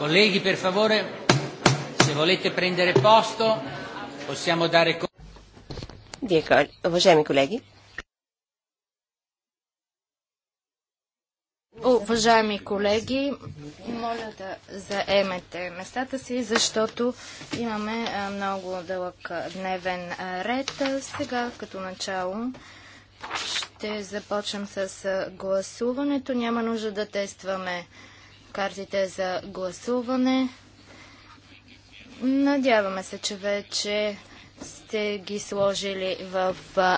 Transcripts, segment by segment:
Colleghi, per favore, se volete prendere posto, possiamo dare... Уважаеми колеги, Уважаеми колеги, моля да заемете местата си, защото имаме много дълъг дневен ред. Сега като начало ще започнем с гласуването. Няма нужда да тестваме картите за гласуване. Надяваме се, че вече сте ги сложили в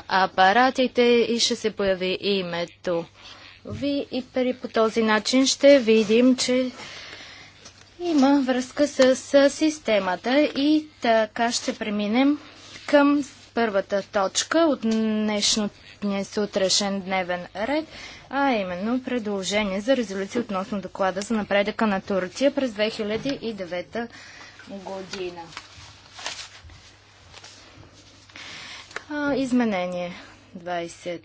апаратите и ще се появи името ви и при по този начин ще видим, че има връзка с системата и така ще преминем към първата точка от днешния сутрешен дневен ред – а именно предложение за резолюция относно доклада за напредъка на Турция през 2009 година. Изменение 20.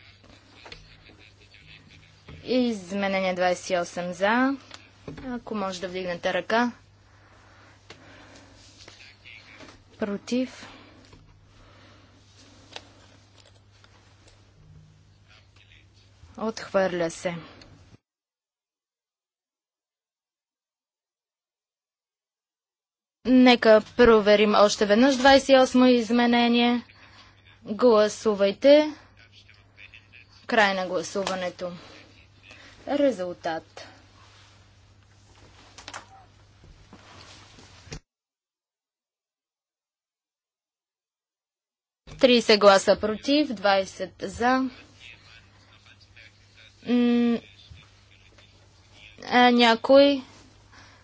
Изменение 28 за. Ако може да вдигнете ръка. Против. Отхвърля се. Нека проверим още веднъж 28 изменение. Гласувайте. Край на гласуването. Резултат. Три се гласа против, 20 за някой,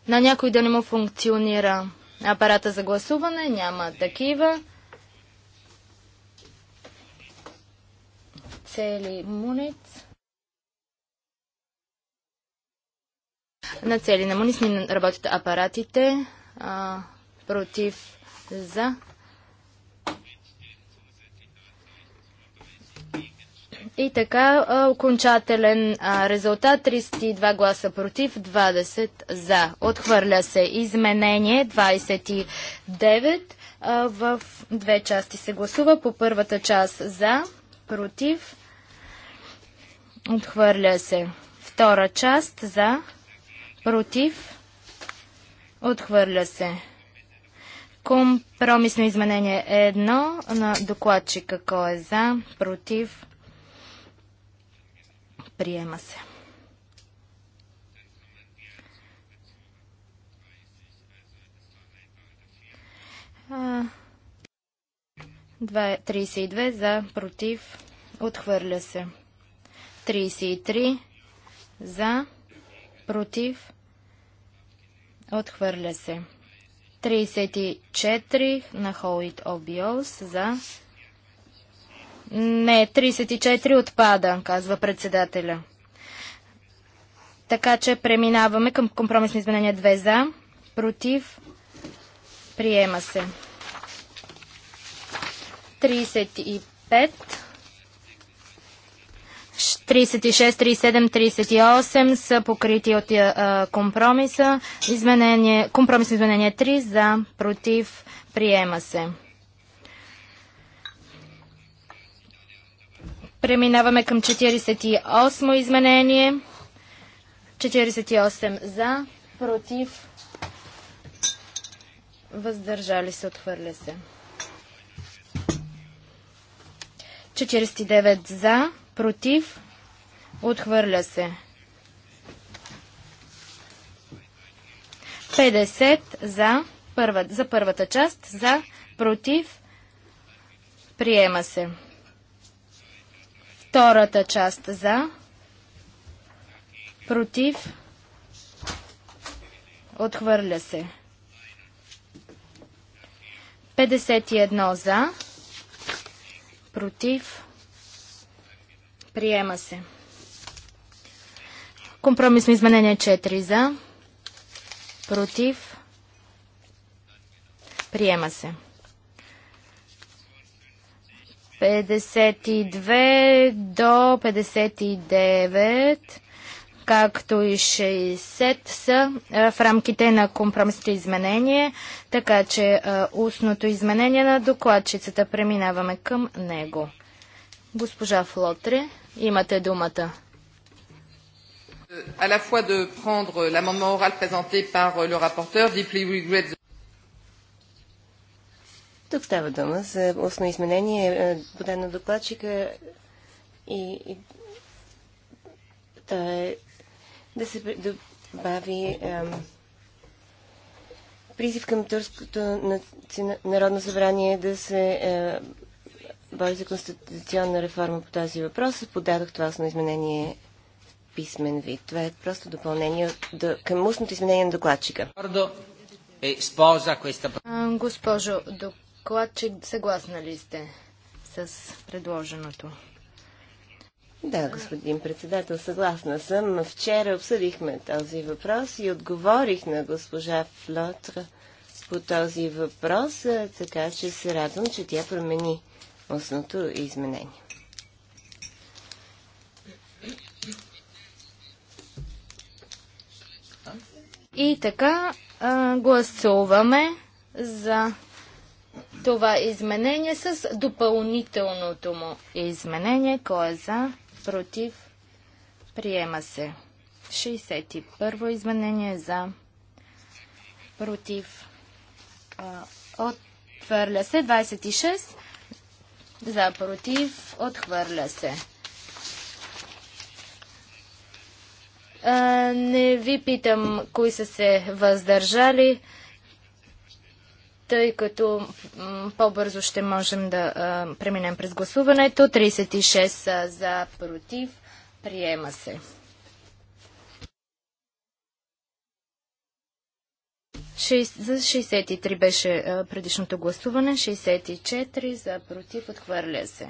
на някой да не му функционира апарата за гласуване, няма такива. Цели Муниц. На цели на Муниц работят апаратите а, против за. И така, окончателен резултат 32 гласа против, 20 за. Отхвърля се изменение 29. В две части се гласува. По първата част за, против. Отхвърля се. Втора част за, против. Отхвърля се. Компромисно изменение е едно на докладчика. Кой е за, против? Приема се. А, 32 за, против, отхвърля се. 33 за, против, отхвърля се. 34 на Холит Обиос за, не, 34 отпада, казва председателя. Така че преминаваме към компромисни изменение 2 за, против, приема се. 35, 36, 37, 38 са покрити от а, компромиса. Изменение, компромисно изменение 3 за, против, приема се. Преминаваме към 48 изменение. 48 за, против, въздържали се, отхвърля се. 49 за, против, отхвърля се. 50 за, първа, за първата част, за, против, приема се. Втората част за, против, отхвърля се. 51 за, против, приема се. Компромисно изменение 4 за, против, приема се. 52 до 59 както и 60 са в рамките на компромисното изменение, така че устното изменение на докладчицата преминаваме към него. Госпожа Флотре, имате думата. à la fois de prendre l'amendement oral présenté par le rapporteur, deeply тук става дума за устно изменение, е, подадено докладчика и, и то е да се добави ам, призив към Турското наци... народно събрание да се а, е, бори за конституционна реформа по тази въпрос. Подадох това устно изменение в писмен вид. Това е просто допълнение до... към устното изменение на докладчика. Е, госпожо докладчик, съгласна ли сте с предложеното? Да, господин председател, съгласна съм. Вчера обсъдихме този въпрос и отговорих на госпожа Флотра по този въпрос, така че се радвам, че тя промени основното изменение. И така а, гласуваме за това изменение с допълнителното му изменение. кое е за? Против? Приема се. 61 во изменение е за против отхвърля се 26 за против отхвърля се не ви питам кои са се въздържали тъй като по-бързо ще можем да преминем през гласуването. 36 за против. Приема се. за 63 беше предишното гласуване, 64 за против отхвърля се.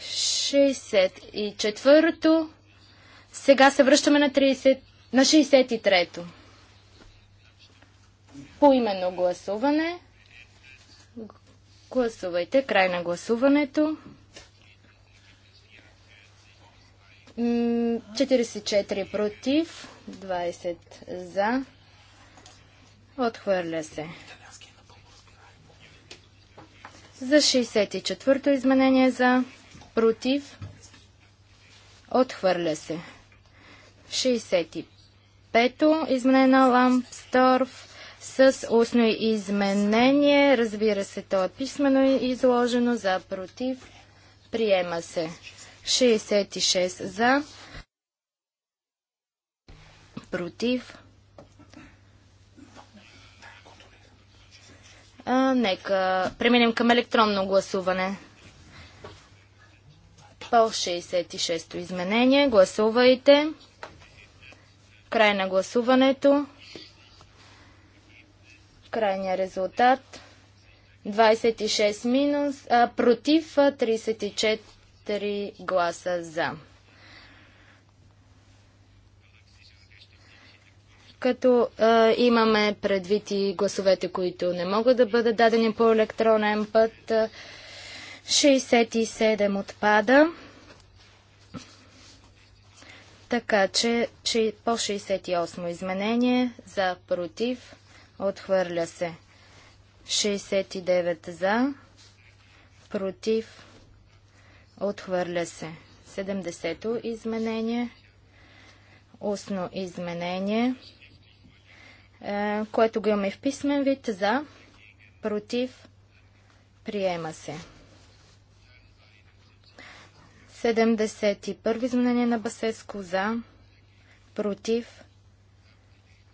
64-то. Сега се връщаме на 30 на 63-то. По именно гласуване. Гласувайте. Край на гласуването. 44 против, 20 за. Отхвърля се. За 64-то изменение за против. Отхвърля се. 65-то изменение на Ламсторф с устно изменение. Разбира се, то е писмено изложено за против. Приема се. 66 за. Против. А, нека преминем към електронно гласуване. По 66-то изменение. Гласувайте. Край на гласуването. Крайния резултат 26 минус, а, против 34 гласа за. Като а, имаме предвид и гласовете, които не могат да бъдат дадени по електронен път, 67 отпада. Така че, че по 68 изменение за против Отхвърля се. 69 за. Против. Отхвърля се. 70-то изменение. Устно изменение, е, което го имаме в писмен вид за. Против. Приема се. 71 изменение на Басеско за. Против.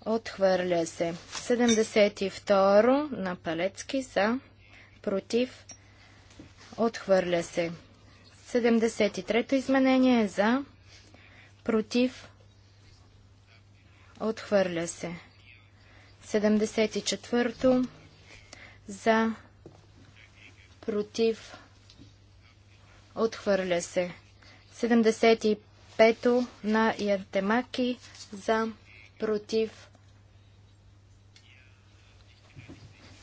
Отхвърля се. 72 на Палецки за. Против. Отхвърля се. 73-то изменение за. Против. Отхвърля се. 74-то за. Против. Отхвърля се. 75-то на Янтемаки за. Против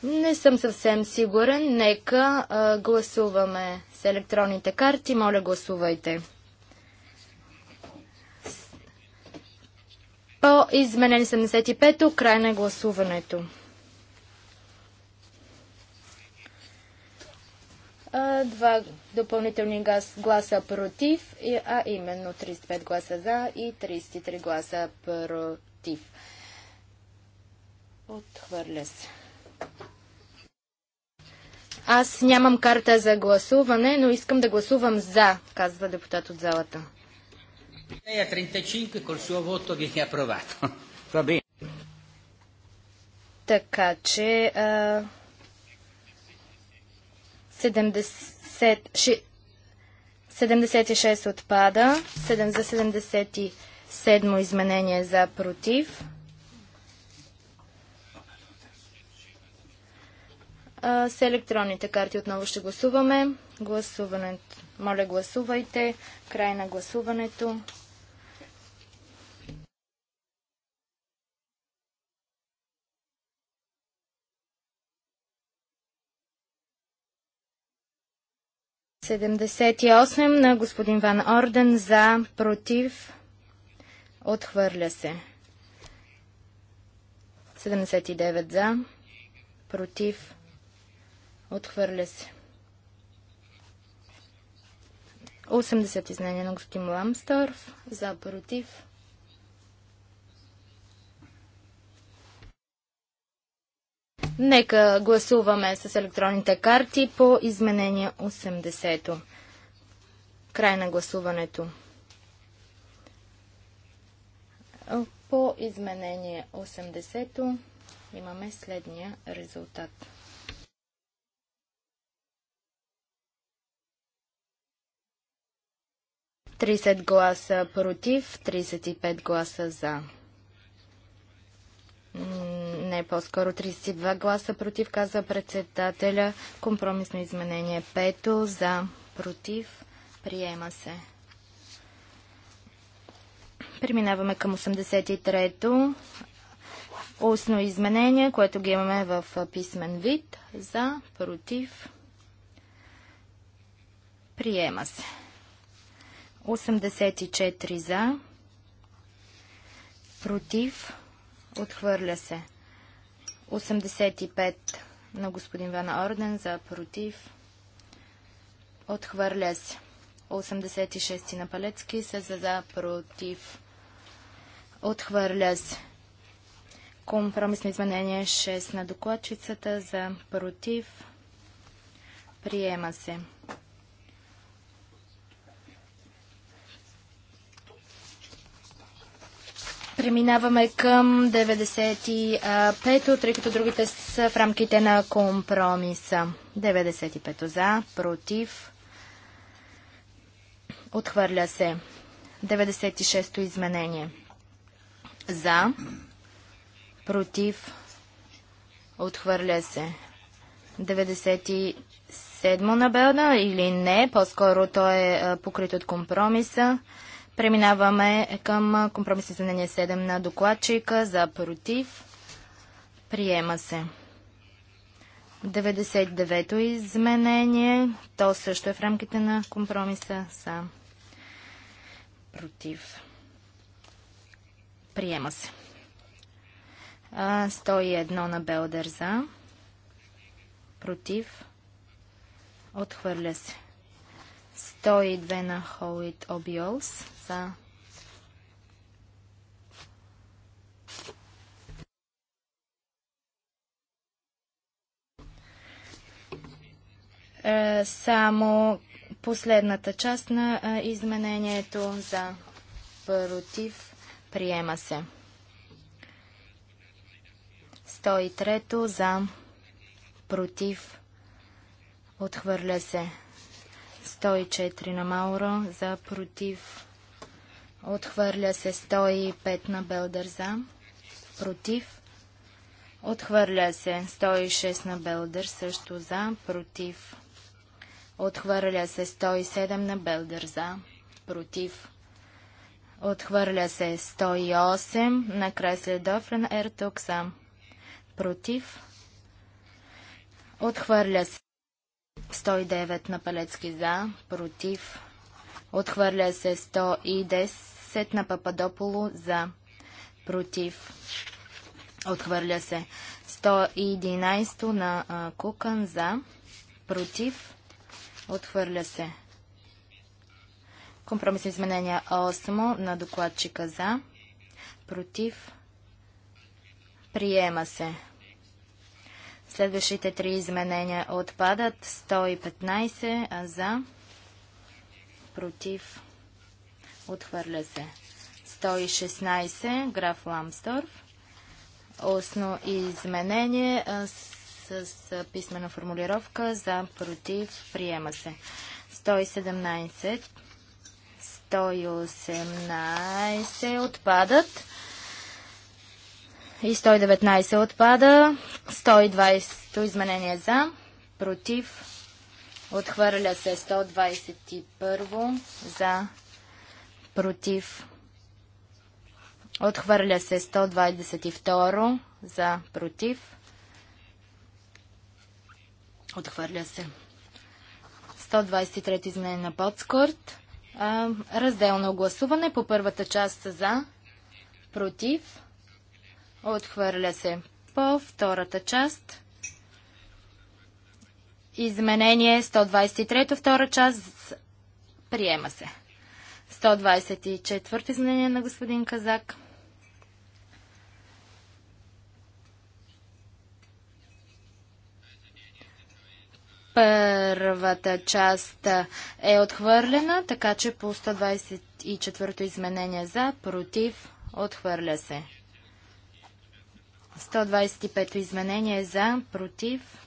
Не съм съвсем сигурен. Нека а, гласуваме с електронните карти. Моля, гласувайте. По изменени 75-то, край на гласуването. Два допълнителни глас, гласа против, а именно 35 гласа за и 33 гласа против. Отхвърля се. Аз нямам карта за гласуване, но искам да гласувам за, казва депутат от залата. Така че а, 76 отпада, 7 за 77 изменение за против. а, с електронните карти. Отново ще гласуваме. Гласуването. Моля, гласувайте. Край на гласуването. на господин Ван Орден за против. Отхвърля се. 79 за, против, Отхвърля се. 80 изнение на господин Ламстърф. За, против. Нека гласуваме с електронните карти по изменение 80-то. Край на гласуването. По изменение 80-то имаме следния резултат. 30 гласа против, 35 гласа за. Не, по-скоро 32 гласа против, каза председателя. Компромисно изменение 5 за, против, приема се. Преминаваме към 83-то. Устно изменение, което ги имаме в писмен вид. За, против, приема се. 84 за, против, отхвърля се. 85 на господин Вена Орден за, против, отхвърля се. 86 на Палецки са за, за, против, отхвърля се. Компромисно изменение 6 на докладчицата за, против, приема се. Преминаваме към 95-то, тъй като другите са в рамките на компромиса. 95-то за, против, отхвърля се. 96-то изменение. За, против, отхвърля се. 97-мо на Белда или не, по-скоро то е покрит от компромиса. Преминаваме към компромис изменение 7 на докладчика за против. Приема се. 99-то изменение, то също е в рамките на компромиса са против. Приема се. 101 на Белдер за. Против. Отхвърля се. 102 на Холит Обиолс за е, само последната част на е, изменението за против приема се. 103 за против отхвърля се. 104 на Мауро за против Отхвърля се 105 на Белдърза. Против. Отхвърля се 106 на Белдър, също за. Против. Отхвърля се 107 на Белдър за. Против. Отхвърля се 108 на Кресле Дофрен Ертук за. Против. Отхвърля се 109 на Палецки за. Против. Отхвърля се 110 Сет на Пападополо за против. Отхвърля се. 111 на а, Кукан за против. Отхвърля се. Компромисни изменения 8 на докладчика за против. Приема се. Следващите три изменения отпадат. 115 за против. Отхвърля се. 116. Граф Ламсторф. Осно изменение с, с писмена формулировка за против. Приема се. 117. 118 отпадат. И 119 отпада. 120 изменение за. Против. Отхвърля се 121 за против. Отхвърля се 122 за против. Отхвърля се. 123 изменение на подскорт. Разделно гласуване по първата част за против. Отхвърля се по втората част. Изменение 123 втора част приема се. 124 изменение на господин Казак. Първата част е отхвърлена, така че по 124 изменение за, против, отхвърля се. 125 изменение за, против,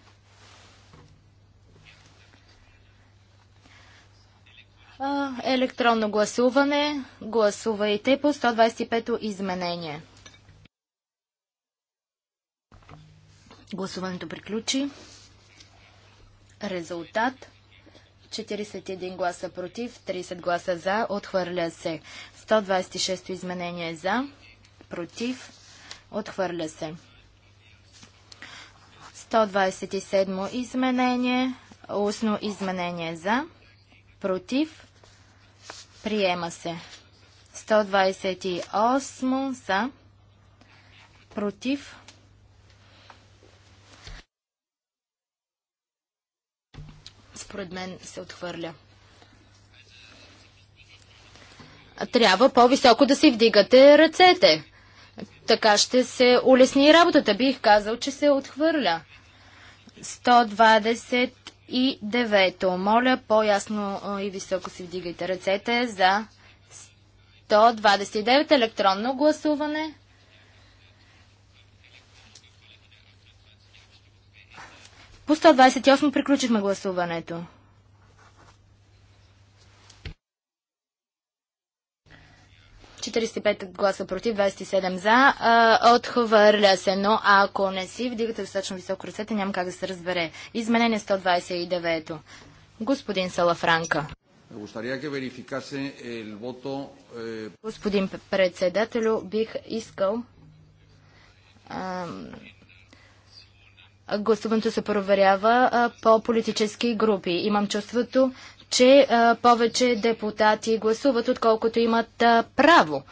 електронно гласуване. Гласувайте по 125-то изменение. Гласуването приключи. Резултат 41 гласа против, 30 гласа за, отхвърля се. 126-то изменение за, против, отхвърля се. 127 изменение, устно изменение за, против, Приема се. 128 за. Против. Според мен се отхвърля. Трябва по-високо да си вдигате ръцете. Така ще се улесни работата. Бих казал, че се отхвърля. 120 и девето, моля по-ясно и високо си вдигайте ръцете за 129 електронно гласуване. По 128 приключихме гласуването. 45 гласа против, 27 за. А, отхвърля се, но ако не си вдигате достатъчно високо ръцете, няма как да се разбере. Изменение 129. Господин Салафранка. Eh, Господин председателю, бих искал а, гласуването се проверява а, по политически групи. Имам чувството, че а, повече депутати гласуват, отколкото имат а, право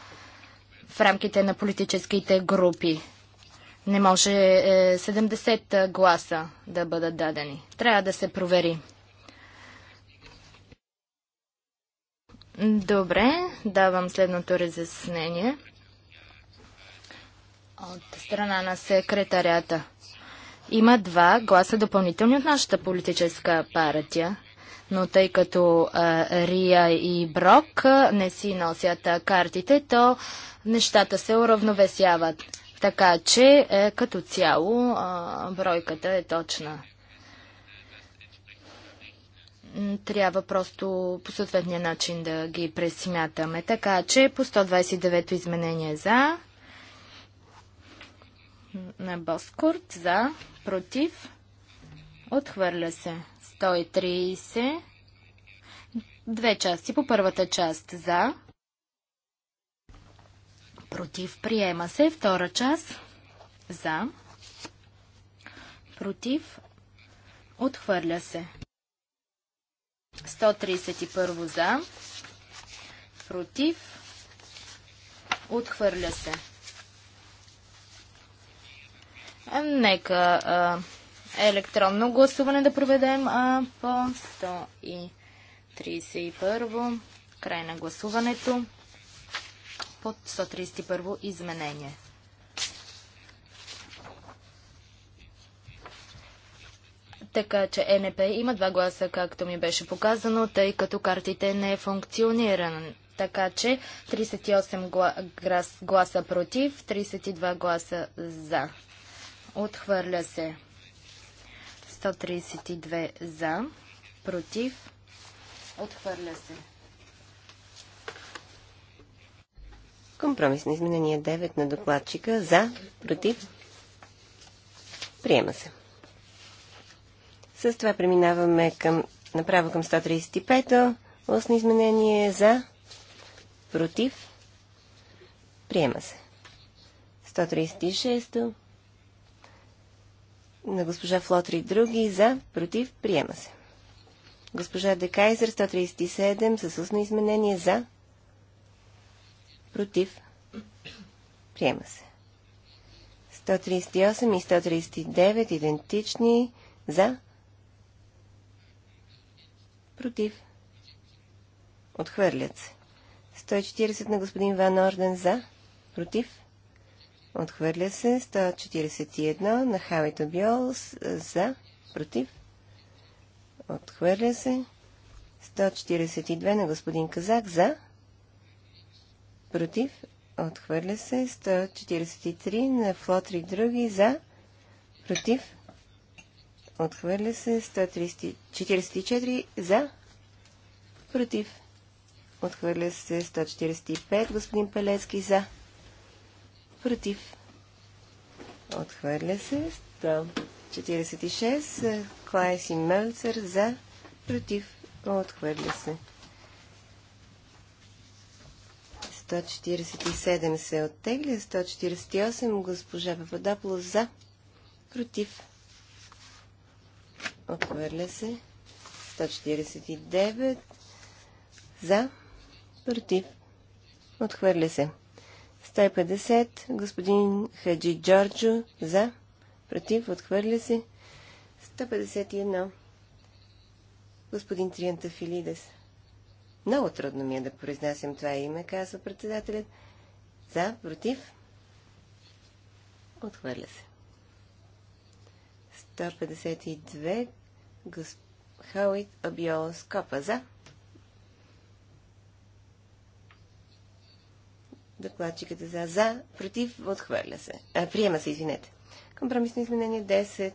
в рамките на политическите групи. Не може е, 70 гласа да бъдат дадени. Трябва да се провери. Добре, давам следното разяснение от страна на секретарята. Има два гласа допълнителни от нашата политическа партия но тъй като а, Рия и Брок не си носят а, картите, то нещата се уравновесяват. Така че е, като цяло а, бройката е точна. Трябва просто по съответния начин да ги пресмятаме. Така че по 129-то изменение за на Боскорт за против отхвърля се. 130. Две части по първата част за. Против приема се. Втора част за. Против отхвърля се. 131 за. Против отхвърля се. Нека а, електронно гласуване да проведем а, по 131. Край на гласуването под 131 изменение. Така че НП има два гласа, както ми беше показано, тъй като картите не е функциониран. Така че 38 гла... гласа против, 32 гласа за. Отхвърля се. 132 за, против, отхвърля се. Компромисно изменение 9 на докладчика за, против, приема се. С това преминаваме към, направо към 135-то. Осно изменение за, против, приема се. 136-то на госпожа Флотри и други. За, против, приема се. Госпожа Декайзер, 137, с устно изменение. За, против, приема се. 138 и 139, идентични. За, против, отхвърлят се. 140 на господин Ван Орден. За, против, Отхвърля се 141 на Хавито Биол за, против. Отхвърля се 142 на господин Казак за, против. Отхвърля се 143 на Флотри други за, против. Отхвърля се 144 за, против. Отхвърля се 145 господин Пелецки за, против. Против. Отхвърля се. 146. Клайс и Мелцер за. Против. Отхвърля се. 147 се оттегля. 148. Госпожа Пападополо за. Против. Отхвърля се. 149. За. Против. Отхвърля се. 150. Господин Хаджи Джорджо. За. Против. Отхвърля се. 151. Господин Трианта Филидес. Много трудно ми е да произнасям това име, казва председателят. За, против. Отхвърля се. 152. Госп... Хауит Абиолос Скопа. За. Докладчиката е за. За. Против. Отхвърля се. А, приема се, извинете. Компромисно изменение 10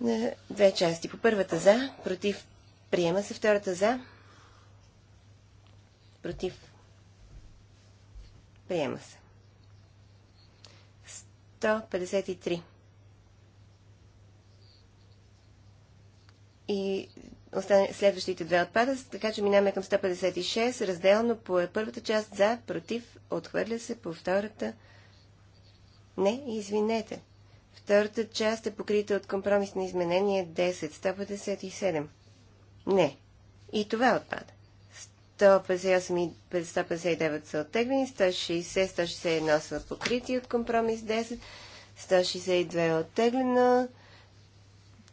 на две части. По първата за, против, приема се. Втората за, против, приема се. 153. И следващите две отпадат, така че минаваме към 156, разделно по е първата част за, против, отхвърля се по втората. Не, извинете. Втората част е покрита от компромис на изменение 10, 157. Не. И това отпада. 158 и 159 са оттеглени, 160, 161 са покрити от компромис 10, 162 е оттеглено,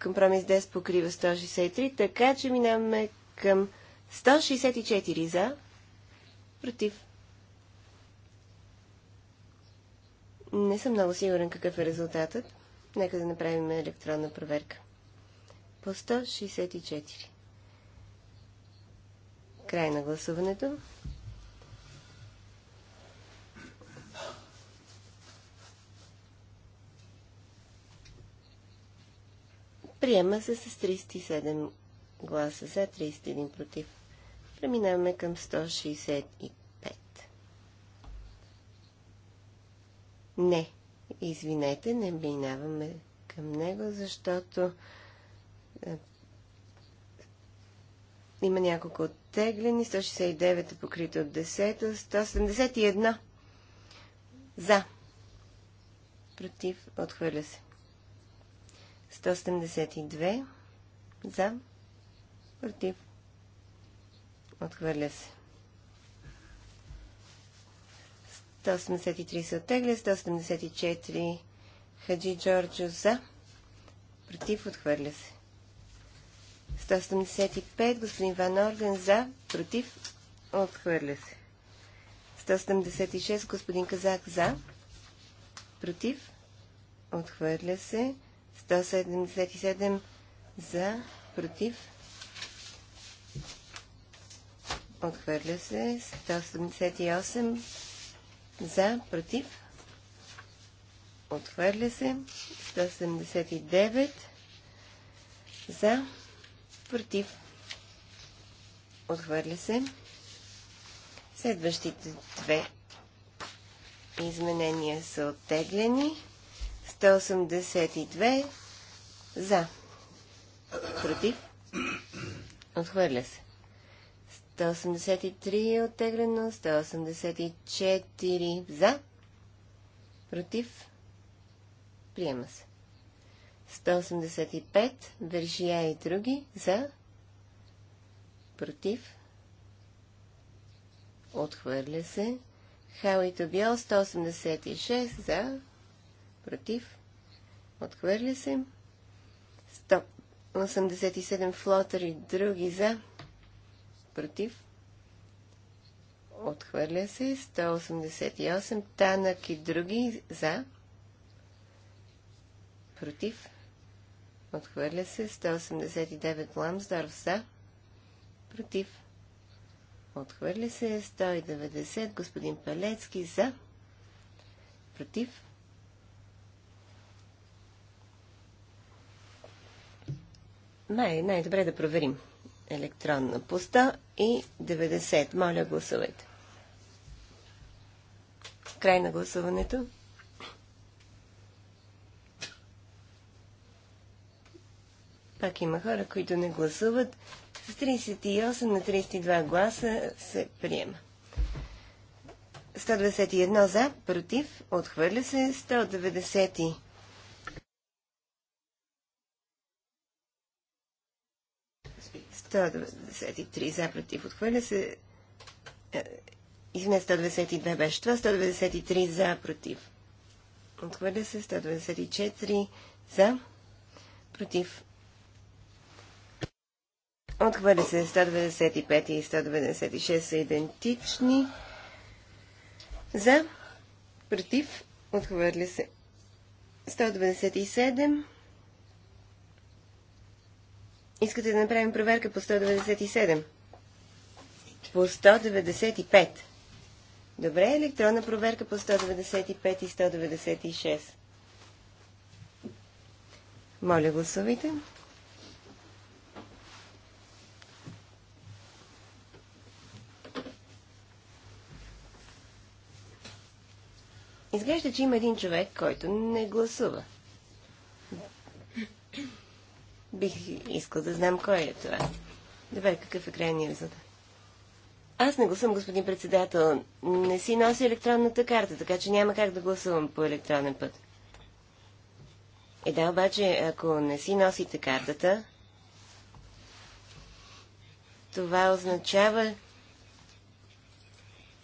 Компромис 10 покрива 163, така че минаваме към 164 за, против. Не съм много сигурен какъв е резултатът. Нека да направим електронна проверка. По 164. Край на гласуването. Приема се с 37 гласа за, 31 против. Преминаваме към 165. Не, извинете, не минаваме към него, защото е, има няколко оттеглени. 169 е покрито от 10, 171 за, против, отхвърля се. 172 за, против, отхвърля се. 173 се оттегля, 174 Хаджи Джорджо за, против, отхвърля се. 175 господин Ван Орден за, против, отхвърля се. 176 господин Казак за, против, отхвърля се. 177 за, против. Отхвърля се. 178 за, против. Отхвърля се. 179 за, против. Отхвърля се. Следващите две изменения са оттеглени. 182 за. Против. Отхвърля се. 183 е оттеглено. 184 за. Против. Приема се. 185 Вержия и други за. Против. Отхвърля се. Хауито Био 186 за против, отхвърля се. 187 флотър и други за, против, отхвърля се. 188 танък и други за, против, отхвърля се. 189 ламсдорф за, против, отхвърля се. 190 господин Палецки за, против, най най-добре да проверим. Електронна пуста и 90. Моля, гласувайте. Край на гласуването. Пак има хора, които не гласуват. С 38 на 32 гласа се приема. 191 за, против, отхвърля се. 190 193 за против отхвърля се. Е, извинете, 192 беше това. 193 за против. Отхвърля се. 194 за против. Отхвърля се 195 и 196 са идентични. За, против, отхвърля се 197 Искате да направим проверка по 197? По 195. Добре, електронна проверка по 195 и 196. Моля, гласувайте. Изглежда, че има един човек, който не гласува. Бих искал да знам кой е това. Добре, какъв е крайният резултат? Аз не гласам, господин председател. Не си носи електронната карта, така че няма как да гласувам по електронен път. Е да, обаче, ако не си носите картата, това означава,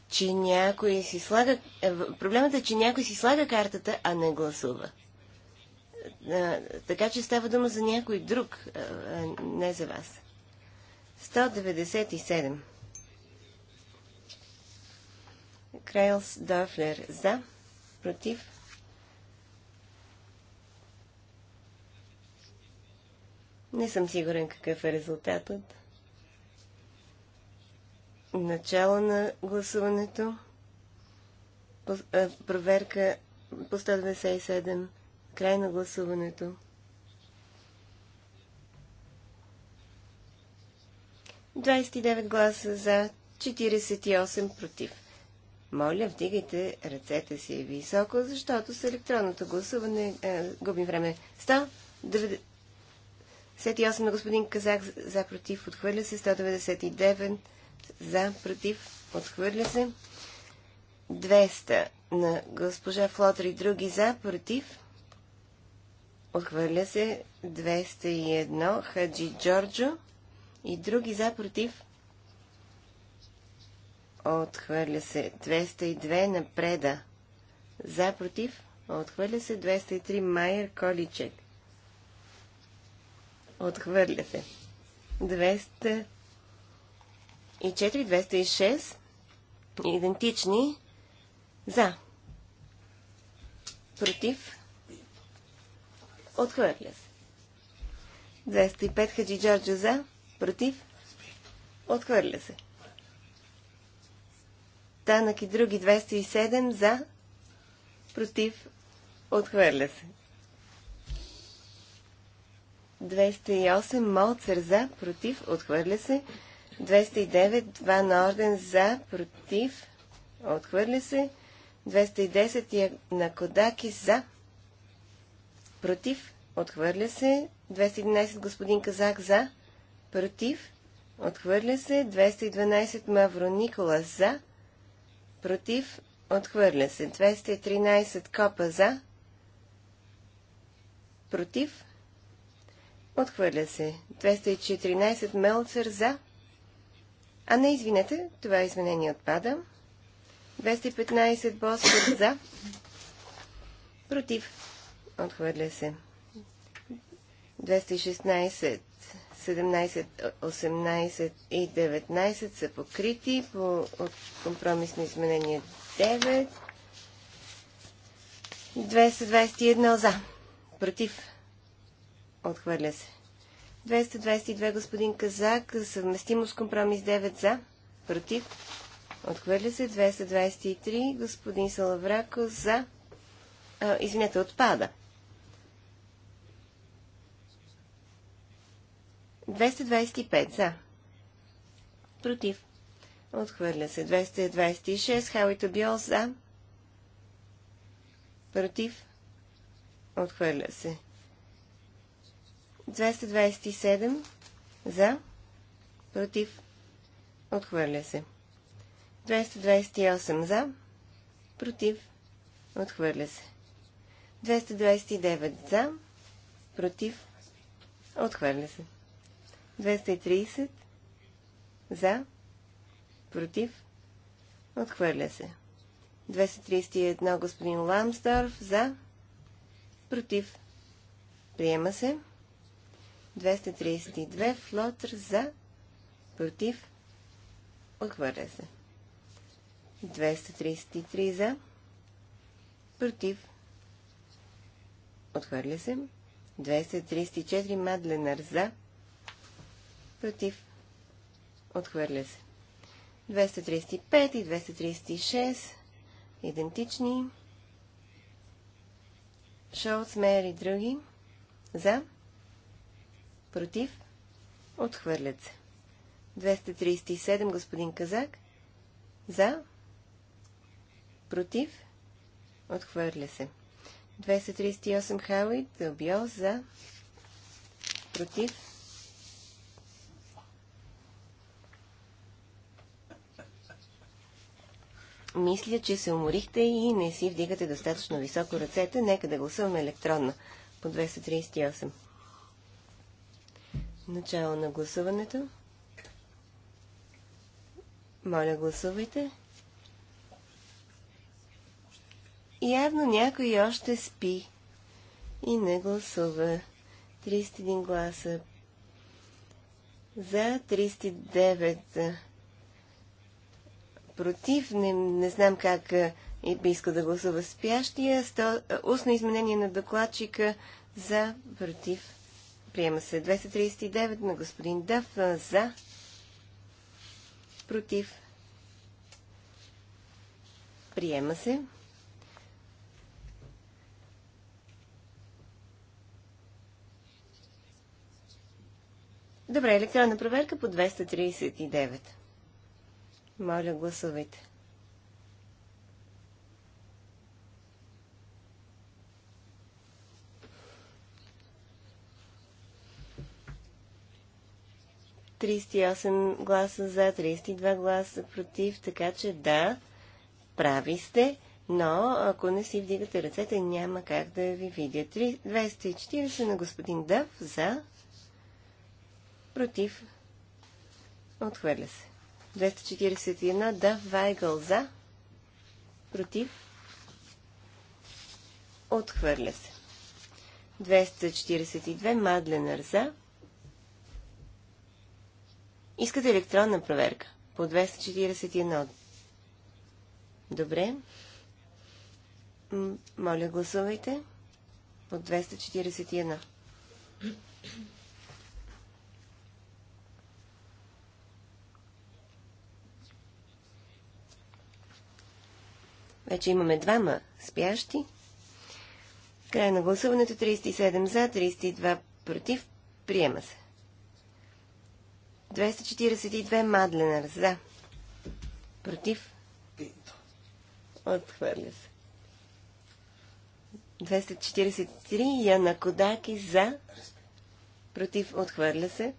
че някой си слага... Е, проблемът е, че някой си слага картата, а не гласува така че става дума за някой друг, а не за вас. 197. Крайлс Дорфлер за, против. Не съм сигурен какъв е резултатът. Начало на гласуването. Проверка по 197. Край на гласуването. Двадесет и девет гласа за, 48 против. Моля, вдигайте ръцете си високо, защото с електронното гласуване е, губим време. 100, 68 на господин Казак за против, отхвърля се. 199 за против, отхвърля се. 200 на госпожа Флотър и други за против, Отхвърля се 201 Хаджи Джорджо и други за против. Отхвърля се 202 напреда. За против. Отхвърля се 203 Майер Количек. Отхвърля се. 204 206 идентични за против Отхвърля се. 205 Хаджи Джорджо за. Против. Отхвърля се. Танък и други 207 за. Против. Отхвърля се. 208 Молцер за. Против. Отхвърля се. 209 на Орден за. Против. Отхвърля се. 210 на Кодаки за против, отхвърля се. 211 господин Казак за, против, отхвърля се. 212 Мавро Никола за, против, отхвърля се. 213 Копа за, против, отхвърля се. 214 Мелцер за, а не, извинете, това изменение отпада. 215 Босфор за, против, Отхвърля се. 216, 17, 18 и 19 са покрити по компромисно изменение 9. 221 за. Против. Отхвърля се. 222 господин Казак. съвместимост с компромис 9 за. Против. Отхвърля се. 223 господин Салаврако за. А, извинете, отпада. 225 за. Против. Отхвърля се. 226. Хауито Биол за. Против. Отхвърля се. 227 за. Против. Отхвърля се. 228 за. Против. Отхвърля се. 229 за. Против. Отхвърля се. 230 за, против, отхвърля се. 231 господин Ламсдорф за, против, приема се. 232 флотър за, против, отхвърля се. 233 за, против, отхвърля се. 234 Мадленър за, против, отхвърля се. 235 и 236 идентични. Шоуц Мейер и други. За. Против. Отхвърлят се. 237 господин Казак. За. Против. Отхвърля се. 238 Хауит. Обиоз. За. Против. Мисля, че се уморихте и не си вдигате достатъчно високо ръцете. Нека да гласуваме електронно по 238. Начало на гласуването. Моля, гласувайте. Явно някой още спи и не гласува. 31 гласа за, 39 против, не, не знам как и би иска да гласува спящия. Сто, устно изменение на докладчика за, против. Приема се 239 на господин Дъв за, против. Приема се. Добре, електронна проверка по 239. Моля, гласувайте. ...38 гласа за, 32 гласа против, така че да, прави сте, но ако не си вдигате ръцете, няма как да ви видя. 240 на господин Дъв за, против, отхвърля се. 241 да Вайгъл за. Против. Отхвърля се. 242 Мадленър за. Искате електронна проверка по 241. Добре. Моля, гласувайте по 241. Вече имаме двама спящи. Край на гласуването 37 за, 32 против. Приема се. 242 Мадленар за. Против. Отхвърля се. 243 Яна Кодаки за. Против. Отхвърля се.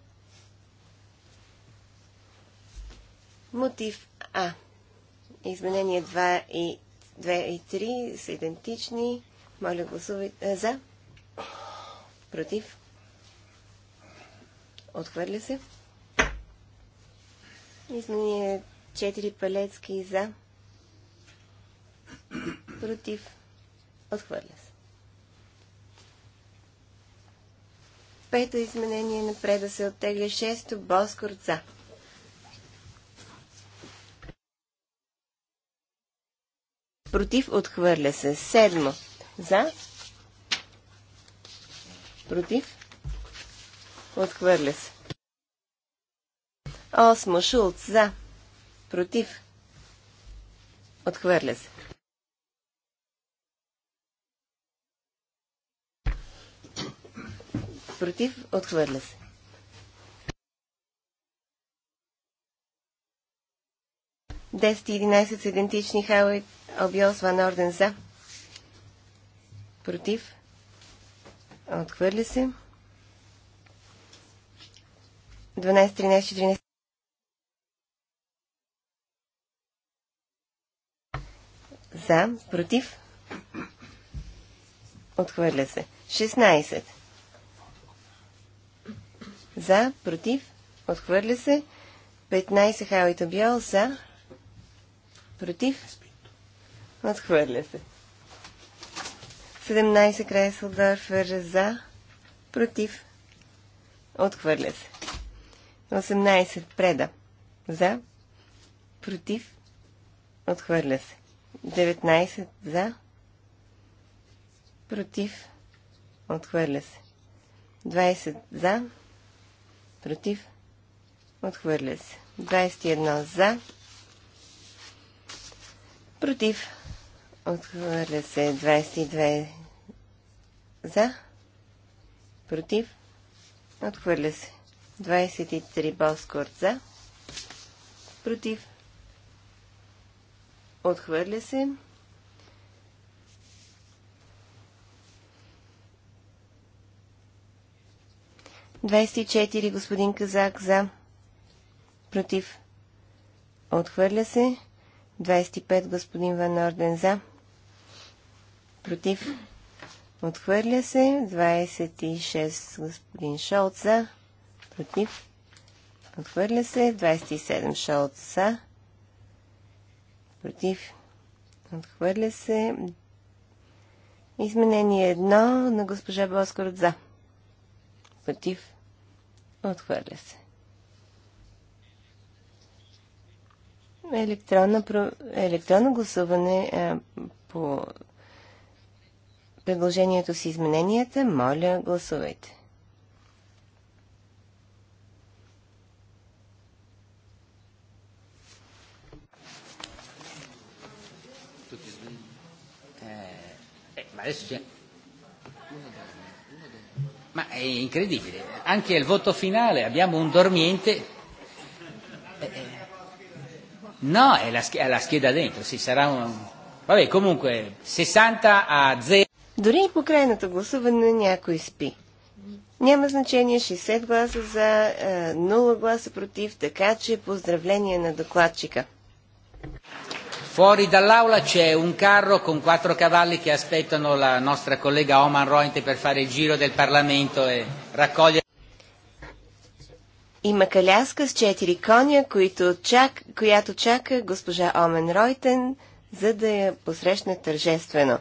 Мотив А. Изменение 2 и 2 и 3 са идентични. Моля, гласувайте е, за. Против. Отхвърля се. Изменение 4 палецки за. Против. Отхвърля се. Пето изменение напреда се оттегля. Шесто боскорца. за. против, отхвърля се. Седмо, за, против, отхвърля се. Осмо, Шулц, за, против, отхвърля се. Против, отхвърля се. 10 и 11 са идентични. Хауит, Обиос, Ван Орден за. Против. Отхвърля се. 12, 13, 14. За, против. Отхвърля се. 16. За, против. Отхвърля се. 15 Хайлит Обиол за. Против? Отхвърля се. 17 край Солдорфер за. Против? Отхвърля се. 18 преда. За. Против? Отхвърля се. 19 за. Против? Отхвърля се. 20 за. Против? Отхвърля се. 21 за Против. Отхвърля се 22 за. Против. Отхвърля се 23 Боскорт за. Против. Отхвърля се. 24 четири господин Казак за. Против. Отхвърля се. 25 господин Ван Орден за. Против. Отхвърля се. 26 господин Шолт за. Против. Отхвърля се. 27 Шолт за. Против. Отхвърля се. Изменение 1 на госпожа Боскород за. Против. Отхвърля се. електронно, електронно гласуване е, по предложението с измененията. Моля, гласувайте. Eh, ma è incredibile, anche al voto finale abbiamo un dormiente. Eh, Eh, No, è la, è la scheda dentro, sì, sarà un... Vabbè, comunque, 60 a 0... Дори и по крайното гласуване някой спи. Няма значение 60 гласа за, 0 гласа против, така че поздравление на докладчика. Fuori dall'aula c'è un carro con quattro cavalli che aspettano la nostra collega Oman Rointe per fare il giro del Parlamento e raccogliere. Има каляска с четири коня, които чак, която чака госпожа Омен Ройтен, за да я посрещне тържествено.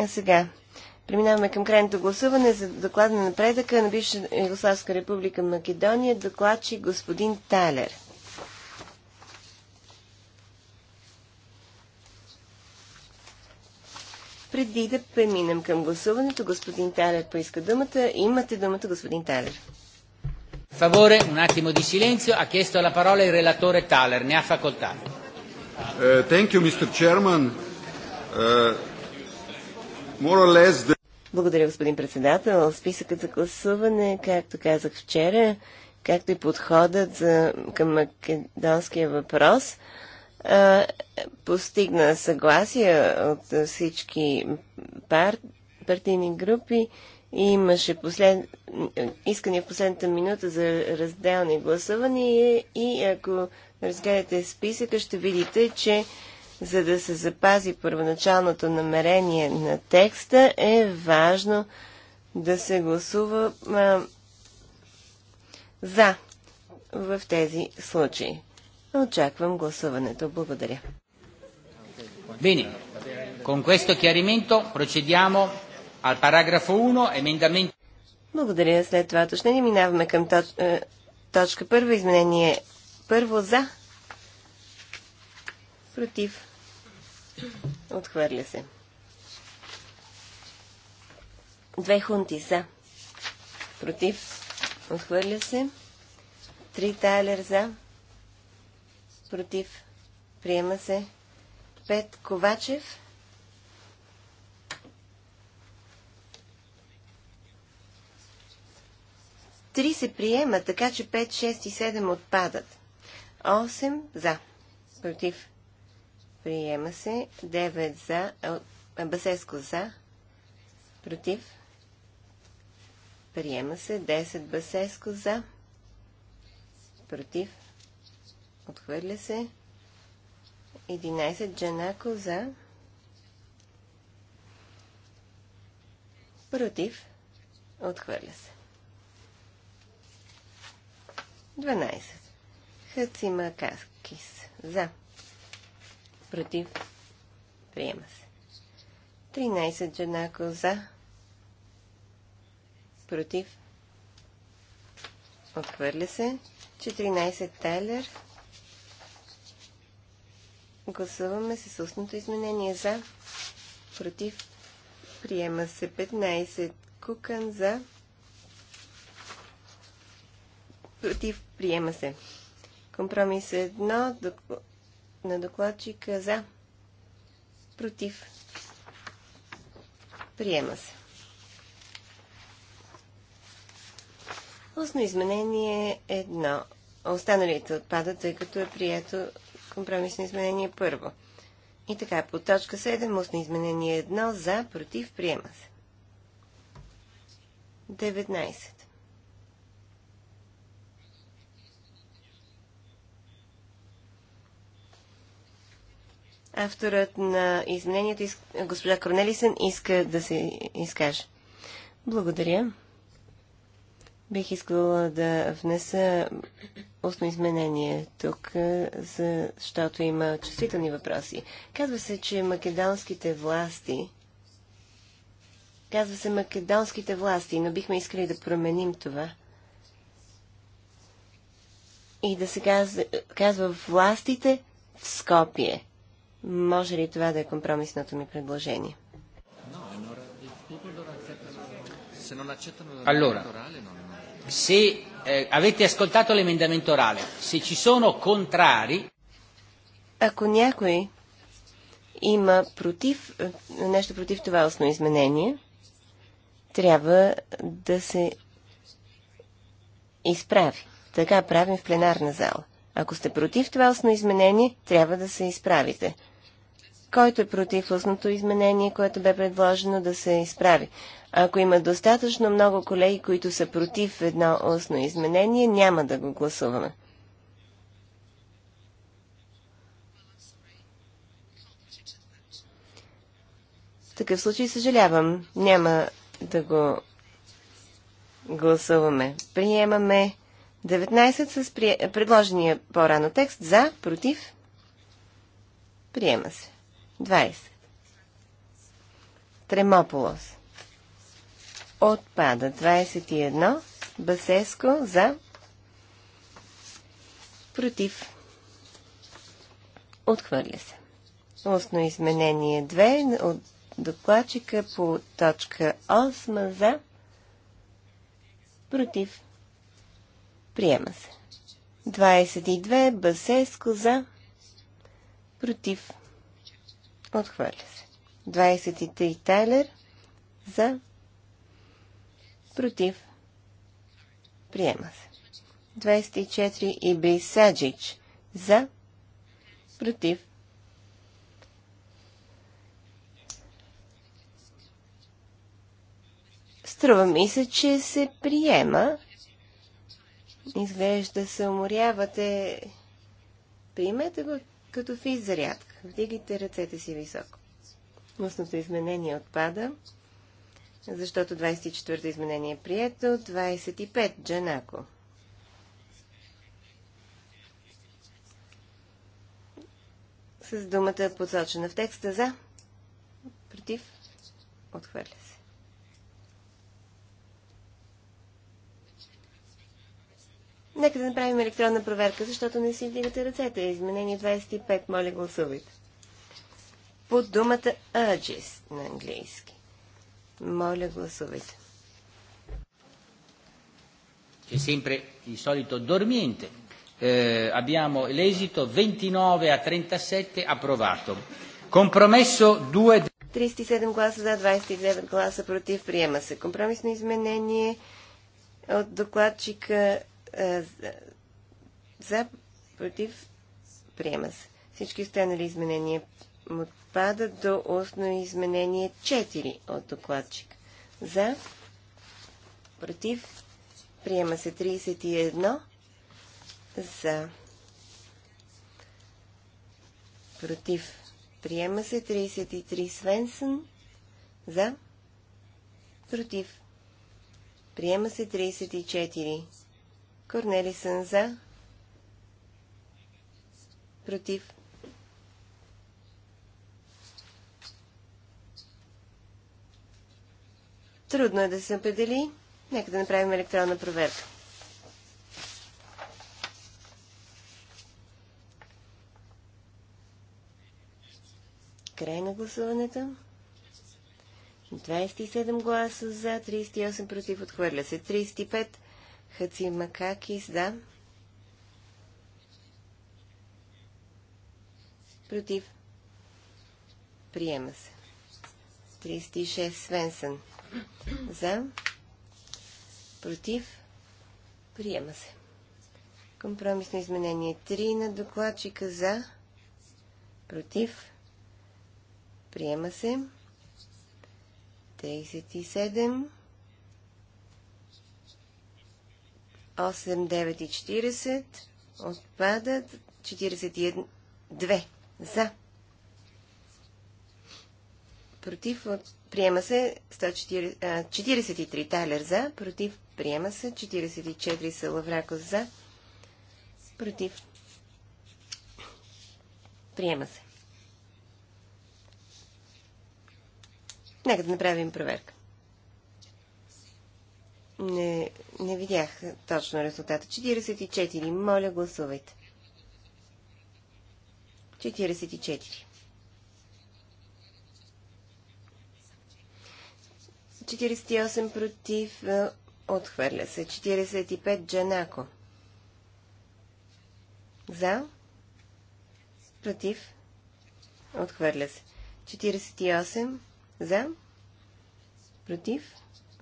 А сега преминаваме към крайното гласуване за доклад на напредъка на бивша Югославска република Македония, докладчи господин Талер. Преди да преминем към гласуването, господин Талер поиска думата. Имате думата, господин Талер. Favore, un attimo di silenzio. Ha chiesto la parola il relatore Thaler. Ne ha facoltà. Uh, thank you, Mr. Chairman. Uh, more or less the... Благодаря, господин председател. Списъкът за гласуване, както казах вчера, както и подходът за, към македонския въпрос – а, постигна съгласие от всички пар, партийни групи. И имаше послед... искане в последната минута за разделни гласувания и ако разгледате списъка, ще видите, че за да се запази първоначалното намерение на текста, е важно да се гласува а, за в тези случаи. Очаквам гласуването. Благодаря. Bene, con questo chiarimento procediamo al paragrafo 1, emendamento... Благодаря след това уточнение. Минаваме към точ... Е, точка първо. Изменение първо за. Против. Отхвърля се. Две хунти за. Против. Отхвърля се. Три талер за против, приема се. 5. Ковачев. Три се приема, така че 5, 6 и 7 отпадат. 8 за. Против. Приема се. 9 за. Е, е, Басеско за. Против. Приема се. 10 Басеско за. Против. Отхвърля се. 11. Джанако за. Против. Отхвърля се. 12. Хацима Каскис. За. Против. Приема се. 13. Джанако за. Против. Отхвърля се. 14. Тайлер. Гласуваме с устното изменение за. Против. Приема се 15. Кукан за. Против. Приема се. Компромис 1 на докладчика за. Против. Приема се. Устно изменение 1. Останалите отпадат, тъй като е прието компромисно изменение първо. И така, е, по точка 7, устно изменение 1, за, против, приема се. 19. Авторът на изменението, госпожа Корнелисен, иска да се изкаже. Благодаря. Бих искала да внеса устно изменение тук, защото има чувствителни въпроси. Казва се, че македонските власти Казва се македонските власти, но бихме искали да променим това. И да се казва, казва властите в Скопие. Може ли това да е компромисното ми предложение? Allora, se eh, avete ascoltato l'emendamento orale, se ci sono contrari... Ако някой има против, е, нещо против това устно изменение, трябва да се изправи. Така правим в пленарна зала. Ако сте против това устно изменение, трябва да се изправите. Който е против устното изменение, което бе предложено да се изправи. Ако има достатъчно много колеги, които са против едно устно изменение, няма да го гласуваме. В такъв случай съжалявам, няма да го гласуваме. Приемаме 19 с предложения по-рано текст за, против. Приема се. 20. Тремополос отпада. 21. Басеско за. Против. Отхвърля се. Устно изменение 2 от докладчика по точка 8 за. Против. Приема се. 22. Басеско за. Против. Отхвърля се. 23. Тайлер за. Против. Приема се. 24 Ибри Саджич. За. Против. Струва ми се, че се приема. Изглежда се уморявате. Приемете го като физзарядка. Вдигайте ръцете си високо. Мъсното изменение отпада защото 24-то изменение е прието. 25. Джанако. С думата е посочена в текста за. Против. Отхвърля се. Нека да направим електронна проверка, защото не си вдигате ръцете. Изменение 25. Моля, гласувайте. Под думата urges на английски. Моля, гласувайте. Е sempre il solito dormiente. Eh, abbiamo l'esito 29 a 37 approvato. Compromesso 2. 37 гласа за, 29 гласа против. Приема се. Компромисно изменение от докладчика е, за, против. Приема се. Всички останали изменения отпада до устно изменение 4 от докладчик. За, против, приема се 31, за, против, приема се 33 Свенсън, за, против, приема се 34 Корнелисън, за, против, Трудно е да се определи. Нека да направим електронна проверка. Край на гласуването. 27 гласа за, 38 против, отхвърля се. 35 Хаци Макакис, да. Против. Приема се. 36 Свенсън. За. Против. Приема се. Компромисно изменение 3 на докладчика за. Против. Приема се. 37. 8, 9 и 40 отпадат. 41. 2 за против, приема се 140, 43 Тайлер за, против, приема се 44 Салавракос за, против, приема се. Нека да направим проверка. Не, не видях точно резултата. 44. Моля, гласувайте. 44. 48 против. Е, отхвърля се. 45 Джанако. За. Против. Отхвърля се. 48 за. Против.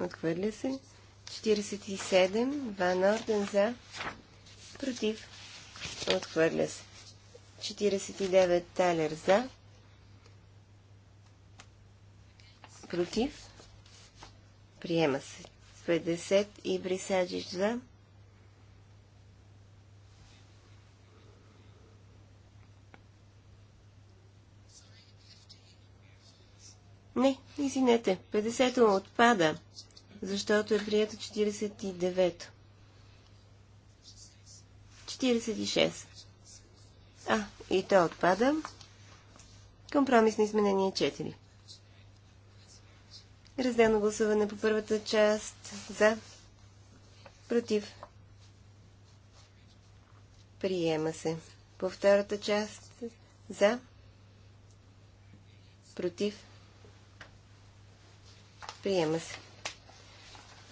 Отхвърля се. 47 Ван Орден за. Против. Отхвърля се. 49 Талер за. Против. Приема се. 50 и Брисаджич за. Не, извинете, 50-то отпада, защото е прието 49-то. 46. А, и то отпада. Компромисно изменение 4. Разделно гласуване по първата част. За. Против. Приема се. По втората част. За. Против. Приема се.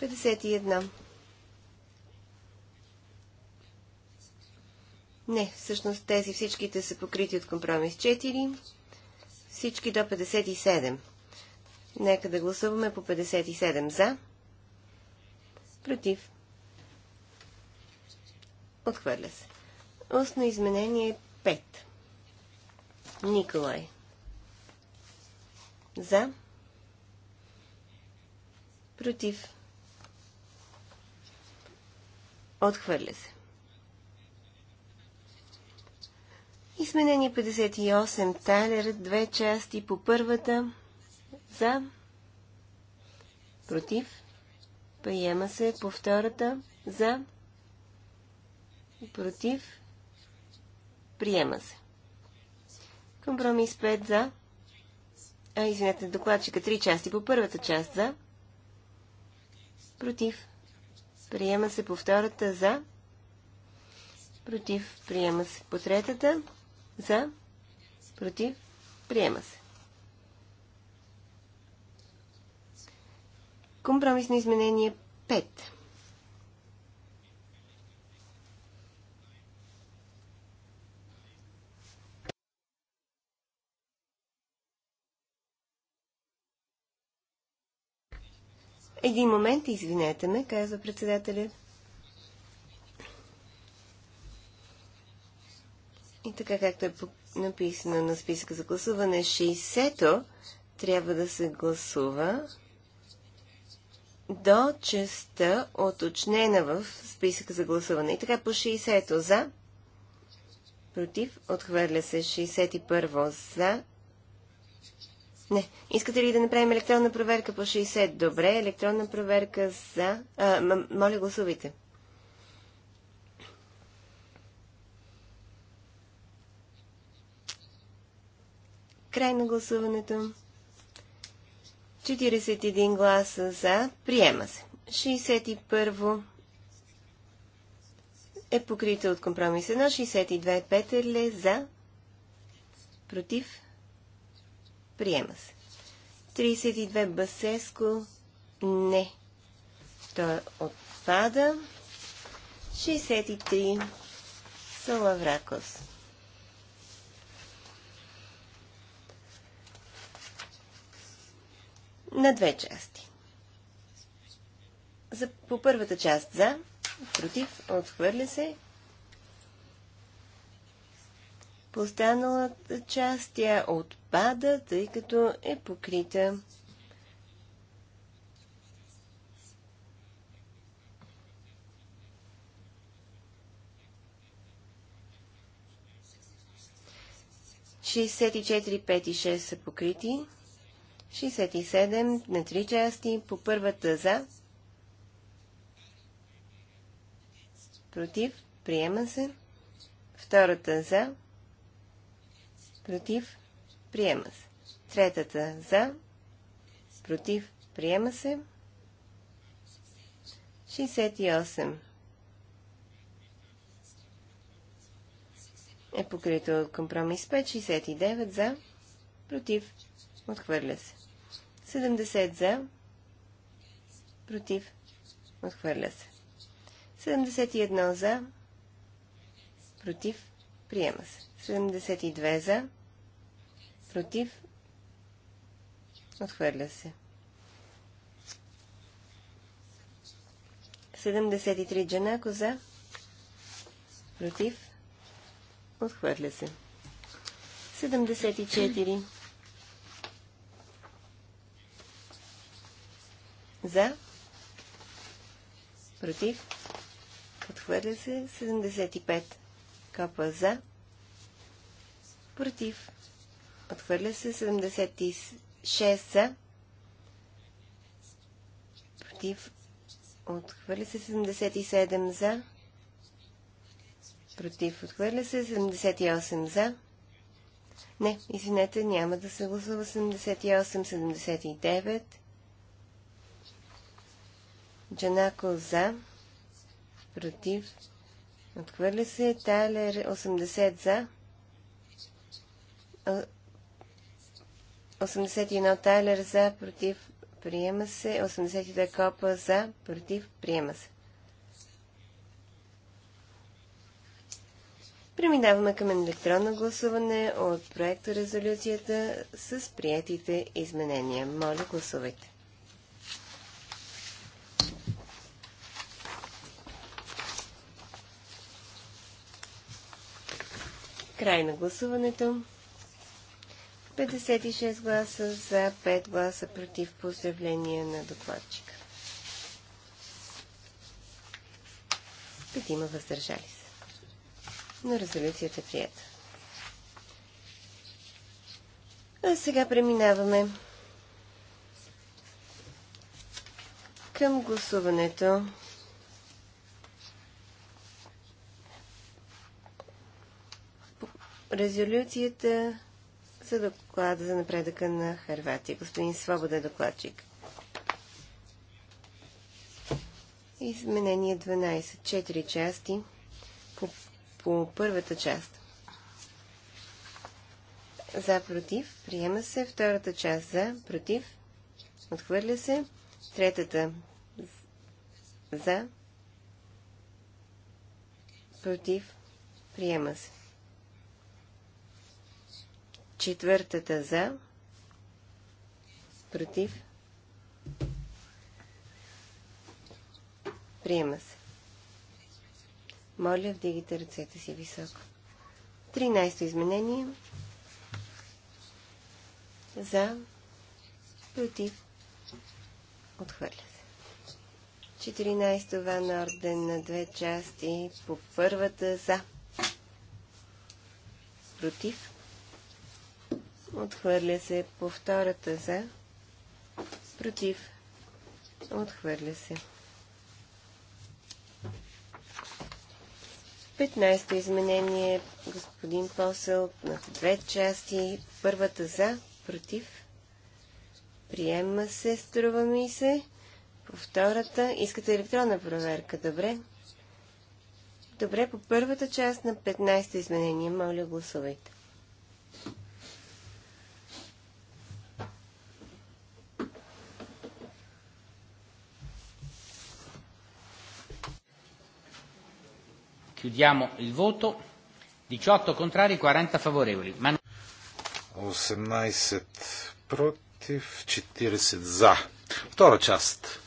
51. Не, всъщност тези всичките са покрити от компромис 4. Всички до 57. Нека да гласуваме по 57 за. Против. Отхвърля се. Устно изменение 5. Николай. За. Против. Отхвърля се. Изменение 58. Талер. Две части по първата. За. Против. Приема се по втората. За. Против. Приема се. Компромис 5 за. А, извинете, докладчика 3 части по първата част за. Против. Приема се по втората за. Против. Приема се по третата за. Против. Приема се. Компромисно изменение 5. Един момент, извинете ме, казва председателя. И така, както е написано на списъка за гласуване, 60-то трябва да се гласува до частта оточнена в списъка за гласуване. И така по 60-то за, против, отхвърля се 61-во за. Не, искате ли да направим електронна проверка по 60? Добре, електронна проверка за... А, моля, гласувайте. Край на гласуването. 41 гласа за. Приема се. 61 е покрита от компромис 1. 62 Петерле за. Против. Приема се. 32 Басеско. Не. Той отпада. 63 Салавракос. на две части. За, по първата част за, против, отхвърля се. По останалата част тя отпада, тъй като е покрита Шестдесет и четири, пет и шест са покрити. 67 на 3 части по първата за. Против. Приема се. Втората за. Против. Приема се. Третата за. Против. Приема се. 68 е покрито от компромис 5. 69 за. Против. Отхвърля се. 70 за. Против. Отхвърля се. 71 за. Против. Приема се. 72 за. Против. Отхвърля се. 73 Джанако за. Против. Отхвърля се. 74 За. Против. Отхвърля се. 75. Копа за. Против. Отхвърля се. 76 за. Против. Отхвърля се. 77 за. Против. Отхвърля се. 78 за. Не, извинете, няма да се гласува 78, 79. Джанако за, против, отхвърля се. Тайлер 80 за, 81 Тайлер за, против, приема се. 82 Копа за, против, приема се. Преминаваме към електронно гласуване от проекта резолюцията с приятите изменения. Моля, гласувайте. Край на гласуването. 56 гласа за, 5 гласа против. Поздравления на докладчика. Петима въздържали се. Но резолюцията е прията. А сега преминаваме към гласуването резолюцията за доклада за напредъка на Харватия. Господин Свобода е докладчик. Изменение 12. 4 части по, по първата част. За, против, приема се. Втората част за, против, отхвърля се. Третата за, против, приема се. Четвъртата за. Против. Приема се. Моля, вдигайте ръцете си високо. 13 изменение. За. Против. Отхвърля се. 14 ван орден на две части по първата за. Против. Отхвърля се по втората за. Против. Отхвърля се. 15-то изменение. Господин Посъл на две части. Първата за. Против. Приема се, струва ми се. По втората. Искате електронна проверка. Добре. Добре, по първата част на 15-то изменение. Моля, гласувайте. Chiudiamo il voto. 18 contrari, 40 favorevoli. 18 против, 40 за. Втора част.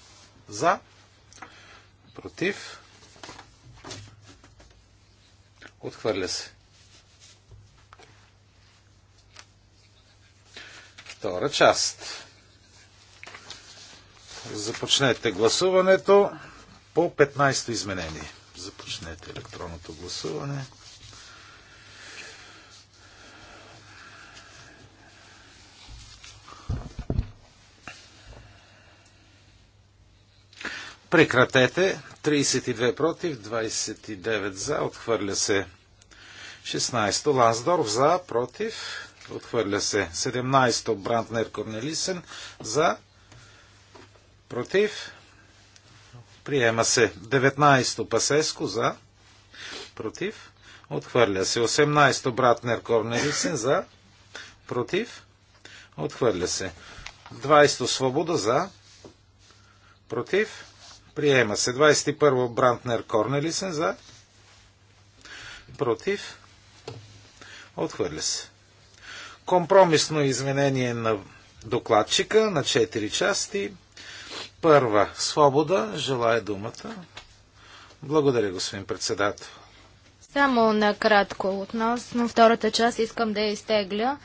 За. Против. Отхвърля се. Втора част. Започнете гласуването по 15 изменение започнете електронното гласуване. Прекратете. 32 против, 29 за. Отхвърля се. 16. Лансдорф за, против. Отхвърля се. 17. Бранднер Корнелисен за, против. Приема се 19-то Пасеско за. Против. Отхвърля се 18-то Нерков Корнелисен за. Против. Отхвърля се 20-то Свобода за. Против. Приема се 21-то Брантнер Корнелисен за. Против. Отхвърля се. Компромисно изменение на докладчика на 4 части. Първа. Свобода. Желая думата. Благодаря, господин председател. Само накратко относно втората част искам да я изтегля,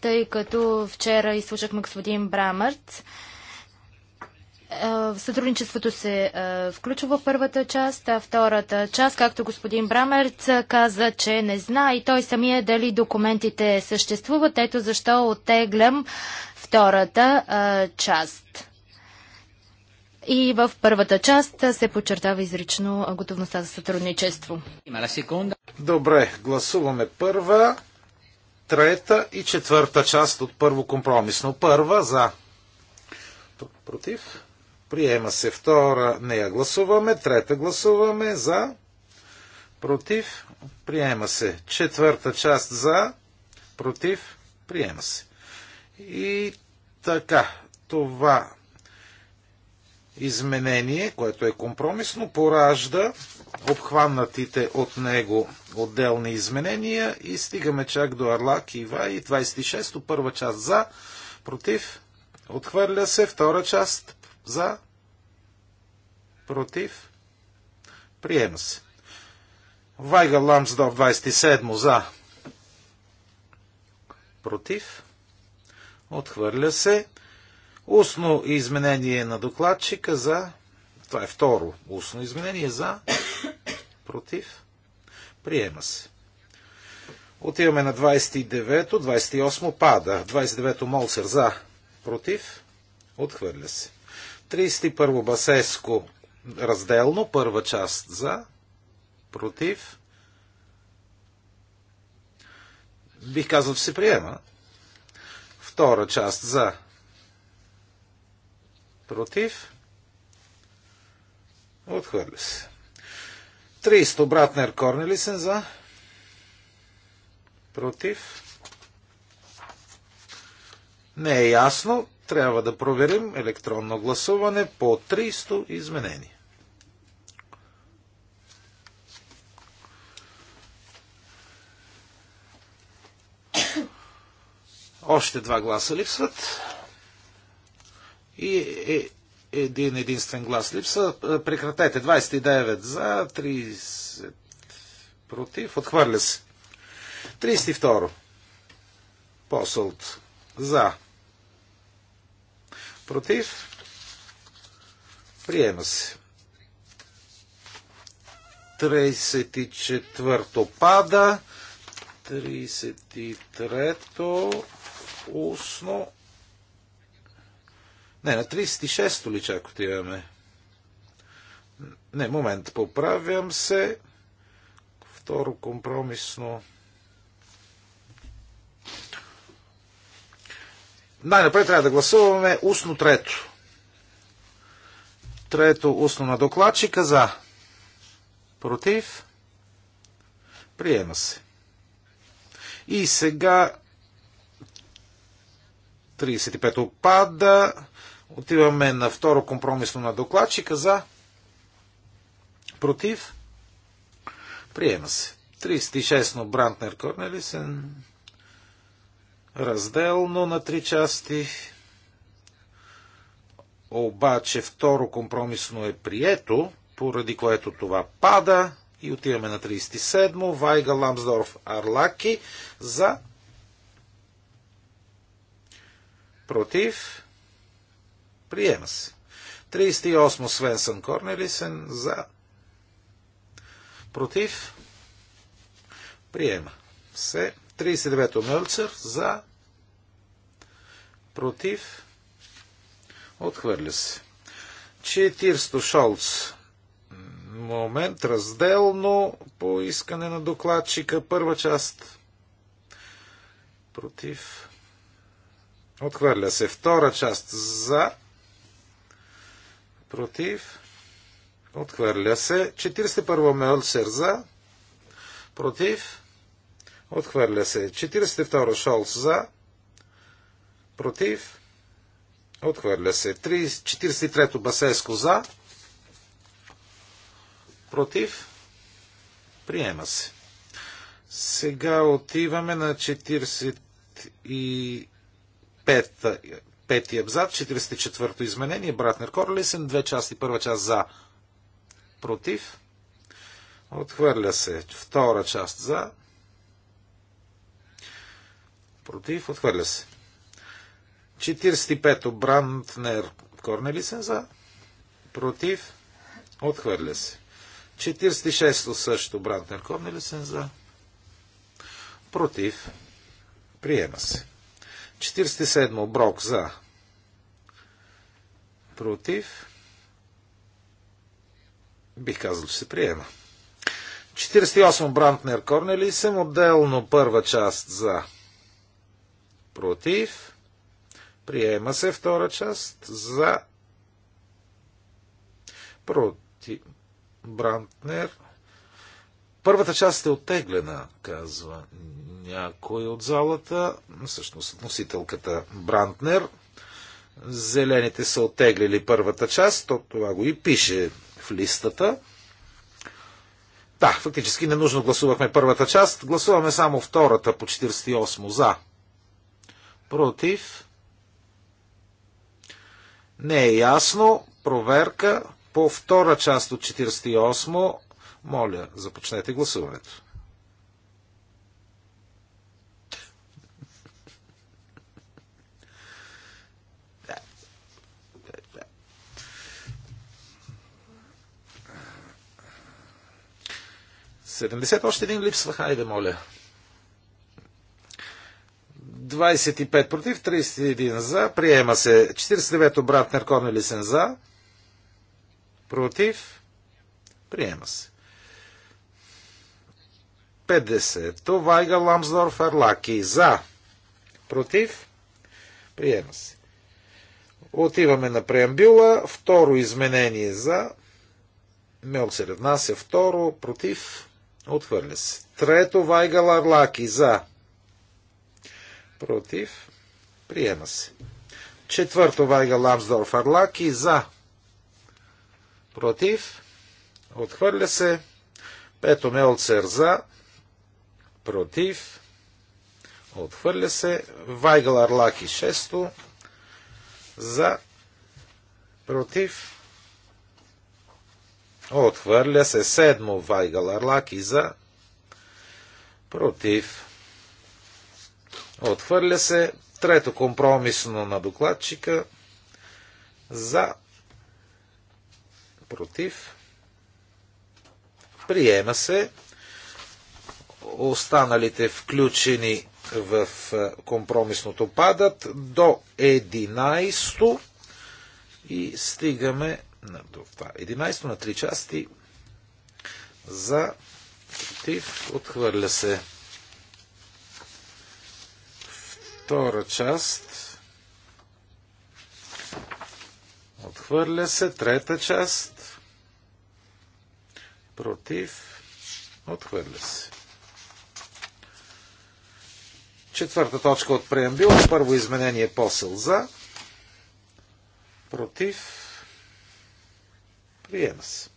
тъй като вчера изслушахме господин Брамърт. Сътрудничеството се включва в първата част, а втората част, както господин Брамерц каза, че не зна, и той самия дали документите съществуват. Ето защо оттеглям втората част. И в първата част се подчертава изрично готовността за сътрудничество. Добре, гласуваме първа, трета и четвърта част от първо компромисно. Първа за. Против. Приема се втора, не я гласуваме. Трета гласуваме за. Против. Приема се. Четвърта част за. Против. Приема се. И така, това изменение, което е компромисно, поражда обхванатите от него отделни изменения и стигаме чак до Арлак и Вай. 26-то, първа част за, против, отхвърля се, втора част за, против, приема се. Вайга Ламсдор 27 за, против, отхвърля се, Устно изменение на докладчика за. Това е второ устно изменение за. Против. Приема се. Отиваме на 29-то, 28-о пада. 29-то Молсер за. Против. Отхвърля се. 31-о Басеско разделно. Първа част за. Против. Бих казал, че се приема. Втора част за Против. Отхвърля се. 30. обратнер Корнелисен за. Против. Не е ясно. Трябва да проверим електронно гласуване по 300 изменения. Още два гласа липсват. И е, един единствен глас липса. Е, прекратете. 29 за, 30 против. Отхвърля се. 32. Посълт. За. Против. Приема се. 34-то пада. 33-то устно не, на 36-то ли чак отиваме? Не, момент, поправям се. Второ компромисно. Най-напред трябва да гласуваме устно трето. Трето устно на докладчика за. Против. Приема се. И сега 35 опада. Отиваме на второ компромисно на докладчика за против. Приема се. 36-но Брантнер Корнелисен. Разделно на три части. Обаче второ компромисно е прието, поради което това пада. И отиваме на 37-мо. Вайга Ламсдорф Арлаки за против. Приема се. 38 Свенсън Корнелисен за. Против. Приема се. 39 Мелцер за. Против. Отхвърля се. 40 Шолц. Момент разделно по искане на докладчика. Първа част. Против. Отхвърля се. Втора част за Против. Отхвърля се. 41 во Меол за. Против. Отхвърля се. 42 Шолц за. Против. Отхвърля се. 43 43 Басеско за. Против. Приема се. Сега отиваме на 45 та пети абзац, 44-то изменение, Братнер Корлисен, две части, първа част за, против, отхвърля се, втора част за, против, отхвърля се. 45-то Брантнер Корнелисен за, против, отхвърля се. 46-то също Брантнер Корнелисен за, против, приема се. 47. Брок за. Против. Бих казал, че се приема. 48. Брантнер Корнелисен. Отделно първа част за. Против. Приема се втора част за. Против. Брантнер. Първата част е оттеглена, казва някой от залата, всъщност носителката Брантнер. Зелените са оттеглили първата част, то това го и пише в листата. Да, фактически не нужно гласувахме първата част, гласуваме само втората по 48 за. Против. Не е ясно. Проверка по втора част от 48 моля, започнете гласуването. Седемдесет още един липсва, хайде, моля. 25 против, 31 за. Приема се 49-то брат Нарконелисен за. Против. Приема се. 50. Вайга Ламсдорф Арлаки. За. Против. Приема се. Отиваме на преамбюла. Второ изменение за. се се второ. Против. Отхвърля се. Трето Вайга Ларлаки За. Против. Приема се. Четвърто Вайга Ламсдорф Арлаки. За. Против. Отхвърля се. Пето Мелцер за против, отхвърля се. Вайгъл Арлаки 6 за, против, отхвърля се. Седмо Вайгъл Арлаки за, против, отхвърля се. Трето компромисно на докладчика за, против, приема се останалите включени в е, компромисното падат до 11 и стигаме на, това. 11 е на 3 части за против отхвърля се втора част отхвърля се трета част против отхвърля се Четвърта точка от преамбюла. Първо изменение посъл за. Против. Приема се.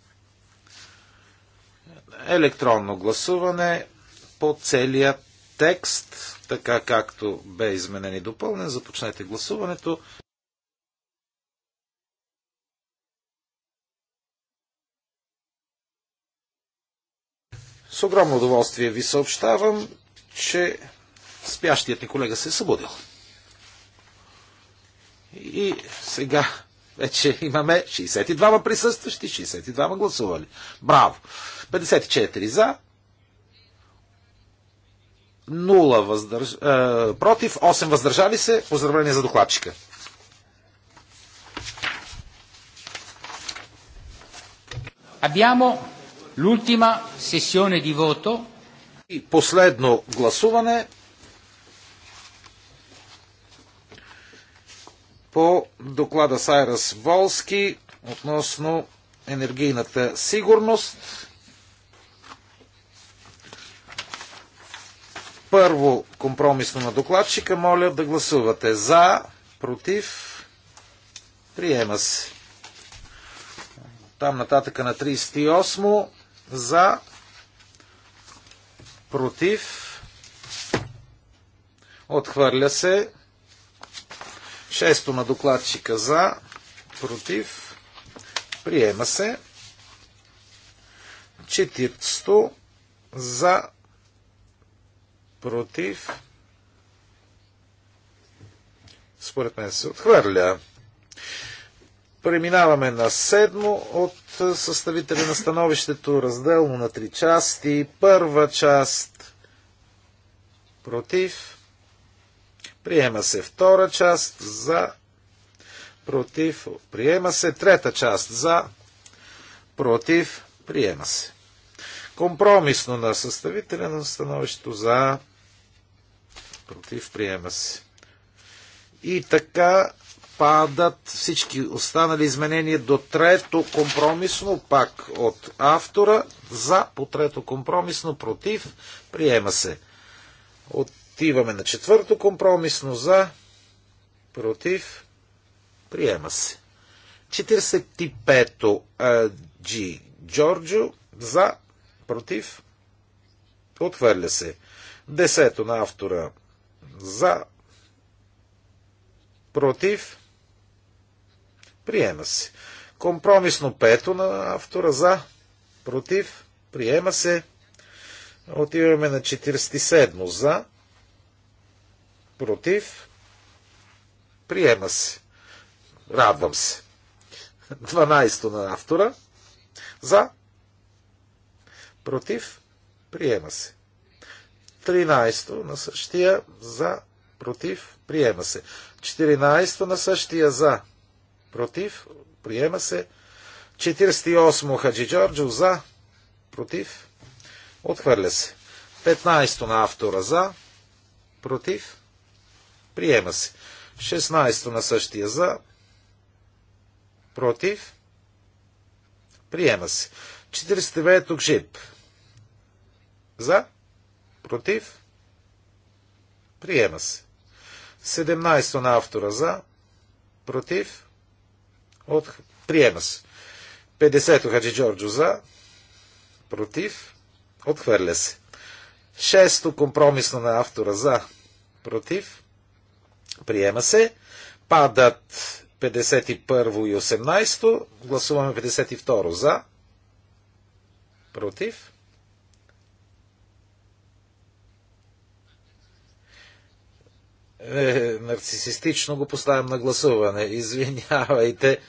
Електронно гласуване по целия текст, така както бе изменен и допълнен. Започнете гласуването. С огромно удоволствие ви съобщавам, че спящият ни колега се е събудил. И сега вече имаме 62 присъстващи, 62 гласували. Браво! 54 за, 0 въздърж... е, против, 8 въздържали се. Поздравление за докладчика. Абямо лултима сесионе di И последно гласуване по доклада Сайрас Волски относно енергийната сигурност. Първо компромисно на докладчика, моля да гласувате за, против, приема се. Там нататъка на 38 за, против, отхвърля се. Шесто на докладчика за, против, приема се. 400 за, против, според мен се отхвърля. Преминаваме на седмо от съставители на становището, разделно на три части. Първа част против, Приема се втора част за против. Приема се трета част за против. Приема се. Компромисно на съставителя на становището за против. Приема се. И така падат всички останали изменения до трето компромисно, пак от автора, за по трето компромисно, против, приема се. От Отиваме на четвърто компромисно за, против, приема се. 45-то G. Джорджо за, против, отвърля се. Десето на автора за, против, приема се. Компромисно пето на автора за, против, приема се. Отиваме на 47 за, Против. Приема се. Радвам се. 12 на автора. За. Против. Приема се. 13 на същия. За. Против. Приема се. 14 на същия. За. Против. Приема се. 48 Хаджи Джорджо. За. Против. Отхвърля се. 15 на автора. За. Против. Приема се. 16 на същия за. Против. Приема се. 49 тук жип. За. Против. Приема се. 17 на автора за. Против. От... Приема се. 50 Хаджи Джорджо за. Против. Отхвърля се. 6-то компромисно на автора за. Против. Приема се. Падат 51 и 18. Гласуваме 52 за. Против. Е, нарцисистично го поставям на гласуване. Извинявайте.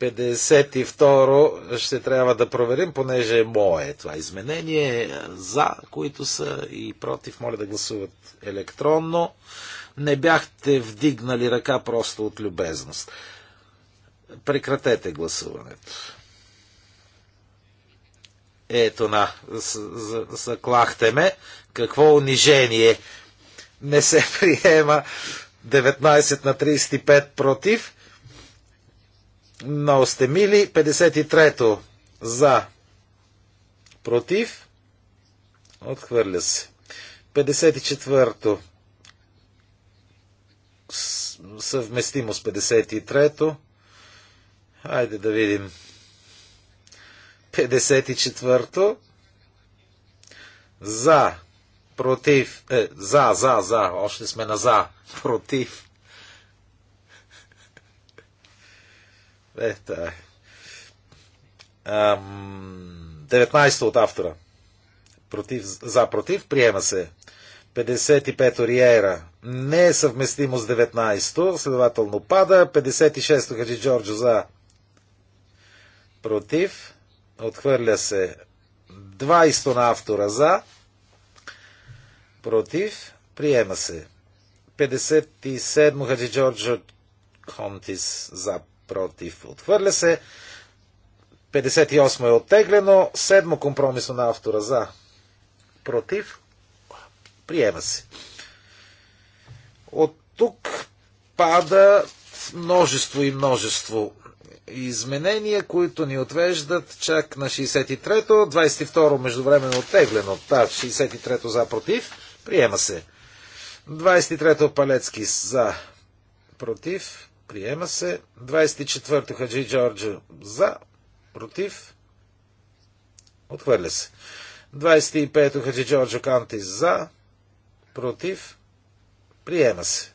52 ще трябва да проверим, понеже е мое това изменение. За, които са и против, моля да гласуват електронно. Не бяхте вдигнали ръка просто от любезност. Прекратете гласуването. Ето на, заклахте ме. Какво унижение. Не се приема 19 на 35 против. Много сте мили. 53-то за против. Отхвърля се. 54-то съвместимо с 53-то. Хайде да видим. 54-то. За. Против. Е, за, за, за. Още сме на за. Против. Е, тая. 19 е. от автора. Против, за, против, приема се. 55 Риера не е съвместимо с 19-то, следователно пада. 56-то Хаджи Джорджо за против. Отхвърля се 20-то на автора за против. Приема се 57-то Хаджи Джорджо Контис за против. Отхвърля се 58 е оттеглено. 7 компромисно на автора за против Приема се. От тук пада множество и множество изменения, които ни отвеждат чак на 63-то, 22-ро междувременно оттеглено, та 63-то за против, приема се. 23-то Палецки за против, приема се. 24-то Хаджи Джорджо за против, отхвърля се. 25-то Хаджи Джорджо Канти за против, приема се.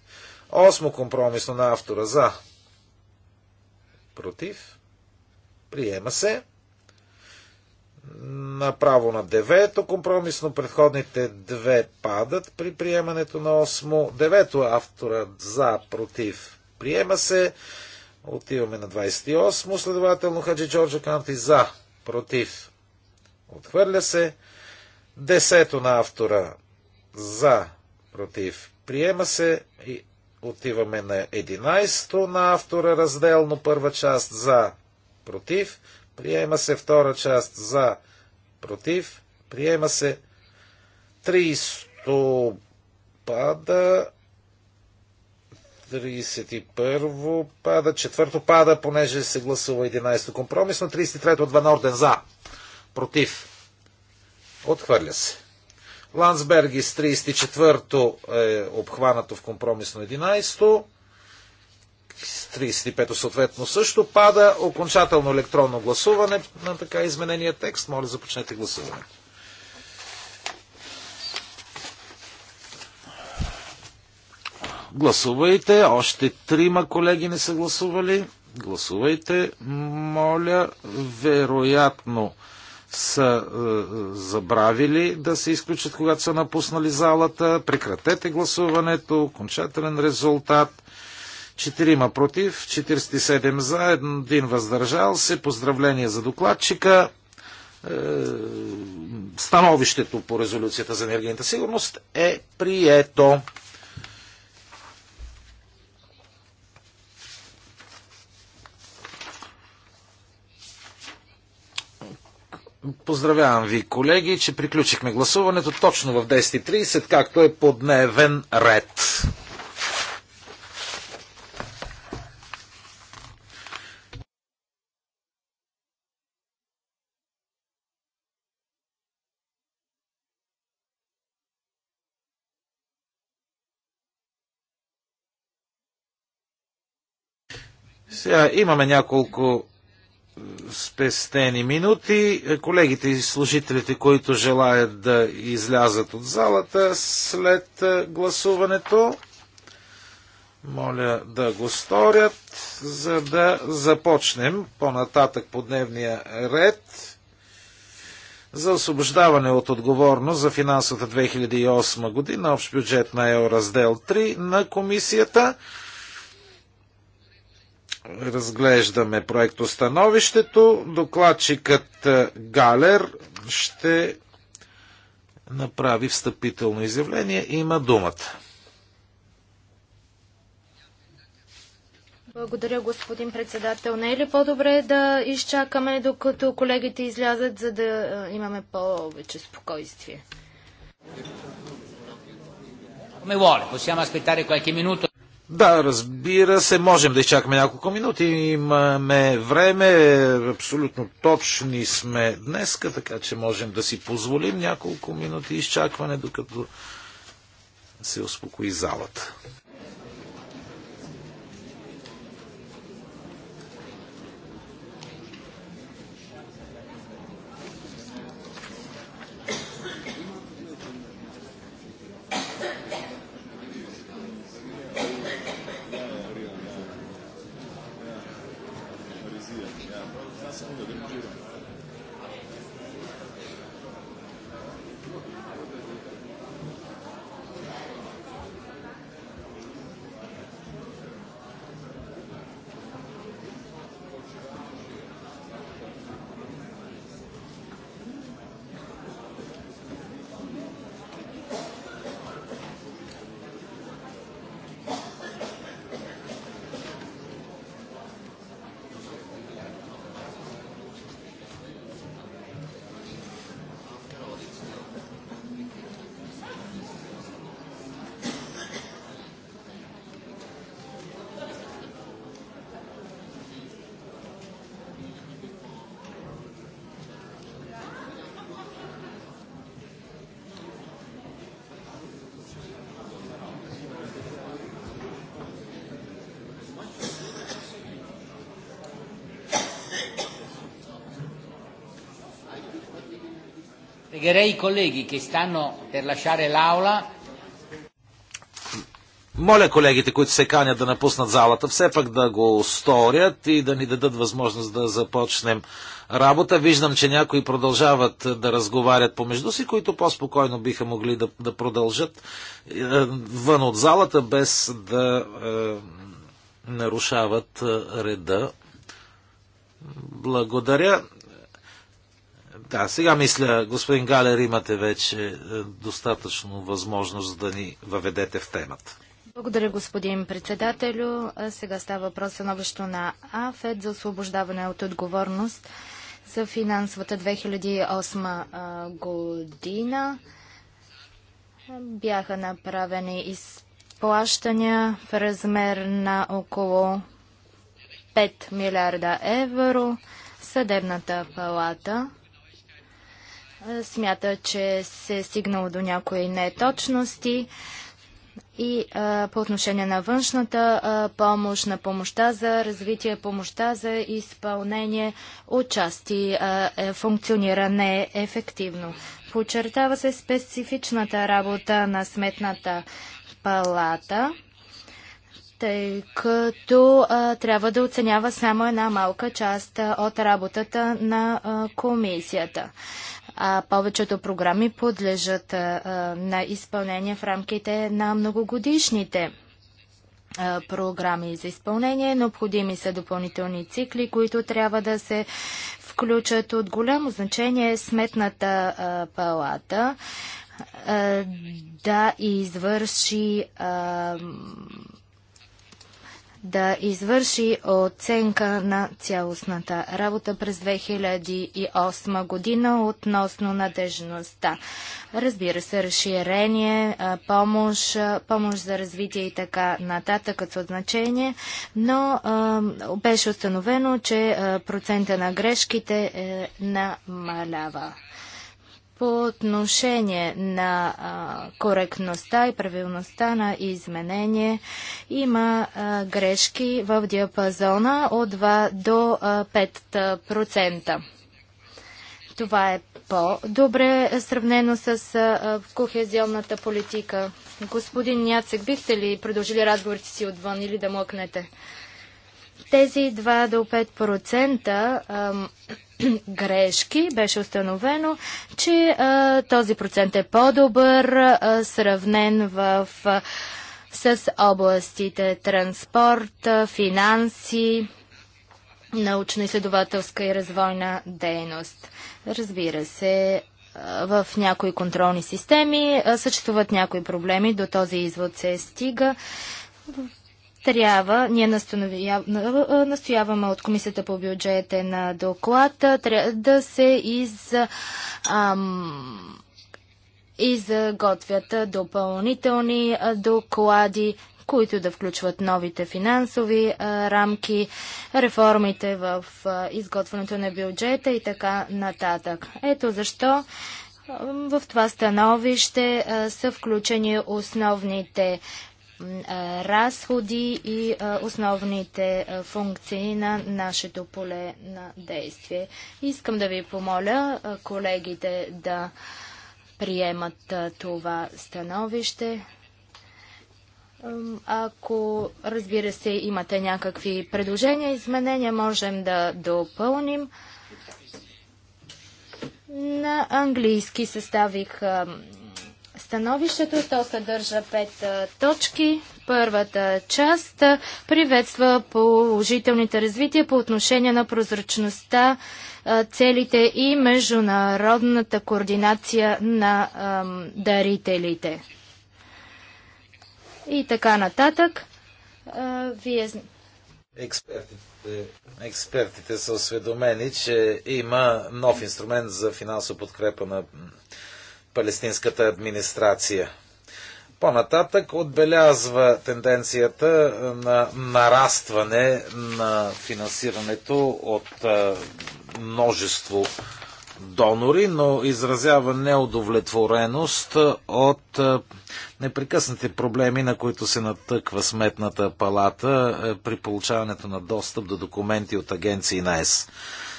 Осмо компромисно на автора за, против, приема се. Направо на девето компромисно предходните две падат при приемането на осмо. Девето автора за, против, приема се. Отиваме на 28. Следователно Хаджи Джорджо Канти за, против, отхвърля се. Десето на автора за, против, приема се и отиваме на 11-то на автора разделно, първа част за, против, приема се втора част за, против, приема се 300 пада, 31 во пада, четвърто пада, понеже се гласува 11-то компромисно, 33-то от Ван Орден за, против, отхвърля се. Лансберги с 34-то е обхванато в компромисно 11-то. 35-то съответно също пада. Окончателно електронно гласуване на така изменения текст. Моля, започнете гласуването. Гласувайте. Още трима колеги не са гласували. Гласувайте. Моля, вероятно са е, забравили да се изключат, когато са напуснали залата. Прекратете гласуването. Окончателен резултат. 4 против, 47 за, 1 въздържал се. Поздравление за докладчика. Е, становището по резолюцията за енергийната сигурност е прието. Поздравявам ви, колеги, че приключихме гласуването точно в 10.30, както е по дневен ред. Сега имаме няколко спестени минути. Колегите и служителите, които желаят да излязат от залата след гласуването, моля да го сторят, за да започнем по-нататък по дневния ред за освобождаване от отговорност за финансовата 2008 година, общ бюджет на Еораздел 3 на комисията разглеждаме проектостановището. Докладчикът е, Галер ще направи встъпително изявление. Има думата. Благодаря, господин председател. Не е ли по-добре да изчакаме, докато колегите излязат, за да е, имаме повече спокойствие? Come vuole, possiamo aspettare qualche minuto. Да, разбира се, можем да изчакаме няколко минути. Имаме време, абсолютно точни сме днеска, така че можем да си позволим няколко минути изчакване, докато се успокои залата. Pregherei i colleghi che stanno per lasciare l'aula. Моля колегите, които се канят да напуснат залата, все пак да го сторят и да ни дадат възможност да започнем работа. Виждам, че някои продължават да разговарят помежду си, които по-спокойно биха могли да, да продължат е, вън от залата, без да е, нарушават е, реда. Благодаря. Да, сега мисля, господин Галер, имате вече е, достатъчно възможност да ни въведете в темата. Благодаря, господин председателю. Сега става въпрос становището на АФЕД за освобождаване от отговорност за финансовата 2008 година. Бяха направени изплащания в размер на около 5 милиарда евро. Съдебната палата смята, че се е стигнало до някои неточности и а, по отношение на външната а, помощ, на помощта за развитие, помощта за изпълнение, участи а, е, функционира неефективно. Почертава се специфичната работа на сметната палата, тъй като а, трябва да оценява само една малка част а, от работата на а, комисията а повечето програми подлежат на изпълнение в рамките на многогодишните програми за изпълнение. Необходими са допълнителни цикли, които трябва да се включат от голямо значение сметната палата да извърши да извърши оценка на цялостната работа през 2008 година относно надежността. Разбира се, разширение, помощ, помощ за развитие и така нататък като значение, но беше установено, че процента на грешките е намалява. По отношение на а, коректността и правилността на изменение има а, грешки в диапазона от 2 до а, 5%. Това е по-добре сравнено с а, кохезионната политика. Господин Няцек, бихте ли продължили разговорите си отвън или да мъкнете? Тези 2 до 5% а, грешки беше установено, че а, този процент е по-добър, сравнен в а, с областите транспорт, финанси, научно-изследователска и развойна дейност. Разбира се, в някои контролни системи съществуват някои проблеми, до този извод се стига трябва, ние настояваме от Комисията по бюджете на доклад, да се из, ам, изготвят допълнителни доклади, които да включват новите финансови рамки, реформите в изготвянето на бюджета и така нататък. Ето защо в това становище са включени основните разходи и основните функции на нашето поле на действие. Искам да ви помоля колегите да приемат това становище. Ако, разбира се, имате някакви предложения, изменения, можем да допълним. На английски съставих становището. То съдържа пет точки. Първата част приветства положителните развития по отношение на прозрачността, целите и международната координация на дарителите. И така нататък. вие... Експертите, експертите са осведомени, че има нов инструмент за финансово подкрепа на палестинската администрация. По-нататък отбелязва тенденцията на нарастване на финансирането от множество донори, но изразява неудовлетвореност от непрекъснати проблеми, на които се натъква сметната палата при получаването на достъп до документи от агенции на ЕС.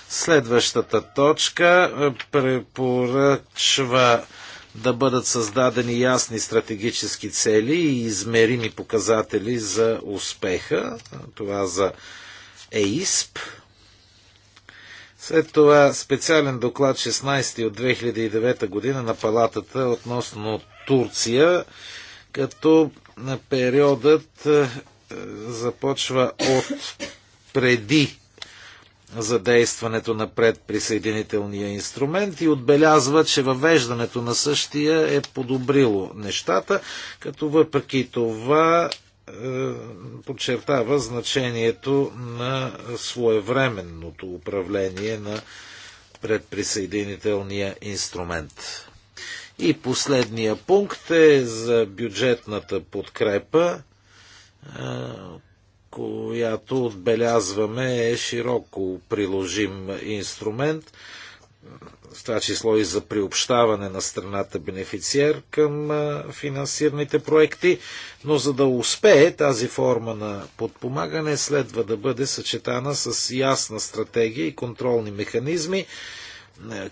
Следващата точка препоръчва да бъдат създадени ясни стратегически цели и измерими показатели за успеха. Това за ЕИСП. След това специален доклад 16 от 2009 година на палатата относно Турция, като периодът е, започва от преди за действането на предприсъединителния инструмент и отбелязва, че въвеждането на същия е подобрило нещата, като въпреки това е, подчертава значението на своевременното управление на предприсъединителния инструмент. И последния пункт е за бюджетната подкрепа е, която отбелязваме е широко приложим инструмент, в това число и за приобщаване на страната бенефициер към финансираните проекти, но за да успее тази форма на подпомагане следва да бъде съчетана с ясна стратегия и контролни механизми,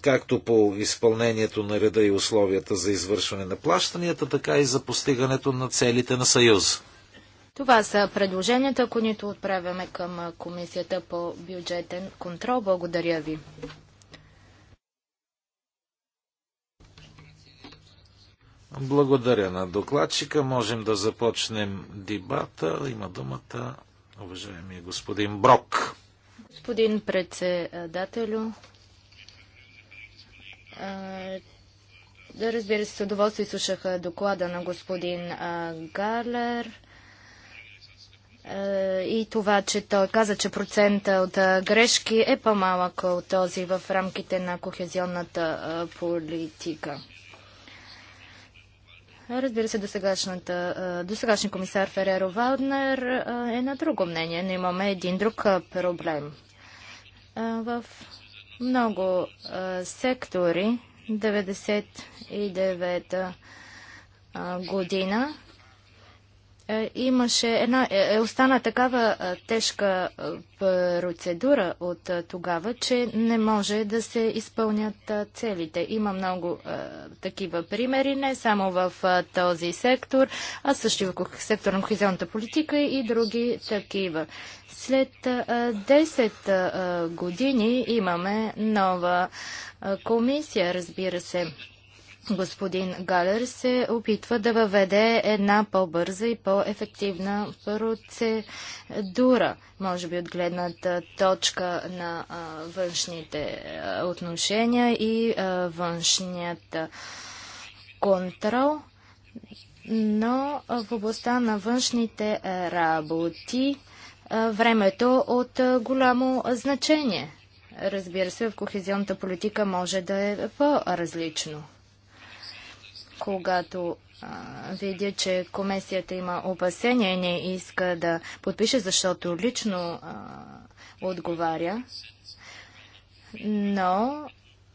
както по изпълнението на реда и условията за извършване на плащанията, така и за постигането на целите на Съюз. Това са предложенията, които отправяме към Комисията по бюджетен контрол. Благодаря ви. Благодаря на докладчика. Можем да започнем дебата. Има думата уважаеми господин Брок. Господин председателю, разбира се, с удоволствие слушах доклада на господин Галер. Е, и това, че той каза, че процента от е, грешки е по-малък от този в рамките на кохезионната е, политика. Разбира се, до сегашния комисар Фереро Валднер е на друго мнение, но имаме един друг проблем. В много сектори 99 година е, имаше една, е, е, остана такава тежка процедура от тогава, че не може да се изпълнят целите. Има много такива примери, не само в този сектор, а също и в сектор на кохезионната политика и други такива. След 10 години имаме нова комисия, разбира се господин Галер се опитва да въведе една по-бърза и по-ефективна процедура, може би от гледната точка на а, външните отношения и а, външният контрол, но в областта на външните работи а, времето от голямо значение. Разбира се, в кохезионната политика може да е по-различно когато а, видя, че комисията има опасения и не иска да подпише, защото лично а, отговаря. Но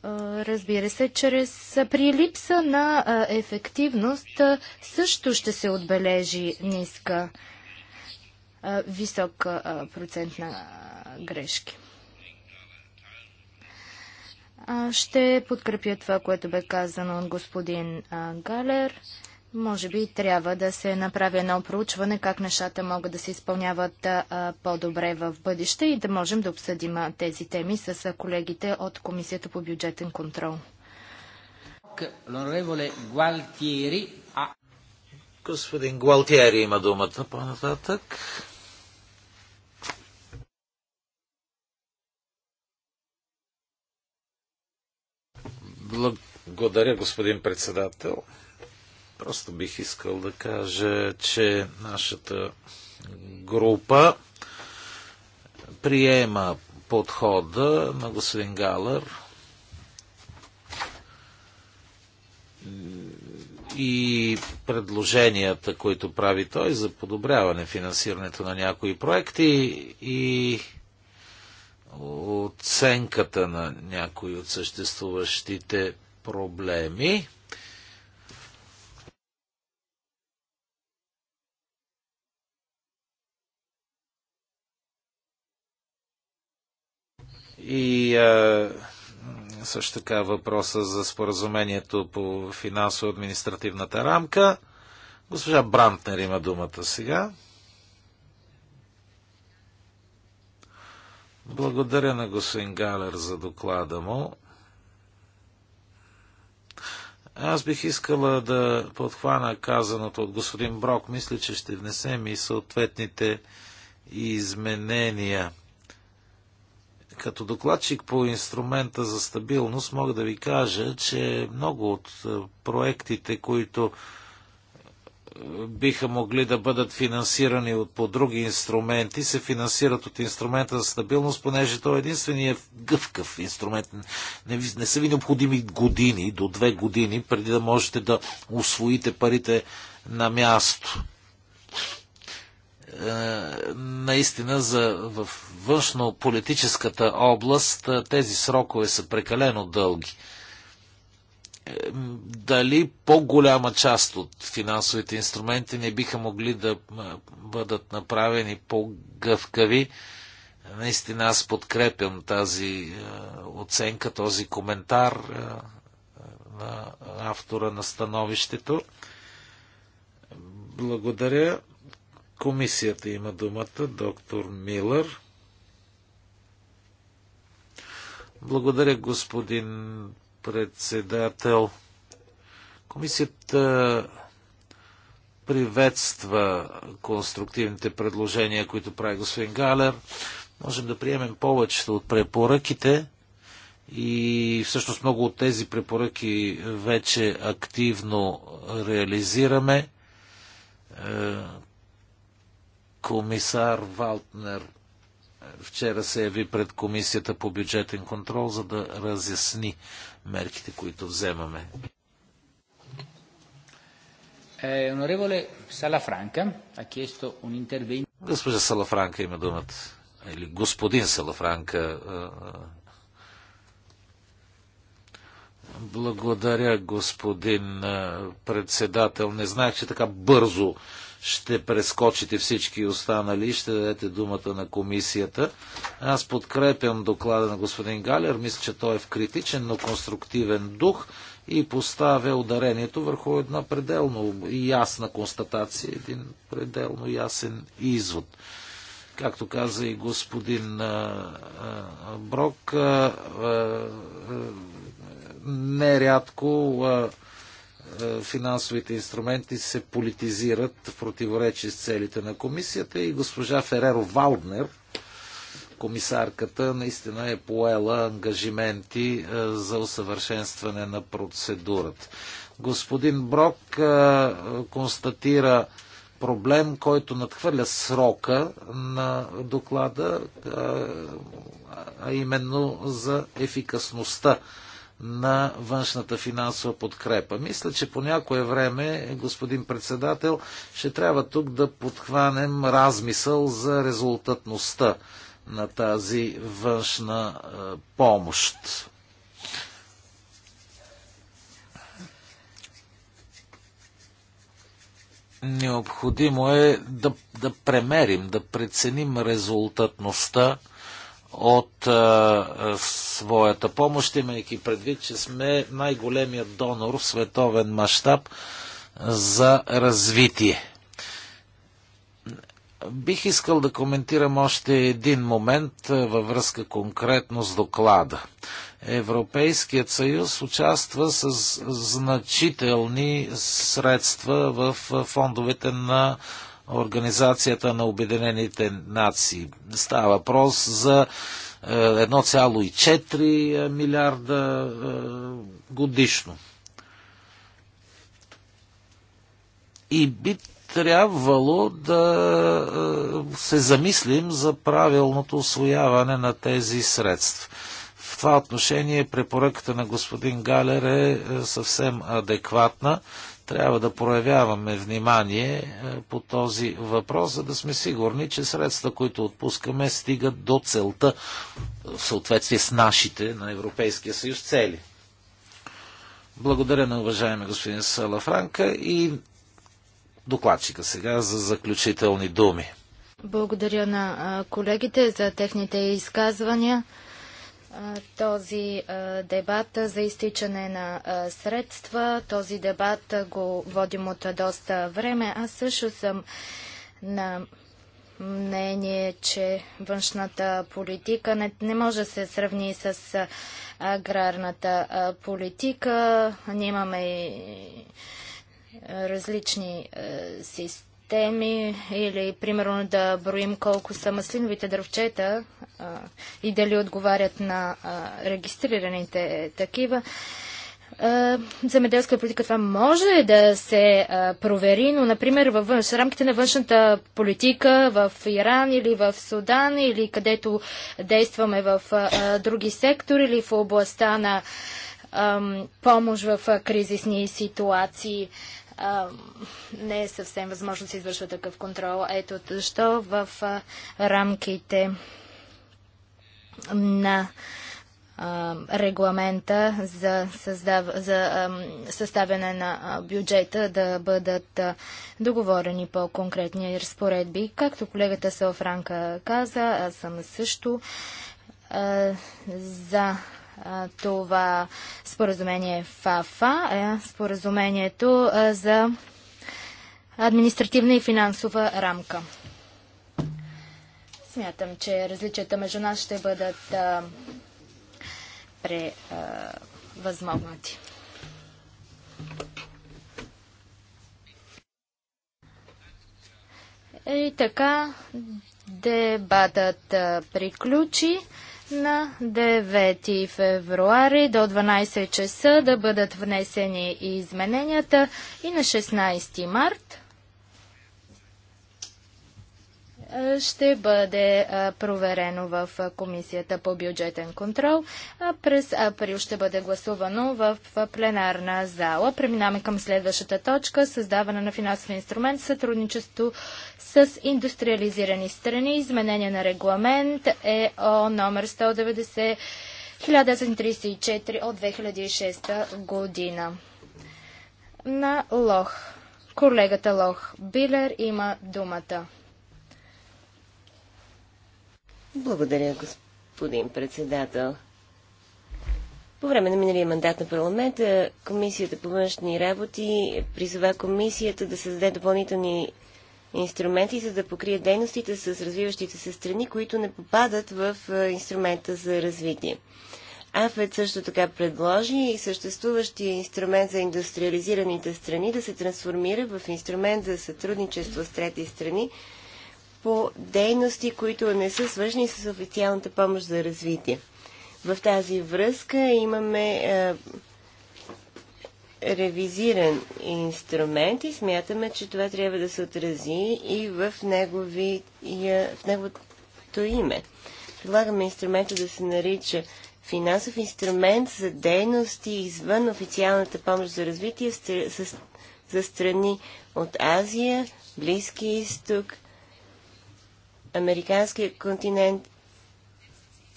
разбира се, чрез при липса на а, ефективност а, също ще се отбележи ниска висока висок процент на грешки. Ще подкрепя това, което бе казано от господин Галер. Може би трябва да се направи едно проучване как нещата могат да се изпълняват по-добре в бъдеще и да можем да обсъдим тези теми с колегите от Комисията по бюджетен контрол. Господин Гуалтиери има думата по-нататък. Благодаря, господин председател. Просто бих искал да кажа, че нашата група приема подхода на господин Галър и предложенията, които прави той за подобряване финансирането на някои проекти и оценката на някои от съществуващите проблеми. И а, също така въпроса за споразумението по финансово-административната рамка. Госпожа Брантнер има думата сега. Благодаря на господин Галер за доклада му. Аз бих искала да подхвана казаното от господин Брок. Мисля, че ще внесем и съответните изменения. Като докладчик по инструмента за стабилност мога да ви кажа, че много от проектите, които биха могли да бъдат финансирани от, по други инструменти, се финансират от инструмента за стабилност, понеже той е единственият гъвкав инструмент. Не, не са ви необходими години, до две години, преди да можете да освоите парите на място. Е, наистина, за, в външно-политическата област е, тези срокове са прекалено дълги дали по-голяма част от финансовите инструменти не биха могли да бъдат направени по-гъвкави. Наистина аз подкрепям тази оценка, този коментар на автора на становището. Благодаря. Комисията има думата, доктор Милър. Благодаря, господин председател. Комисията приветства конструктивните предложения, които прави господин Галер. Можем да приемем повечето от препоръките и всъщност много от тези препоръки вече активно реализираме. Е, комисар Валтнер вчера се яви пред Комисията по бюджетен контрол, за да разясни мерките, които вземаме. Е, Госпожа Салафранка има думата. Или господин Салафранка. Е, е. Благодаря, господин председател. Не знаех, че така бързо ще прескочите всички останали и ще дадете думата на комисията. Аз подкрепям доклада на господин Галер. Мисля, че той е в критичен, но конструктивен дух и поставя ударението върху една пределно ясна констатация, един пределно ясен извод. Както каза и господин Брок, нерядко е, финансовите инструменти се политизират в противоречие с целите на комисията и госпожа Фереро Валднер, комисарката, наистина е поела ангажименти е, за усъвършенстване на процедурата. Господин Брок е, констатира проблем, който надхвърля срока на доклада, а именно за ефикасността на външната финансова подкрепа. Мисля, че по някое време, господин председател, ще трябва тук да подхванем размисъл за резултатността на тази външна е, помощ. Необходимо е да, да премерим, да преценим резултатността от а, своята помощ, имайки предвид, че сме най-големият донор в световен мащаб за развитие. Бих искал да коментирам още един момент във връзка конкретно с доклада. Европейският съюз участва с значителни средства в фондовете на Организацията на Обединените нации. Става въпрос за 1,4 е, е, милиарда е, годишно. И би трябвало да се замислим за правилното освояване на тези средства. В това отношение препоръката на господин Галер е съвсем адекватна трябва да проявяваме внимание е, по този въпрос, за да сме сигурни, че средства, които отпускаме, стигат до целта е, в съответствие с нашите на Европейския съюз цели. Благодаря на уважаеми господин Салафранка и докладчика сега за заключителни думи. Благодаря на колегите за техните изказвания този дебат за изтичане на средства. Този дебат го водим от доста време. Аз също съм на мнение, че външната политика не, не може да се сравни с аграрната политика. Ние имаме и различни системи теми или примерно да броим колко са маслиновите дървчета а, и дали отговарят на а, регистрираните такива. Земеделска политика това може да се а, провери, но, например, в външ, рамките на външната политика в Иран или в Судан или където действаме в други сектори или в областта на помощ в кризисни ситуации а, не е съвсем възможно да се извършва такъв контрол. Ето защо в а, рамките на регламента за, създав... за съставяне на бюджета да бъдат договорени по-конкретни разпоредби. Както колегата Сеофранка каза, аз съм също за това споразумение ФАФА, е споразумението за административна и финансова рамка. Смятам, че различията между нас ще бъдат превъзмогнати. И така, дебатът приключи на 9 февруари до 12 часа да бъдат внесени и измененията и на 16 март ще бъде проверено в Комисията по бюджетен контрол. През април ще бъде гласувано в пленарна зала. Преминаваме към следващата точка – създаване на финансов инструмент, сътрудничество с индустриализирани страни, изменение на регламент ЕО номер 190 1934 от 2006 година. На Лох. Колегата Лох Билер има думата. Благодаря, господин председател. По време на миналия мандат на парламента Комисията по външни работи призова Комисията да създаде допълнителни инструменти, за да покрие дейностите с развиващите се страни, които не попадат в инструмента за развитие. АФЕД също така предложи и съществуващия инструмент за индустриализираните страни да се трансформира в инструмент за сътрудничество с трети страни, по дейности, които не са свързани с официалната помощ за развитие. В тази връзка имаме е, ревизиран инструмент и смятаме, че това трябва да се отрази и в, негови, и, в неговото име. Предлагаме инструмента да се нарича финансов инструмент за дейности извън официалната помощ за развитие за страни от Азия, Близки изток американския континент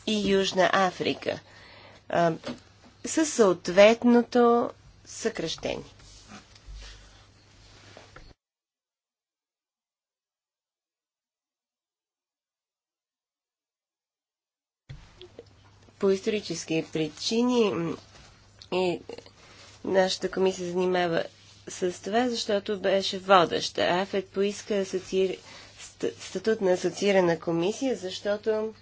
и Южна Африка със съответното съкръщение. По исторически причини и нашата комисия занимава с това, защото беше водеща. Афет поиска асоциирането статут на асоциирана комисия, защото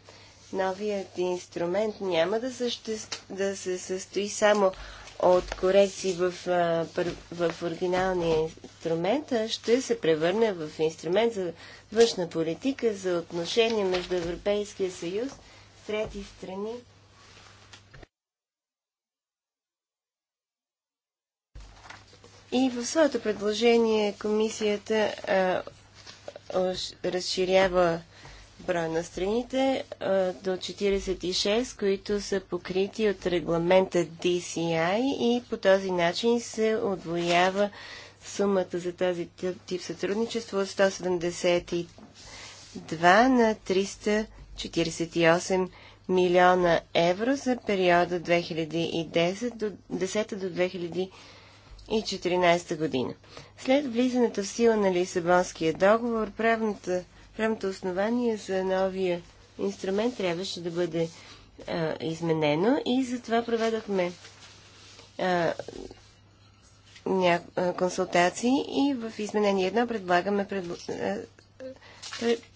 новият инструмент няма да, съще... да се състои само от корекции в, в оригиналния инструмент, а ще се превърне в инструмент за външна политика, за отношения между Европейския съюз, трети страни. И в своето предложение комисията а, разширява броя на страните до 46, които са покрити от регламента DCI и по този начин се отвоява сумата за този тип сътрудничество от 172 на 348 милиона евро за периода 2010 до 2020 2014 година. След влизането в сила на Лисабонския договор, правната, правното основание за новия инструмент трябваше да бъде а, изменено и затова проведохме а, ня... консултации и в изменение едно предлагаме пред...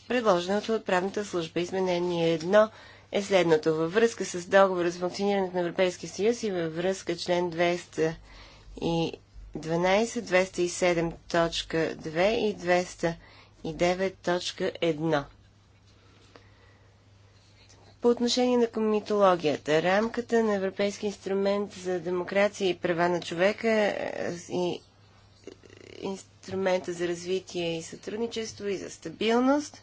предложеното от правната служба. Изменение едно е следното. Във връзка с договора за функционирането на Европейския съюз и във връзка член 200 и 12, и 209.1. По отношение на комитологията, рамката на Европейски инструмент за демокрация и права на човека е, и инструмента за развитие и сътрудничество и за стабилност,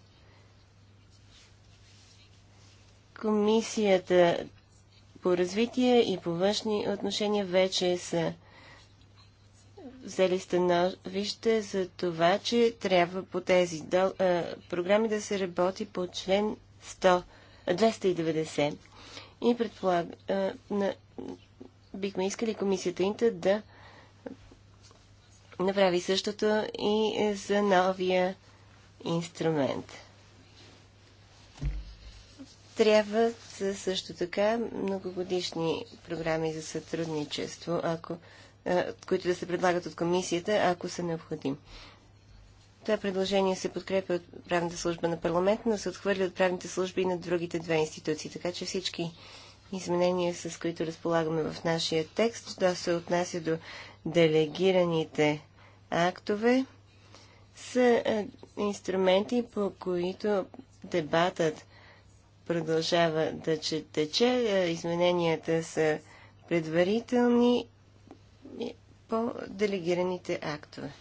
комисията по развитие и по външни отношения вече са взели становище за това, че трябва по тези дол, а, програми да се работи по член 100, 290. И предполага, а, на, бихме искали комисията Инта да направи същото и за новия инструмент. Трябва също така многогодишни програми за сътрудничество. Ако е, които да се предлагат от комисията, ако са необходими. Това предложение се подкрепя от правната служба на парламента, но се отхвърля от правните служби и на другите две институции. Така че всички изменения, с които разполагаме в нашия текст, да се отнася до делегираните актове, са е, инструменти, по които дебатът продължава да че тече. Е, измененията са предварителни по делегираните актове.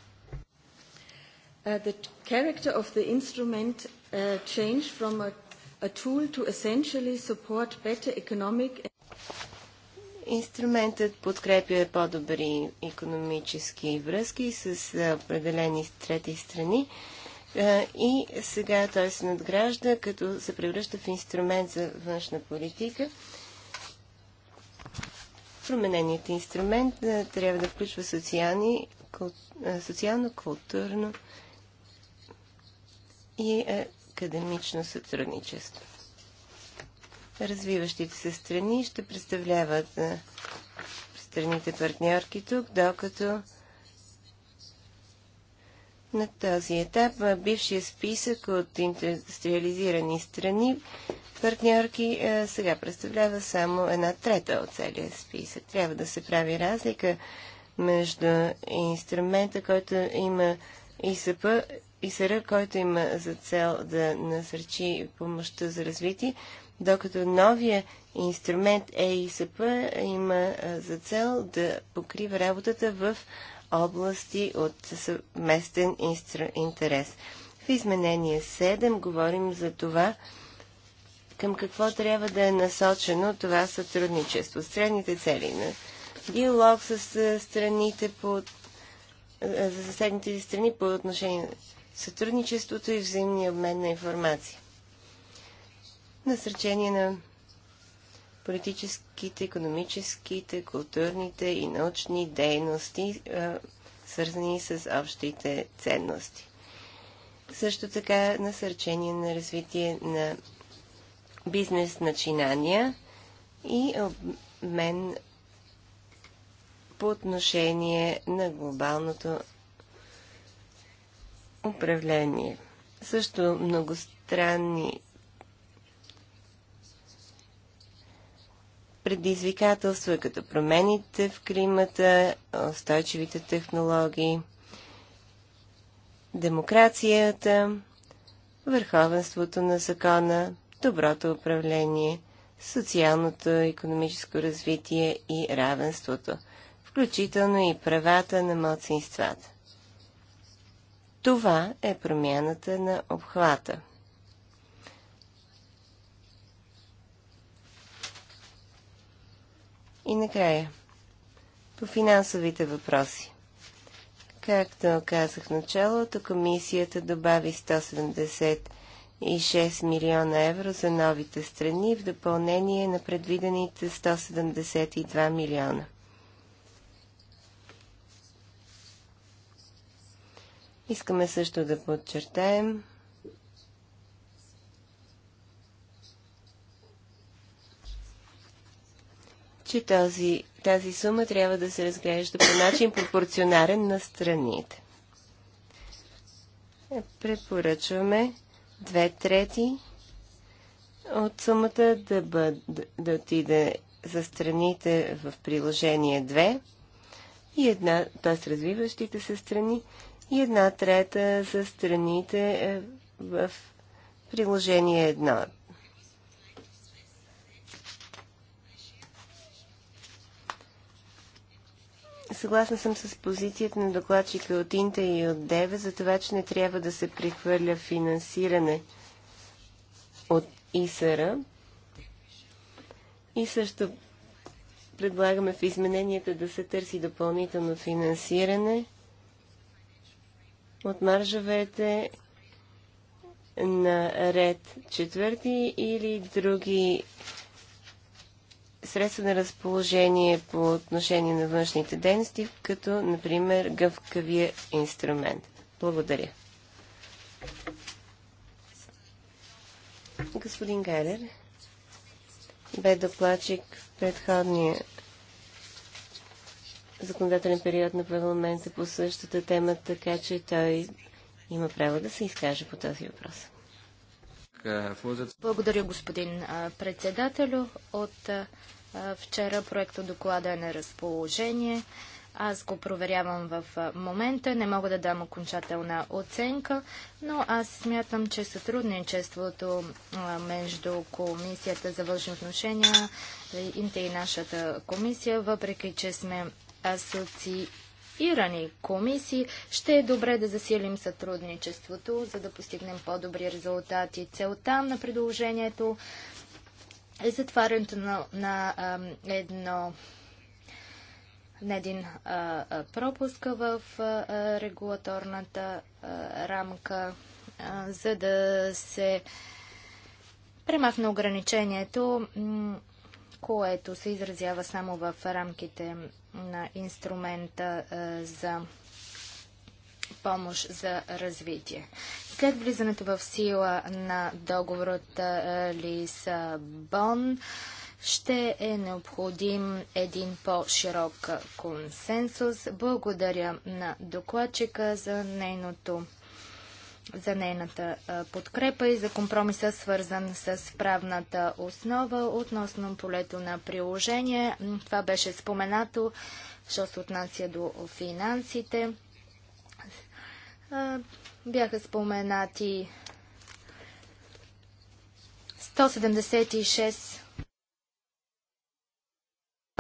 Uh, uh, Инструментът подкрепя по-добри економически връзки с определени трети страни и сега той се надгражда, като се превръща в инструмент за външна политика промененият инструмент е, трябва да включва социални, е, социално, културно и академично сътрудничество. Развиващите се страни ще представляват е, страните партньорки тук, докато на този етап бившия списък от индустриализирани страни партньорки сега представлява само една трета от целия списък. Трябва да се прави разлика между инструмента, който има ИСП, ИСР, който има за цел да насърчи помощта за развитие, докато новия инструмент ЕИСП има за цел да покрива работата в области от съвместен интерес. В изменение 7 говорим за това, към какво трябва да е насочено това сътрудничество. Средните цели на диалог с страните по за съседните страни по отношение на сътрудничеството и взаимния обмен на информация. Насърчение на политическите, економическите, културните и научни дейности, свързани с общите ценности. Също така насърчение на развитие на бизнес начинания и обмен по отношение на глобалното управление. Също многостранни предизвикателства, е като промените в климата, устойчивите технологии, демокрацията, върховенството на закона, доброто управление, социалното и економическо развитие и равенството, включително и правата на младсинствата. Това е промяната на обхвата – И накрая, по финансовите въпроси. Както казах в началото, комисията добави 176 милиона евро за новите страни в допълнение на предвидените 172 милиона. Искаме също да подчертаем, че този, тази сума трябва да се разглежда по начин пропорционален на страните. Е, препоръчваме две трети от сумата да, бъд, да отиде за страните в приложение 2 и една, т.е. развиващите се страни и една трета за страните е, в приложение 1. Съгласна съм с позицията на докладчика от Инта и от Деве за това, че не трябва да се прехвърля финансиране от ИСР. И също предлагаме в измененията да се търси допълнително финансиране от маржовете на ред четвърти или други средства на разположение по отношение на външните дейности, като, например, гъвкавия инструмент. Благодаря. Господин Галер бе докладчик в предходния законодателен период на парламента по същата тема, така че той има право да се изкаже по този въпрос. Благодаря, господин председател. От Вчера проекто доклада е на разположение. Аз го проверявам в момента. Не мога да дам окончателна оценка, но аз смятам, че сътрудничеството между Комисията за външни отношения, Инте и нашата комисия, въпреки че сме асоциирани комисии, ще е добре да засилим сътрудничеството, за да постигнем по-добри резултати. Целта на предложението е затварянето на, на а, едно на един а, пропуск в а, регулаторната а, рамка, а, за да се премахне ограничението, което се изразява само в рамките на инструмента а, за помощ за развитие. След влизането в сила на договорът Лисабон, ще е необходим един по-широк консенсус. Благодаря на докладчика за нейното за нейната подкрепа и за компромиса, свързан с правната основа относно полето на приложение. Това беше споменато, що се отнася до финансите. Бяха споменати 176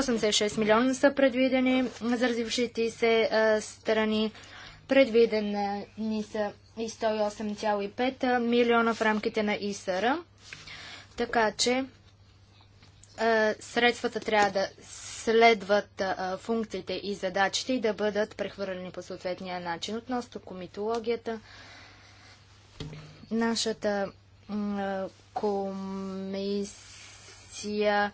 86 милиона са предвидени за развившите се страни. Предвидени са и 108,5 милиона в рамките на ИСР. Така че средствата трябва да следват функциите и задачите и да бъдат прехвърлени по съответния начин. Относно комитологията, нашата комисия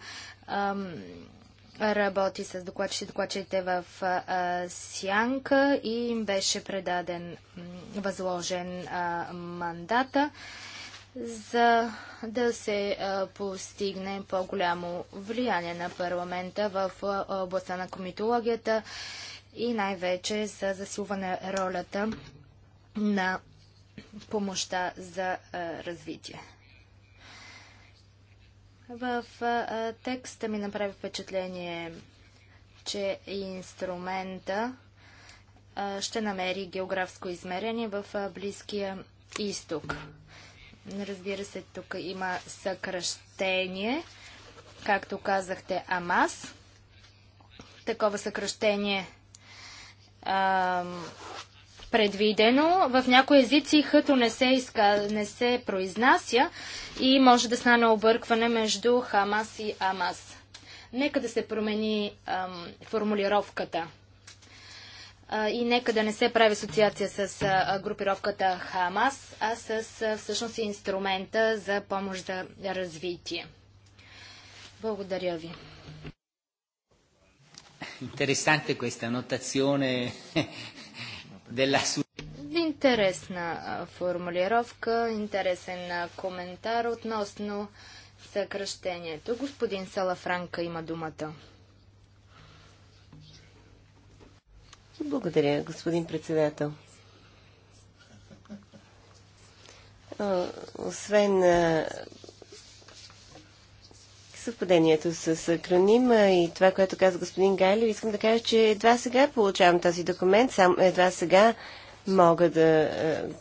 работи с докладчите, докладчите в Сянка и им беше предаден възложен мандата за да се постигне по-голямо влияние на парламента в областта на комитологията и най-вече за засилване ролята на помощта за развитие. В текста ми направи впечатление, че инструмента ще намери географско измерение в Близкия изток. Разбира се, тук има съкръщение, както казахте, АМАС. Такова съкръщение а, предвидено. В някои езици хъто не се, иска, не се произнася и може да стане объркване между Хамас и Амас. Нека да се промени ам, формулировката и нека да не се прави асоциация с групировката Хамас, а с всъщност инструмента за помощ за развитие. Благодаря ви. Интересна questa notazione della Интересна формулировка, интересен коментар относно съкръщението. Господин Салафранка има думата. Благодаря, господин председател. Освен съвпадението с Кранима и това, което каза господин Гайлев, искам да кажа, че едва сега получавам този документ, сам, едва сега мога да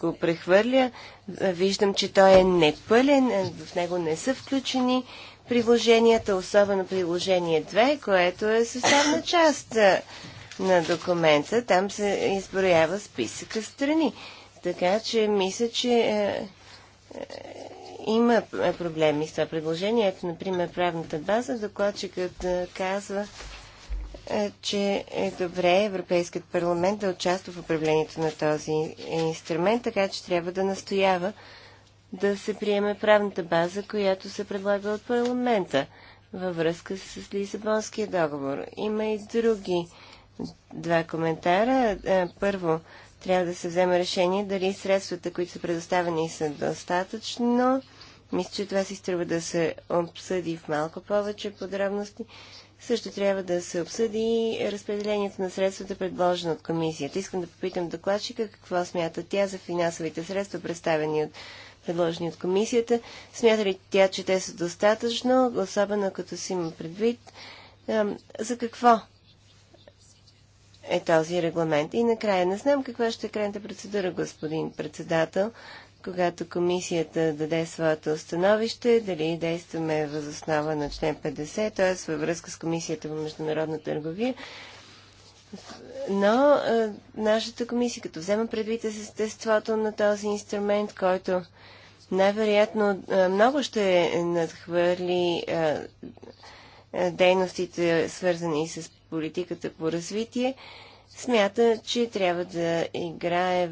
го прехвърля. Виждам, че той е непълен, в него не са включени приложенията, особено приложение 2, което е съставна част на документа, там се изброява списъка страни. Така че мисля, че е, е, има проблеми с това предложение. Ето, например, правната база, докладчикът е, казва, е, че е добре Европейският парламент да участва в управлението на този инструмент, така че трябва да настоява да се приеме правната база, която се предлага от парламента във връзка с Лисабонския договор. Има и други два коментара. Е, първо, трябва да се вземе решение дали средствата, които са предоставени, са достатъчно. Мисля, че това си струва да се обсъди в малко повече подробности. Също трябва да се обсъди разпределението на средствата, предложено от комисията. Искам да попитам докладчика какво смята тя за финансовите средства, представени от предложени от комисията. Смята ли тя, че те са достатъчно, особено като си има предвид за какво е този регламент. И накрая, не знам каква ще е крайната процедура, господин председател, когато комисията даде своето становище, дали действаме възоснова на член 50, т.е. във връзка с комисията по международна търговия. Но а, нашата комисия, като взема предвид естеството на този инструмент, който най-вероятно много ще надхвърли а, дейностите, свързани с политиката по развитие, смята, че трябва да играе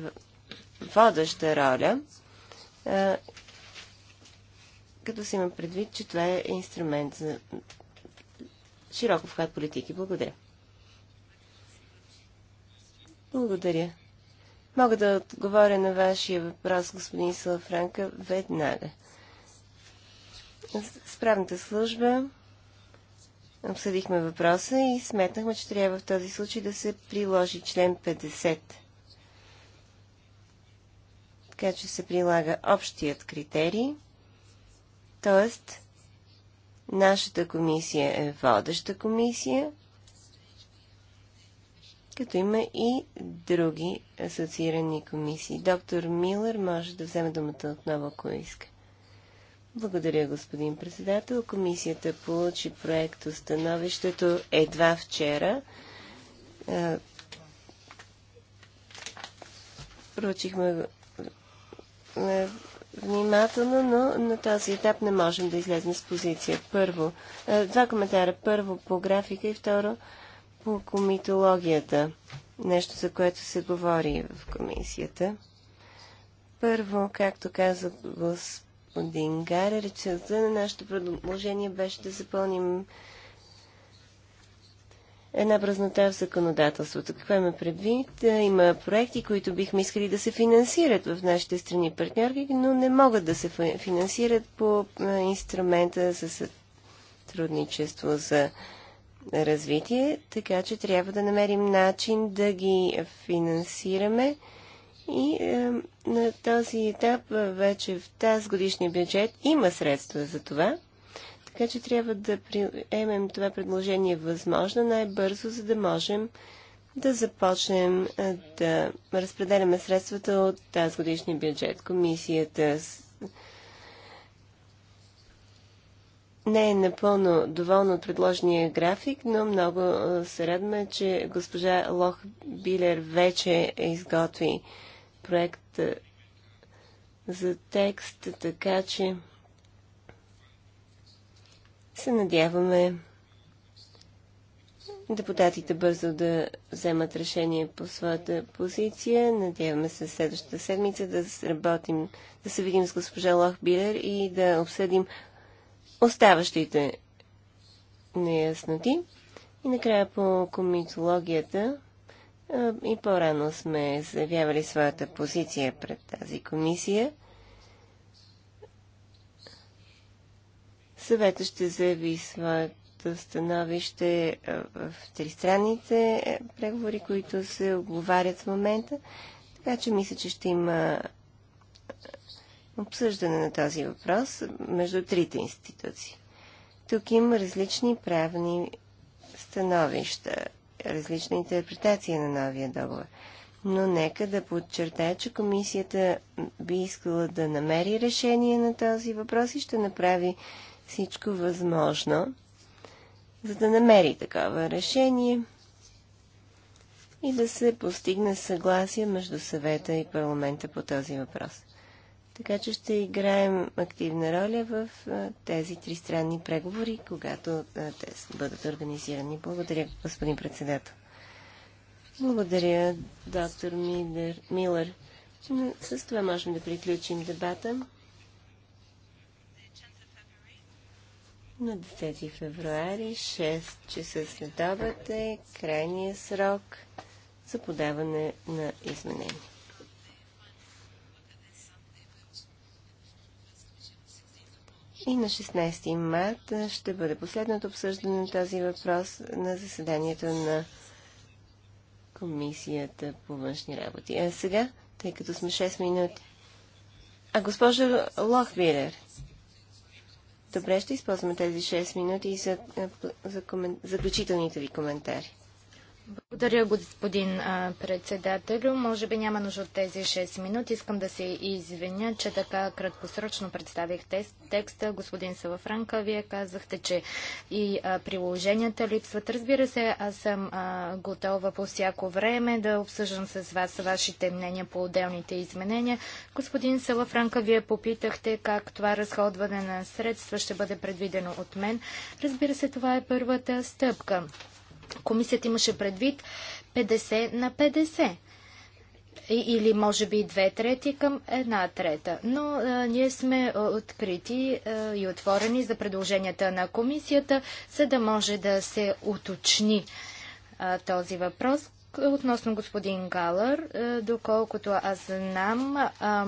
водеща роля, като се има предвид, че това е инструмент за широко вклад политики. Благодаря. Благодаря. Мога да отговоря на вашия въпрос, господин Салафранка, веднага. Справната служба обсъдихме въпроса и сметнахме, че трябва в този случай да се приложи член 50. Така че се прилага общият критерий, т.е. нашата комисия е водеща комисия, като има и други асоциирани комисии. Доктор Милър може да вземе думата отново, ако иска. Благодаря, господин председател. Комисията получи проект установището едва вчера. Е, проучихме е, внимателно, но на този етап не можем да излезем с позиция. Първо, е, два коментара. Първо по графика и второ по комитологията. Нещо, за което се говори в комисията. Първо, както каза господин господин Гарер. на нашето предложение беше да запълним една празнота в законодателството. Какво има предвид? Е, има проекти, които бихме искали да се финансират в нашите страни партньорки, но не могат да се финансират по е, инструмента за сътрудничество за развитие, така че трябва да намерим начин да ги финансираме и е, на този етап е, вече в тази годишния бюджет има средства за това. Така че трябва да приемем това предложение възможно най-бързо, за да можем да започнем е, да разпределяме средствата от тази годишния бюджет. Комисията не е напълно доволна от предложения график, но много е, се радваме, че госпожа Лох Билер вече изготви проект за текст, така че се надяваме депутатите бързо да вземат решение по своята позиция. Надяваме се следващата седмица да работим, да се видим с госпожа Лох Билер и да обсъдим оставащите неясноти. И накрая по комитологията и по-рано сме заявявали своята позиция пред тази комисия. Съвета ще заяви своето становище в тристранните е, преговори, които се оговарят в момента. Така че мисля, че ще има обсъждане на този въпрос между трите институции. Тук има различни правни становища различна интерпретация на новия договор. Но нека да подчертая, че комисията би искала да намери решение на този въпрос и ще направи всичко възможно, за да намери такова решение и да се постигне съгласие между съвета и парламента по този въпрос. Така че ще играем активна роля в тези тристранни преговори, когато те бъдат организирани. Благодаря, господин председател. Благодаря, доктор Милър. С това можем да приключим дебата. На 10 февруари, 6 часа след обед е крайния срок за подаване на изменения. И на 16 март ще бъде последното обсъждане на този въпрос на заседанието на Комисията по външни работи. А сега, тъй като сме 6 минути. А госпожа Лохбилер, добре ще използваме тези 6 минути за, е, за за заключителните ви коментари. Благодаря, господин председател. Може би няма нужда от тези 6 минути. Искам да се извиня, че така краткосрочно представих текста. Господин Салафранка, вие казахте, че и приложенията липсват. Разбира се, аз съм готова по всяко време да обсъждам с вас вашите мнения по отделните изменения. Господин Салафранка, вие попитахте как това разходване на средства ще бъде предвидено от мен. Разбира се, това е първата стъпка комисията имаше предвид 50 на 50 или може би две трети към една трета. Но а, ние сме открити а, и отворени за предложенията на комисията, за да може да се уточни а, този въпрос. Относно господин Галър, а, доколкото аз знам, а,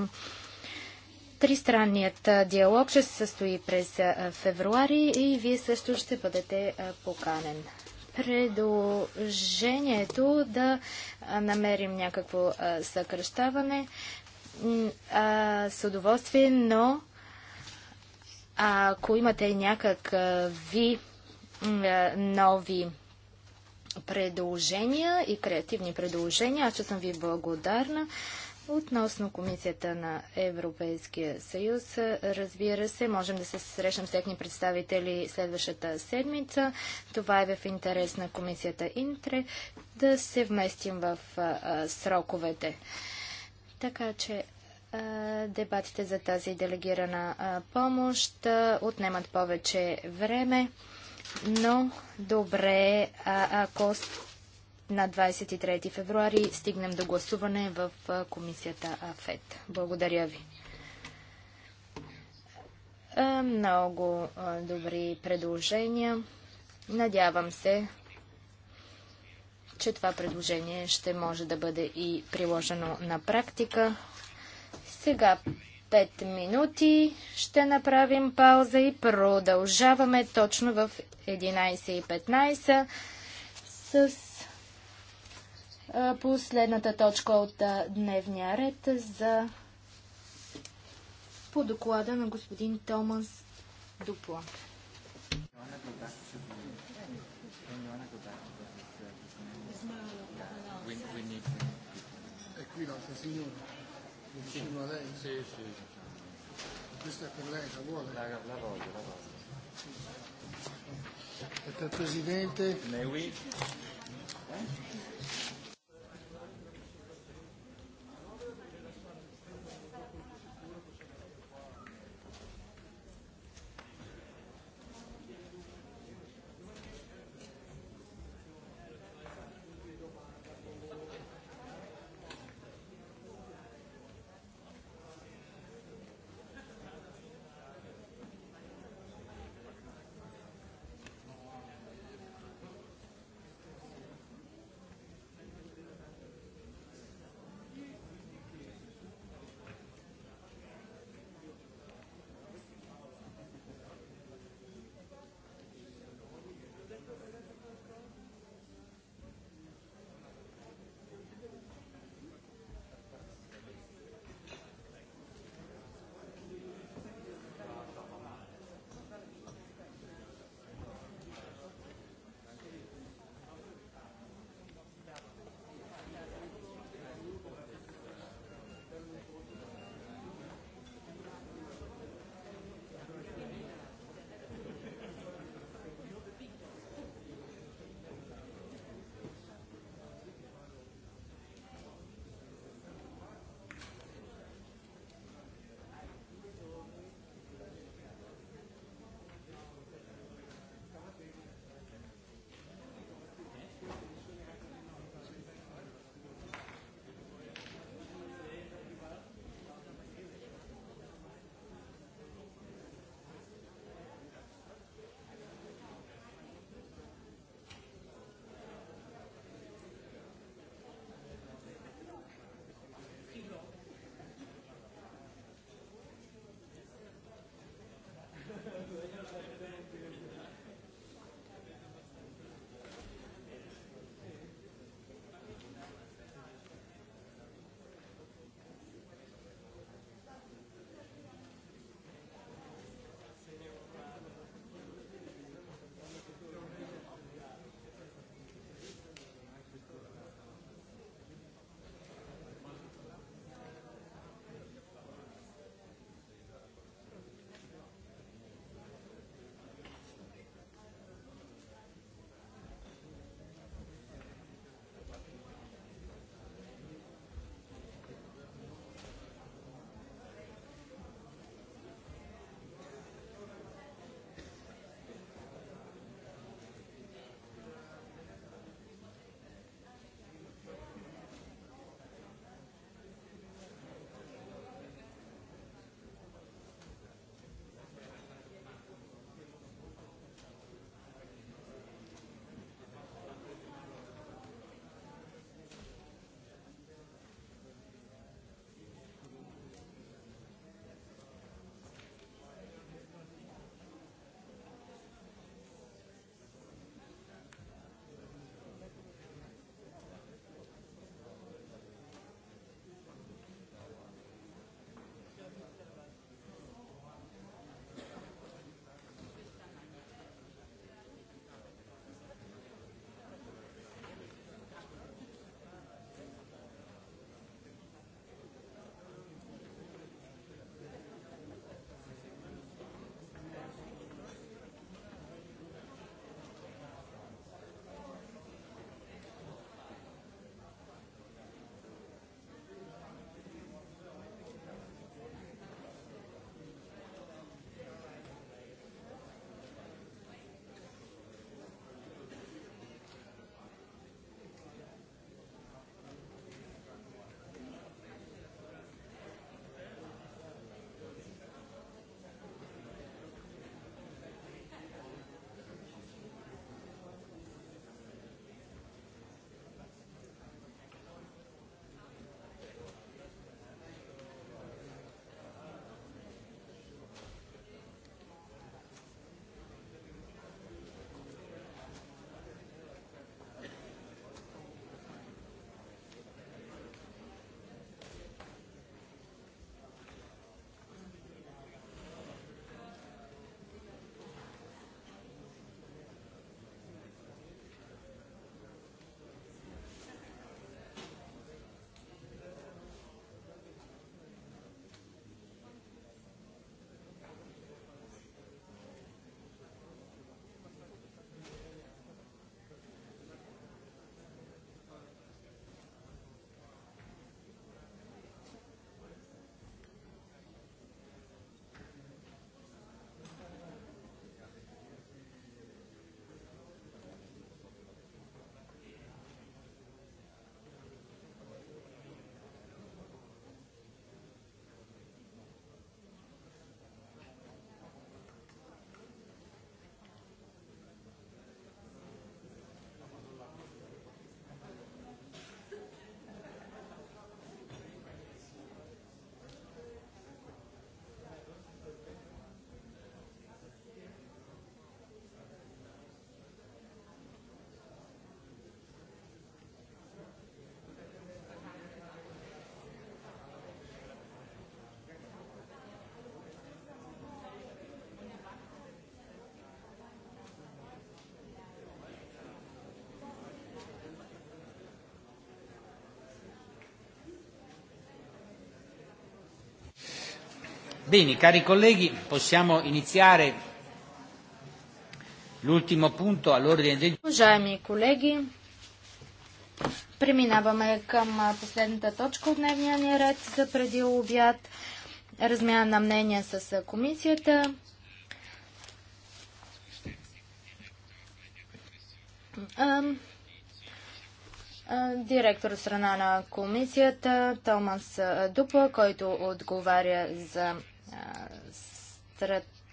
тристранният диалог ще се състои през а, февруари и вие също ще бъдете а, поканен предложението да намерим някакво съкръщаване с удоволствие, но ако имате някакви нови предложения и креативни предложения, аз ще съм ви благодарна. Относно Комисията на Европейския съюз, разбира се, можем да се срещам с техни представители следващата седмица. Това е в интерес на Комисията Интре да се вместим в а, сроковете. Така че а, дебатите за тази делегирана а, помощ отнемат повече време, но добре, е, ако на 23 февруари стигнем до гласуване в комисията АФЕТ. Благодаря ви. Много добри предложения. Надявам се, че това предложение ще може да бъде и приложено на практика. Сега 5 минути ще направим пауза и продължаваме точно в 11.15 с Последната точка от дневния ред за по доклада на господин Томас Дупла. qui l'altra signora vicino a lei? Sì, sì. Questa è per lei, la vuole? La, la voglio, la voglio. E per Presidente? Ne oui. Eh? Bene, cari colleghi, possiamo iniziare l'ultimo punto all'ordine del giorno. Уважаеми колеги, преминаваме към последната точка от дневния ни ред за преди обяд. Размяна на мнения с комисията. директор страна на комисията Томас Дупла, който отговаря за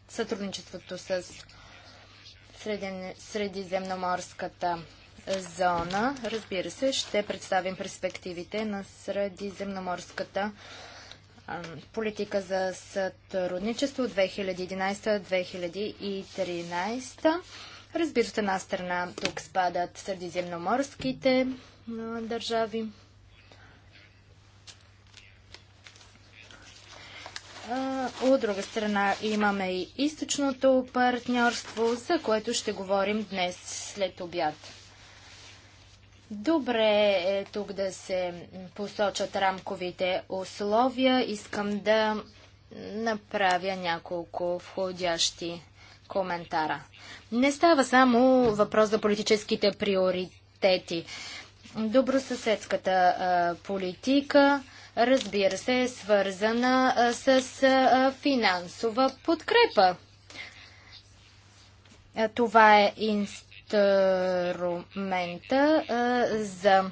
сътрудничеството с Средиземноморската зона. Разбира се, ще представим перспективите на Средиземноморската политика за сътрудничество 2011-2013. Разбира се, на една страна тук спадат средиземноморските държави, От друга страна имаме и източното партньорство, за което ще говорим днес след обяд. Добре е тук да се посочат рамковите условия. Искам да направя няколко входящи коментара. Не става само въпрос за политическите приоритети. Добросъседската политика, разбира се, е свързана с финансова подкрепа. това е инструмента за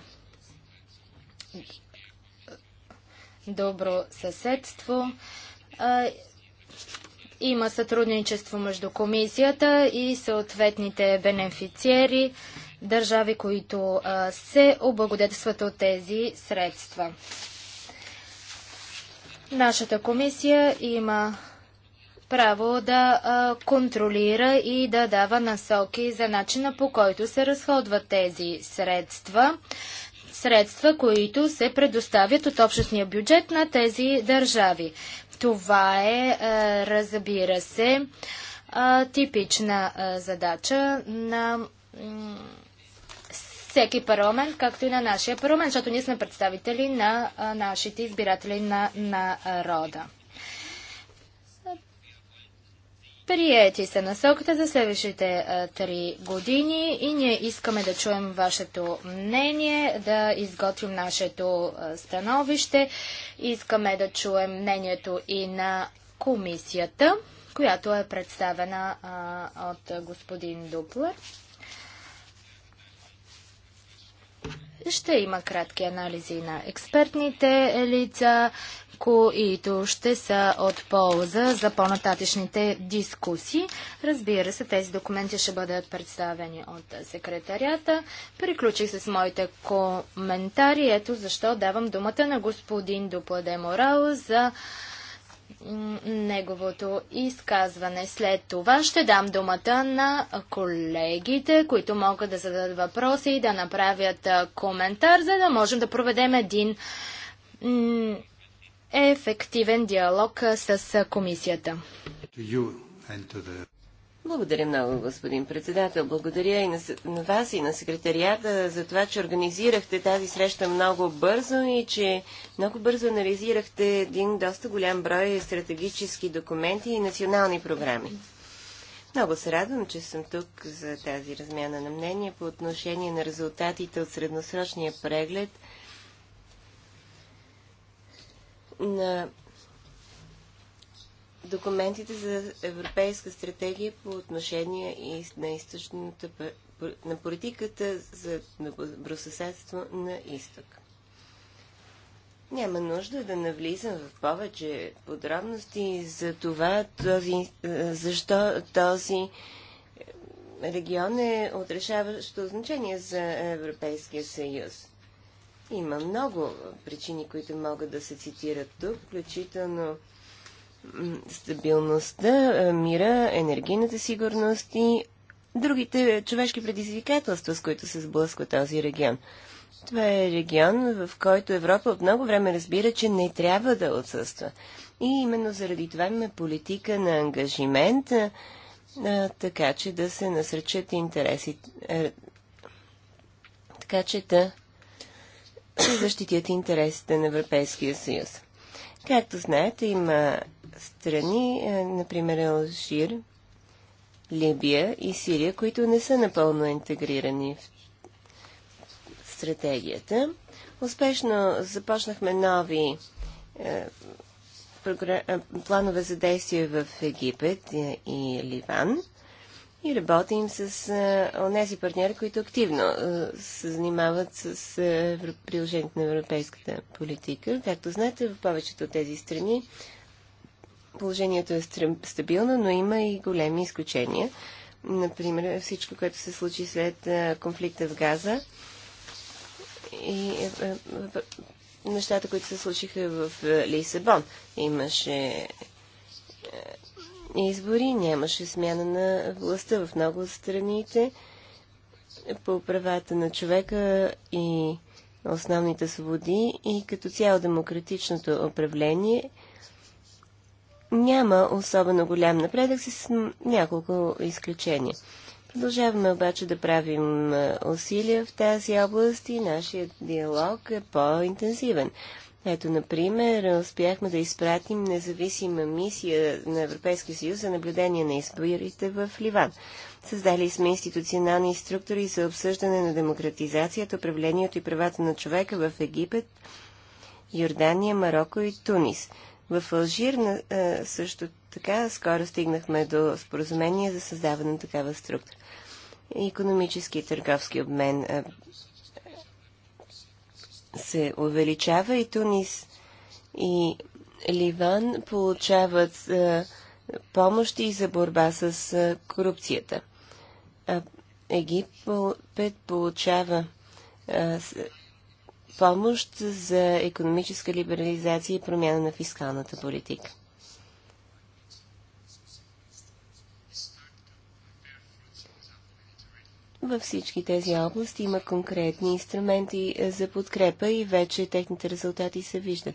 добро съседство. Има сътрудничество между комисията и съответните бенефициери държави, които се облагодетстват от тези средства. Нашата комисия има право да а, контролира и да дава насоки за начина по който се разходват тези средства. Средства, които се предоставят от общностния бюджет на тези държави. Това е, а, разбира се, а, типична задача на всеки парламент, както и на нашия парламент, защото ние сме представители на нашите избиратели на народа. Приети са насоката за следващите три години и ние искаме да чуем вашето мнение, да изготвим нашето становище. Искаме да чуем мнението и на комисията, която е представена а, от господин Дуплер. Ще има кратки анализи на експертните лица, които ще са от полза за по-нататъчните дискусии. Разбира се, тези документи ще бъдат представени от секретарията. Приключих се с моите коментари. Ето защо давам думата на господин Дупладе Морал за неговото изказване. След това ще дам думата на колегите, които могат да зададат въпроси и да направят коментар, за да можем да проведем един ефективен диалог с комисията. Благодаря много, господин председател. Благодаря и на, вас и на секретарията за това, че организирахте тази среща много бързо и че много бързо анализирахте един доста голям брой стратегически документи и национални програми. Много се радвам, че съм тук за тази размяна на мнение по отношение на резултатите от средносрочния преглед на документите за Европейска стратегия по отношение и на източната на политиката за добросъседство на изток. Няма нужда да навлизам в повече подробности за това, този, е, защо този регион е отрешаващо значение за Европейския съюз. Има много причини, които могат да се цитират тук, включително стабилността, е, мира, енергийната сигурност и другите човешки предизвикателства, с които се сблъсква този регион. Това е регион, в който Европа от много време разбира, че не трябва да отсъства. И именно заради това имаме политика на ангажимент, е, е, така че да се насръчат интереси, така че да защитят интересите на Европейския съюз. Както знаете, има страни, е, например Алжир, Либия и Сирия, които не са напълно интегрирани в стратегията. Успешно започнахме нови е, програ... Е, планове за действие в Египет е, и Ливан и работим с тези партньори, които активно се занимават с приложението на европейската политика. Както знаете, в повечето от тези страни положението е стабилно, но има и големи изключения. Например, всичко, което се случи след конфликта в Газа и е, е, е, нещата, които се случиха в Лисабон. Имаше избори, нямаше смяна на властта в много от страните по правата на човека и основните свободи и като цяло демократичното управление няма особено голям напредък с няколко изключения. Продължаваме обаче да правим усилия в тази област и нашия диалог е по-интензивен. Ето, например, успяхме да изпратим независима мисия на Европейския съюз за наблюдение на изборите в Ливан. Създали сме институционални структури за обсъждане на демократизацията, управлението и правата на човека в Египет, Йордания, Марокко и Тунис. В Алжир също така скоро стигнахме до споразумение за създаване на такава структура. Економически и търговски обмен се увеличава и Тунис и Ливан получават а, помощи за борба с а, корупцията. А Египет получава а, помощ за економическа либерализация и промяна на фискалната политика. Във всички тези области има конкретни инструменти е, за подкрепа и вече техните резултати се виждат.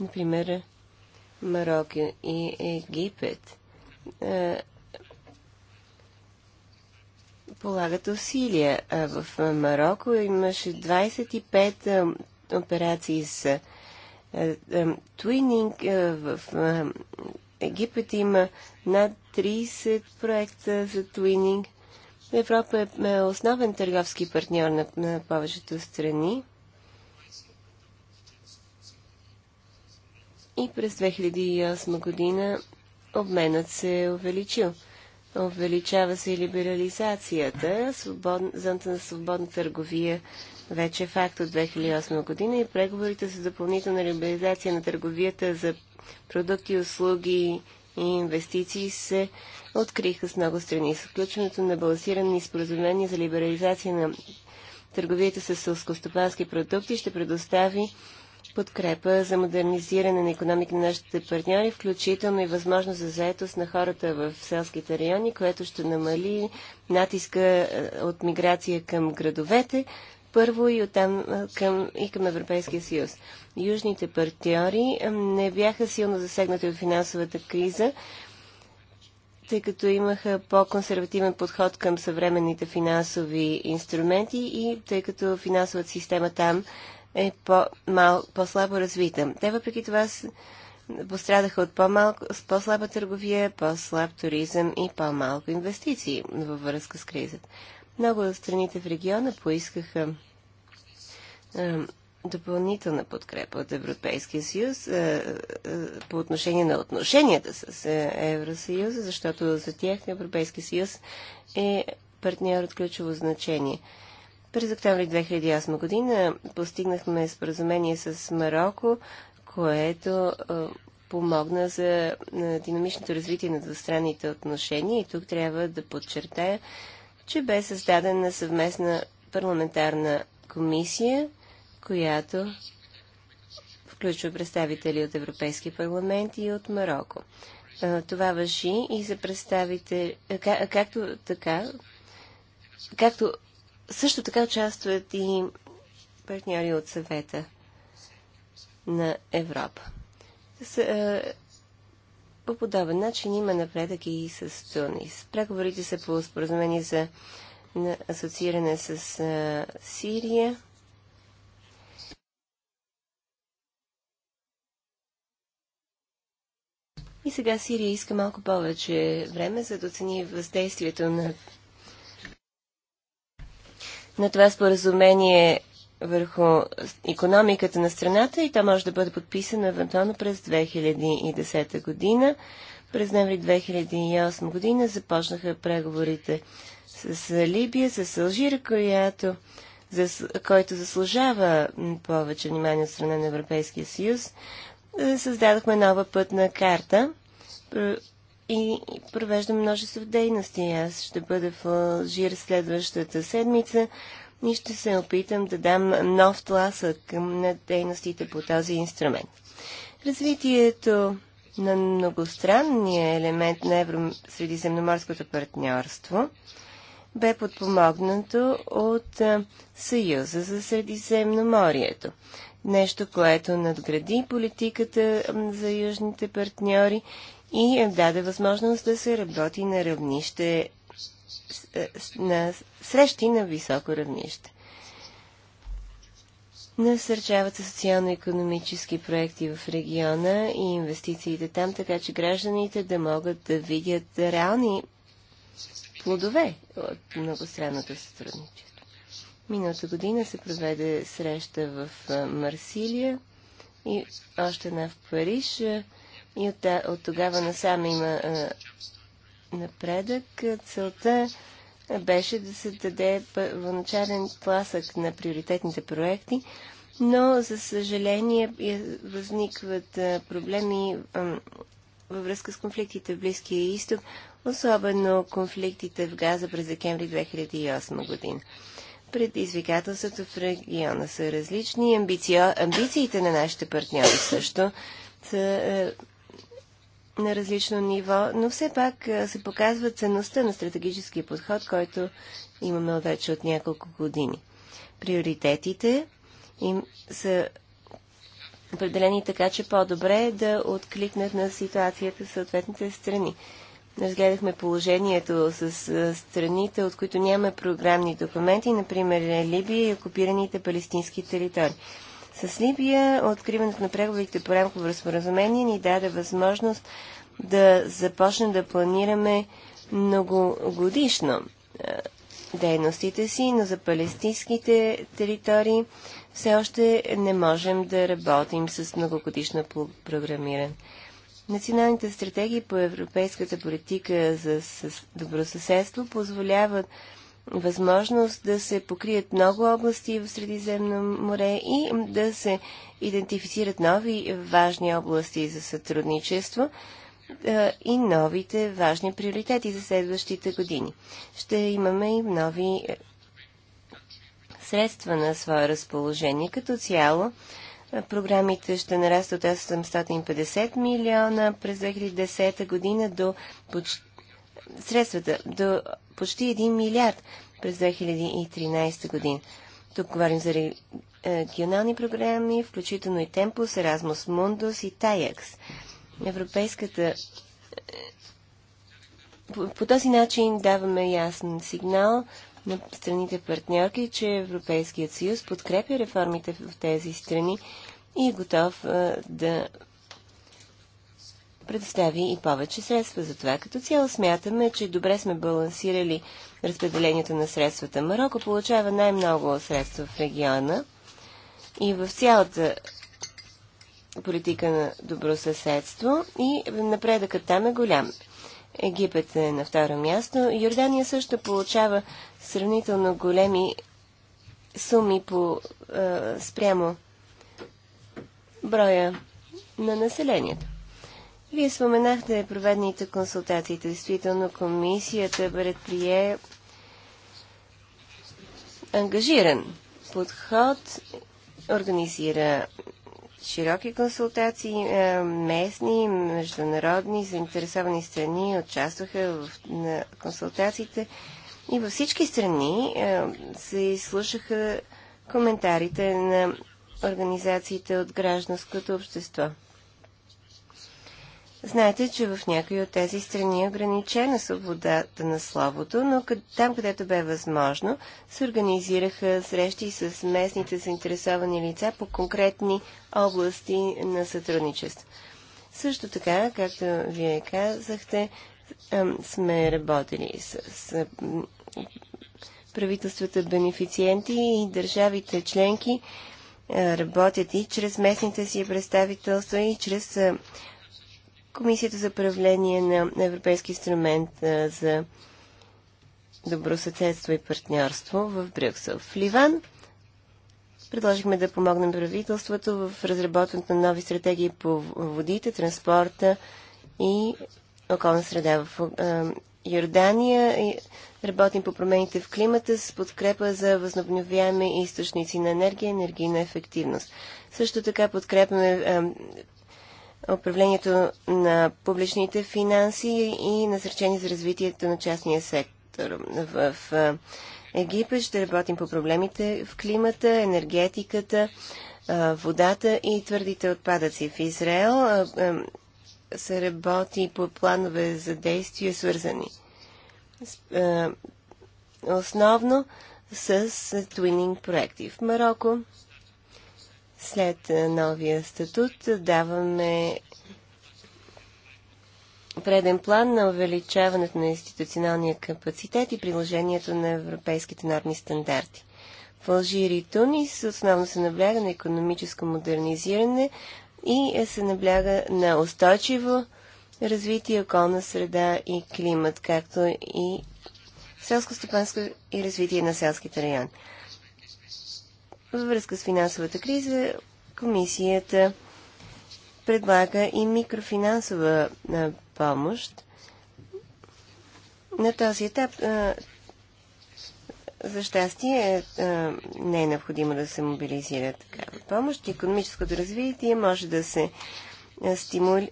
Например, Марокко и Египет е, полагат усилия. В Марокко имаше 25 е, операции с твининг. В Египет има над 30 проекта за твининг – Европа е, е основен търговски партньор на, на повечето страни. И през 2008 година обменът се е увеличил. Увеличава се и либерализацията. Зоната на свободна търговия вече е факт от 2008 година и преговорите за допълнителна либерализация на търговията за продукти, и услуги и инвестиции се откриха с много страни. С включването на балансирани споразумения за либерализация на търговията с сълскостопански продукти ще предостави подкрепа за модернизиране на економика на нашите партньори, включително и възможност за заетост на хората в селските райони, което ще намали натиска е, от миграция към градовете, първо и оттам към, и към Европейския съюз. Южните партньори не бяха силно засегнати от финансовата криза, тъй като имаха по-консервативен подход към съвременните финансови инструменти и тъй като финансовата система там е по-слабо по развита. Те въпреки това пострадаха от по-малко, по-слаба търговия, по-слаб туризъм и по-малко инвестиции във връзка с кризата. Много от страните в региона поискаха допълнителна подкрепа от Европейския съюз по отношение на отношенията с Евросъюза, защото за тях Европейския съюз е партньор от ключово значение. През октомври 2008 година постигнахме споразумение с Марокко, което помогна за динамичното развитие на двустранните отношения и тук трябва да подчертая, че бе създадена съвместна парламентарна комисия, която включва представители от Европейски парламент и от Марокко. Това въжи и за представители, как, както така, както също така участват и партньори от съвета на Европа. По подобен начин има напредък и с Тунис. Преговорите са по споразумение за асоцииране с а, Сирия. И сега Сирия иска малко повече време, за да оцени въздействието на, на това споразумение върху економиката на страната и то може да бъде подписано евентуално през 2010 година. През ноември 2008 година започнаха преговорите с Либия, с Алжир, която, за, който заслужава повече внимание от страна на Европейския съюз. Създадохме нова пътна карта и провеждам множество дейности. Аз ще бъда в Алжир следващата седмица. Ние ще се опитам да дам нов тласък на дейностите по този инструмент. Развитието на многостранния елемент на Евросредиземноморското партньорство бе подпомогнато от Съюза за Средиземноморието. Нещо, което надгради политиката за южните партньори и даде възможност да се работи на равнище е, на срещи на високо равнище. Насърчават се социално-економически проекти в региона и инвестициите там, така че гражданите да могат да видят реални плодове от многостранното сътрудничество. Миналата година се проведе среща в е, Марсилия и още една в Париж. Е, и от, от тогава насам има напредък. Целта беше да се даде първоначален пласък на приоритетните проекти, но за съжаление възникват проблеми във връзка с конфликтите в Близкия изток, особено конфликтите в Газа през декември 2008 година. Предизвикателствата в региона са различни, амбицио... амбициите на нашите партньори също са е, на различно ниво, но все пак се показва ценността на стратегическия подход, който имаме вече от няколко години. Приоритетите им са определени така, че по-добре е да откликнат на ситуацията в съответните страни. Разгледахме положението с страните, от които нямаме програмни документи, например Либия и окупираните палестински територии с Либия. Откриването на преговорите по рамково разпоразумение ни даде възможност да започнем да планираме многогодишно дейностите си, но за палестинските територии все още не можем да работим с многогодишно програмиране. Националните стратегии по европейската политика за добросъседство позволяват възможност да се покрият много области в Средиземно море и да се идентифицират нови важни области за сътрудничество и новите важни приоритети за следващите години. Ще имаме и нови е, средства на свое разположение. Като цяло, е, програмите ще нарастат от 850 милиона през 2010 година до почти средствата до почти 1 милиард през 2013 година. Тук говорим за регионални програми, включително и Темпус, Erasmus Mundus и Таякс. Европейската е, по, по този начин даваме ясен сигнал на страните партньорки, че Европейският съюз подкрепя реформите в тези страни и е готов а, е, да предостави и повече средства. Затова като цяло смятаме, че добре сме балансирали разпределението на средствата. Марокко получава най-много средства в региона и в цялата политика на добросъседство и напредъкът там е голям. Египет е на второ място. Йордания също получава сравнително големи суми по, спрямо броя на населението. Вие споменахте проведените консултации. Действително комисията предприе ангажиран подход, организира широки консултации, е, местни, международни, заинтересовани страни участваха в на консултациите и във всички страни е, се изслушаха коментарите на организациите от гражданското общество. Знаете, че в някои от тези страни е ограничена свободата на словото, но там, където бе възможно, се организираха срещи с местните заинтересовани лица по конкретни области на сътрудничество. Също така, както вие казахте, сме работили с, правителствата бенефициенти и държавите членки работят и чрез местните си представителства, и чрез Комисията за правление на Европейски инструмент за добросъседство и партньорство в Брюксел. В Ливан предложихме да помогнем правителството в разработването на нови стратегии по водите, транспорта и околна среда в Йордания. Работим по промените в климата с подкрепа за възобновяеми източници на енергия и енергийна ефективност. Също така подкрепяме управлението на публичните финанси и насърчение за развитието на частния сектор. В Египет ще работим по проблемите в климата, енергетиката, водата и твърдите отпадъци. В Израел се работи по планове за действия, свързани основно с твининг проекти. В Марокко след е, новия статут даваме преден план на увеличаването на институционалния капацитет и приложението на европейските норми стандарти. В Алжири и Тунис основно се набляга на економическо модернизиране и е, се набляга на устойчиво развитие, околна среда и климат, както и селско-стопанско и развитие на селските райони. Във връзка с финансовата криза, комисията предлага и микрофинансова помощ. На този етап, за щастие, не е необходимо да се мобилизира такава помощ. Економическото развитие може да се стимули...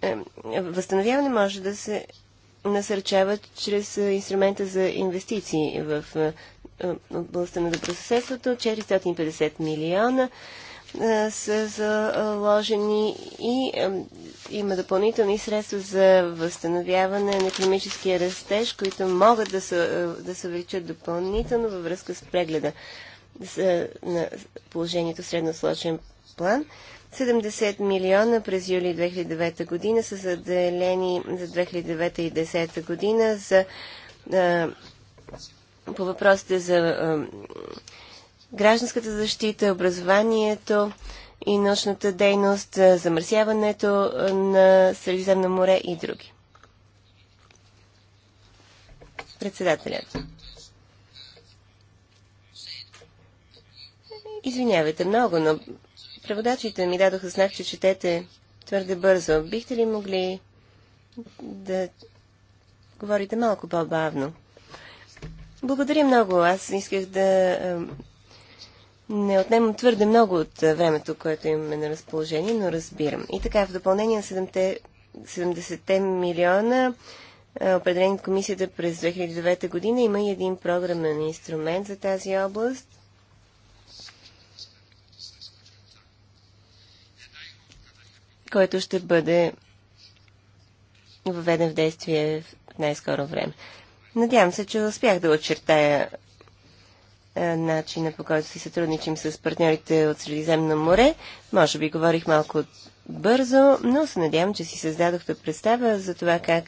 възстановяване може да се насърчават чрез инструмента за инвестиции в е, областта на добросъседството. 450 милиона е, са заложени и е, има допълнителни средства за възстановяване на економическия растеж, които могат да се, да се увеличат допълнително във връзка с прегледа на положението в средносрочен план. 70 милиона през юли 2009 година са заделени за 2009 и 2010 година за а, по въпросите за гражданската защита, образованието и научната дейност, замърсяването на Средиземно море и други. Председателят. Извинявайте много, но преводачите ми дадоха знак, че четете твърде бързо. Бихте ли могли да говорите малко по-бавно? Благодаря много. Аз исках да не отнемам твърде много от времето, което имаме на разположение, но разбирам. И така, в допълнение на 70 70 милиона, определен от комисията през 2009 година, има и един програмен инструмент за тази област. който ще бъде въведен в действие в най-скоро време. Надявам се, че успях да очертая е, начина по който си сътрудничим с партньорите от Средиземно море. Може би говорих малко бързо, но се надявам, че си създадохте представа за това как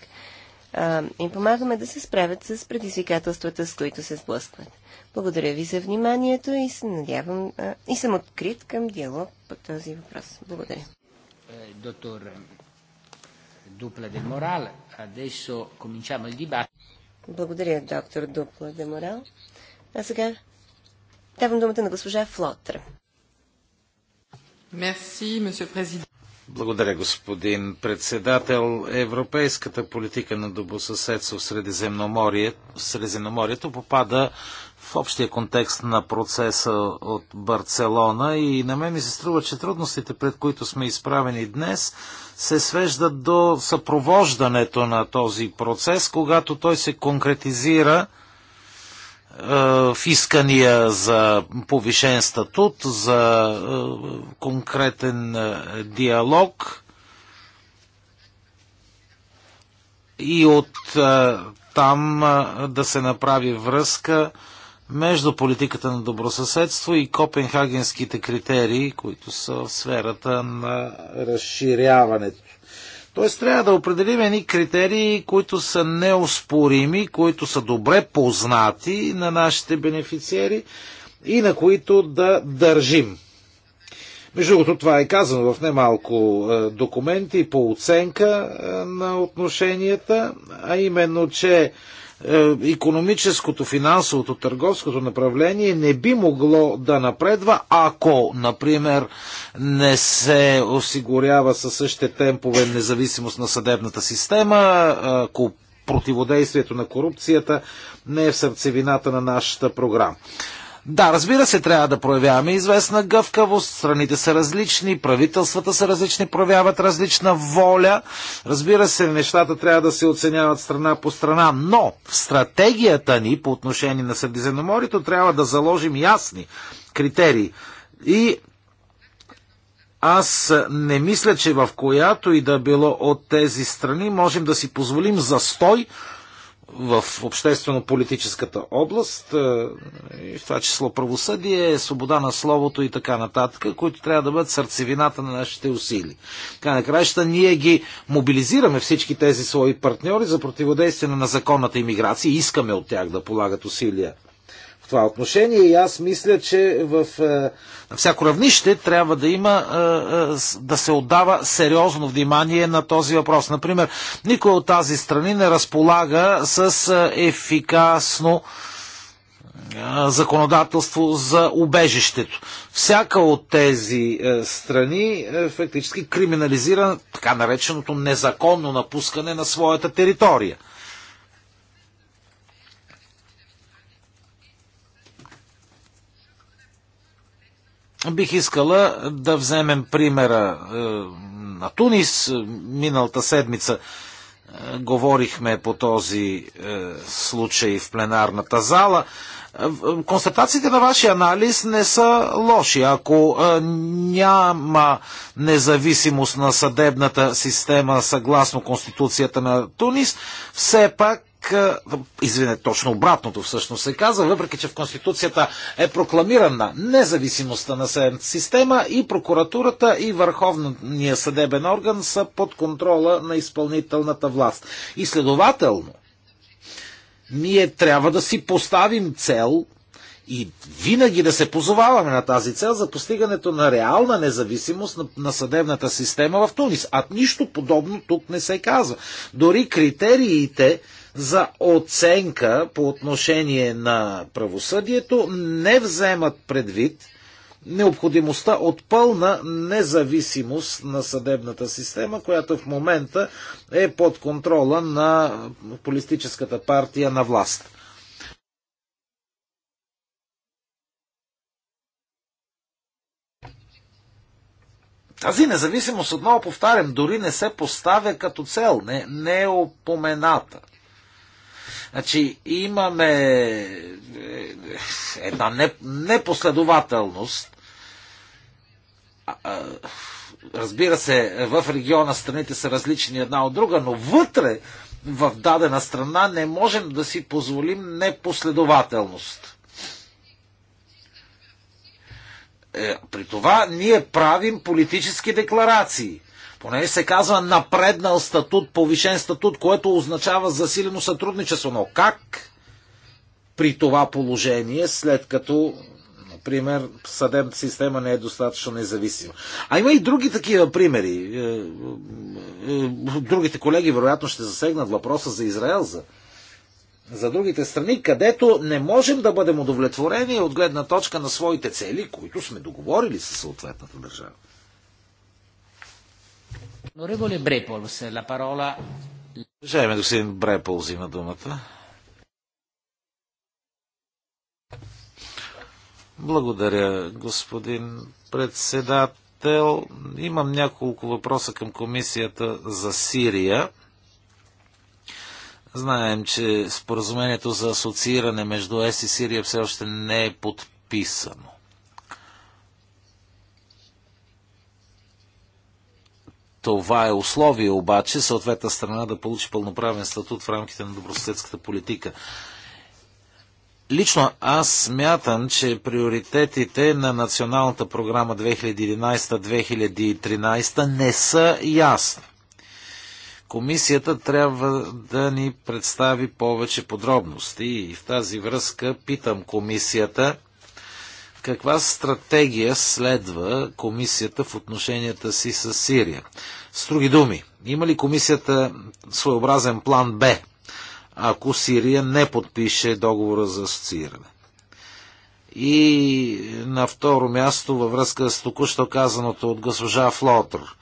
а, им помагаме да се справят с предизвикателствата, с които се сблъскват. Благодаря ви за вниманието и се надявам а, и съм открит към диалог по този въпрос. Благодаря. Е, доктор е, Дупла де Морал, adesso cominciamo il dibattito. Благодаря, доктор Дупла Деморал. А сега давам думата на госпожа Флотър. Мерси, президент. Благодаря, господин председател. Европейската политика на добросъседство в Средиземноморието, в Средиземноморието попада в общия контекст на процеса от Барселона и на мен ми се струва, че трудностите, пред които сме изправени днес, се свеждат до съпровождането на този процес, когато той се конкретизира е, в искания за повишен статут, за е, конкретен е, диалог и от там да се направи връзка между политиката на добросъседство и копенхагенските критерии, които са в сферата на разширяването. Тоест трябва да определим едни критерии, които са неоспорими, които са добре познати на нашите бенефициери и на които да държим. Между другото, това е казано в немалко е, документи по оценка е, на отношенията, а именно, че економическото, финансовото, търговското направление не би могло да напредва, ако, например, не се осигурява със същите темпове независимост на съдебната система, ако противодействието на корупцията не е в сърцевината на нашата програма. Да, разбира се, трябва да проявяваме известна гъвкавост, страните са различни, правителствата са различни, проявяват различна воля. Разбира се, нещата трябва да се оценяват страна по страна, но в стратегията ни по отношение на Средиземноморието трябва да заложим ясни критерии. И аз не мисля, че в която и да било от тези страни можем да си позволим застой в обществено-политическата област, е, и в това число правосъдие, свобода на словото и така нататък, които трябва да бъдат сърцевината на нашите усили. Така на краища ние ги мобилизираме всички тези свои партньори за противодействие на законната иммиграция и искаме от тях да полагат усилия това отношение и аз мисля, че в, е, на всяко равнище трябва да има, е, е, да се отдава сериозно внимание на този въпрос. Например, никой от тази страни не разполага с ефикасно законодателство за убежището. Всяка от тези страни фактически криминализира така нареченото незаконно напускане на своята територия. Бих искала да вземем примера е, на Тунис. Миналата седмица е, говорихме по този е, случай в пленарната зала. Констатациите на вашия анализ не са лоши. Ако няма независимост на съдебната система съгласно Конституцията на Тунис, все пак извине, точно обратното всъщност се каза, въпреки че в Конституцията е прокламирана независимостта на съдебната система и прокуратурата и Върховния съдебен орган са под контрола на изпълнителната власт. И следователно, ние трябва да си поставим цел и винаги да се позоваваме на тази цел за постигането на реална независимост на, на съдебната система в Тунис. А нищо подобно тук не се казва. Дори критериите за оценка по отношение на правосъдието не вземат предвид необходимостта от пълна независимост на съдебната система, която в момента е под контрола на политическата партия на власт. Тази независимост, отново повтарям, дори не се поставя като цел, не, не е опомената. Значи имаме е, една непоследователност. Разбира се, в региона страните са различни една от друга, но вътре в дадена страна не можем да си позволим непоследователност. Е, при това ние правим политически декларации – поне се казва напреднал статут, повишен статут, което означава засилено сътрудничество. Но как при това положение, след като например, съдебната система не е достатъчно независима. А има и други такива примери. Е, е, е, другите колеги вероятно ще засегнат въпроса за Израел, за, за другите страни, където не можем да бъдем удовлетворени от гледна точка на своите цели, които сме договорили със съответната държава. Нореволе Бреполс, ла парола... Уважаеми господин Брепол взима думата. Благодаря, господин председател. Имам няколко въпроса към комисията за Сирия. Знаем, че споразумението за асоцииране между ЕС и Сирия все още не е подписано. Това е условие обаче съответна страна да получи пълноправен статут в рамките на добросъседската политика. Лично аз смятам, че приоритетите на Националната програма 2011-2013 не са ясни. Комисията трябва да ни представи повече подробности и в тази връзка питам комисията каква стратегия следва комисията в отношенията си с Сирия. С други думи, има ли комисията своеобразен план Б, ако Сирия не подпише договора за асоцииране? И на второ място, във връзка с току-що казаното от госпожа Флотър,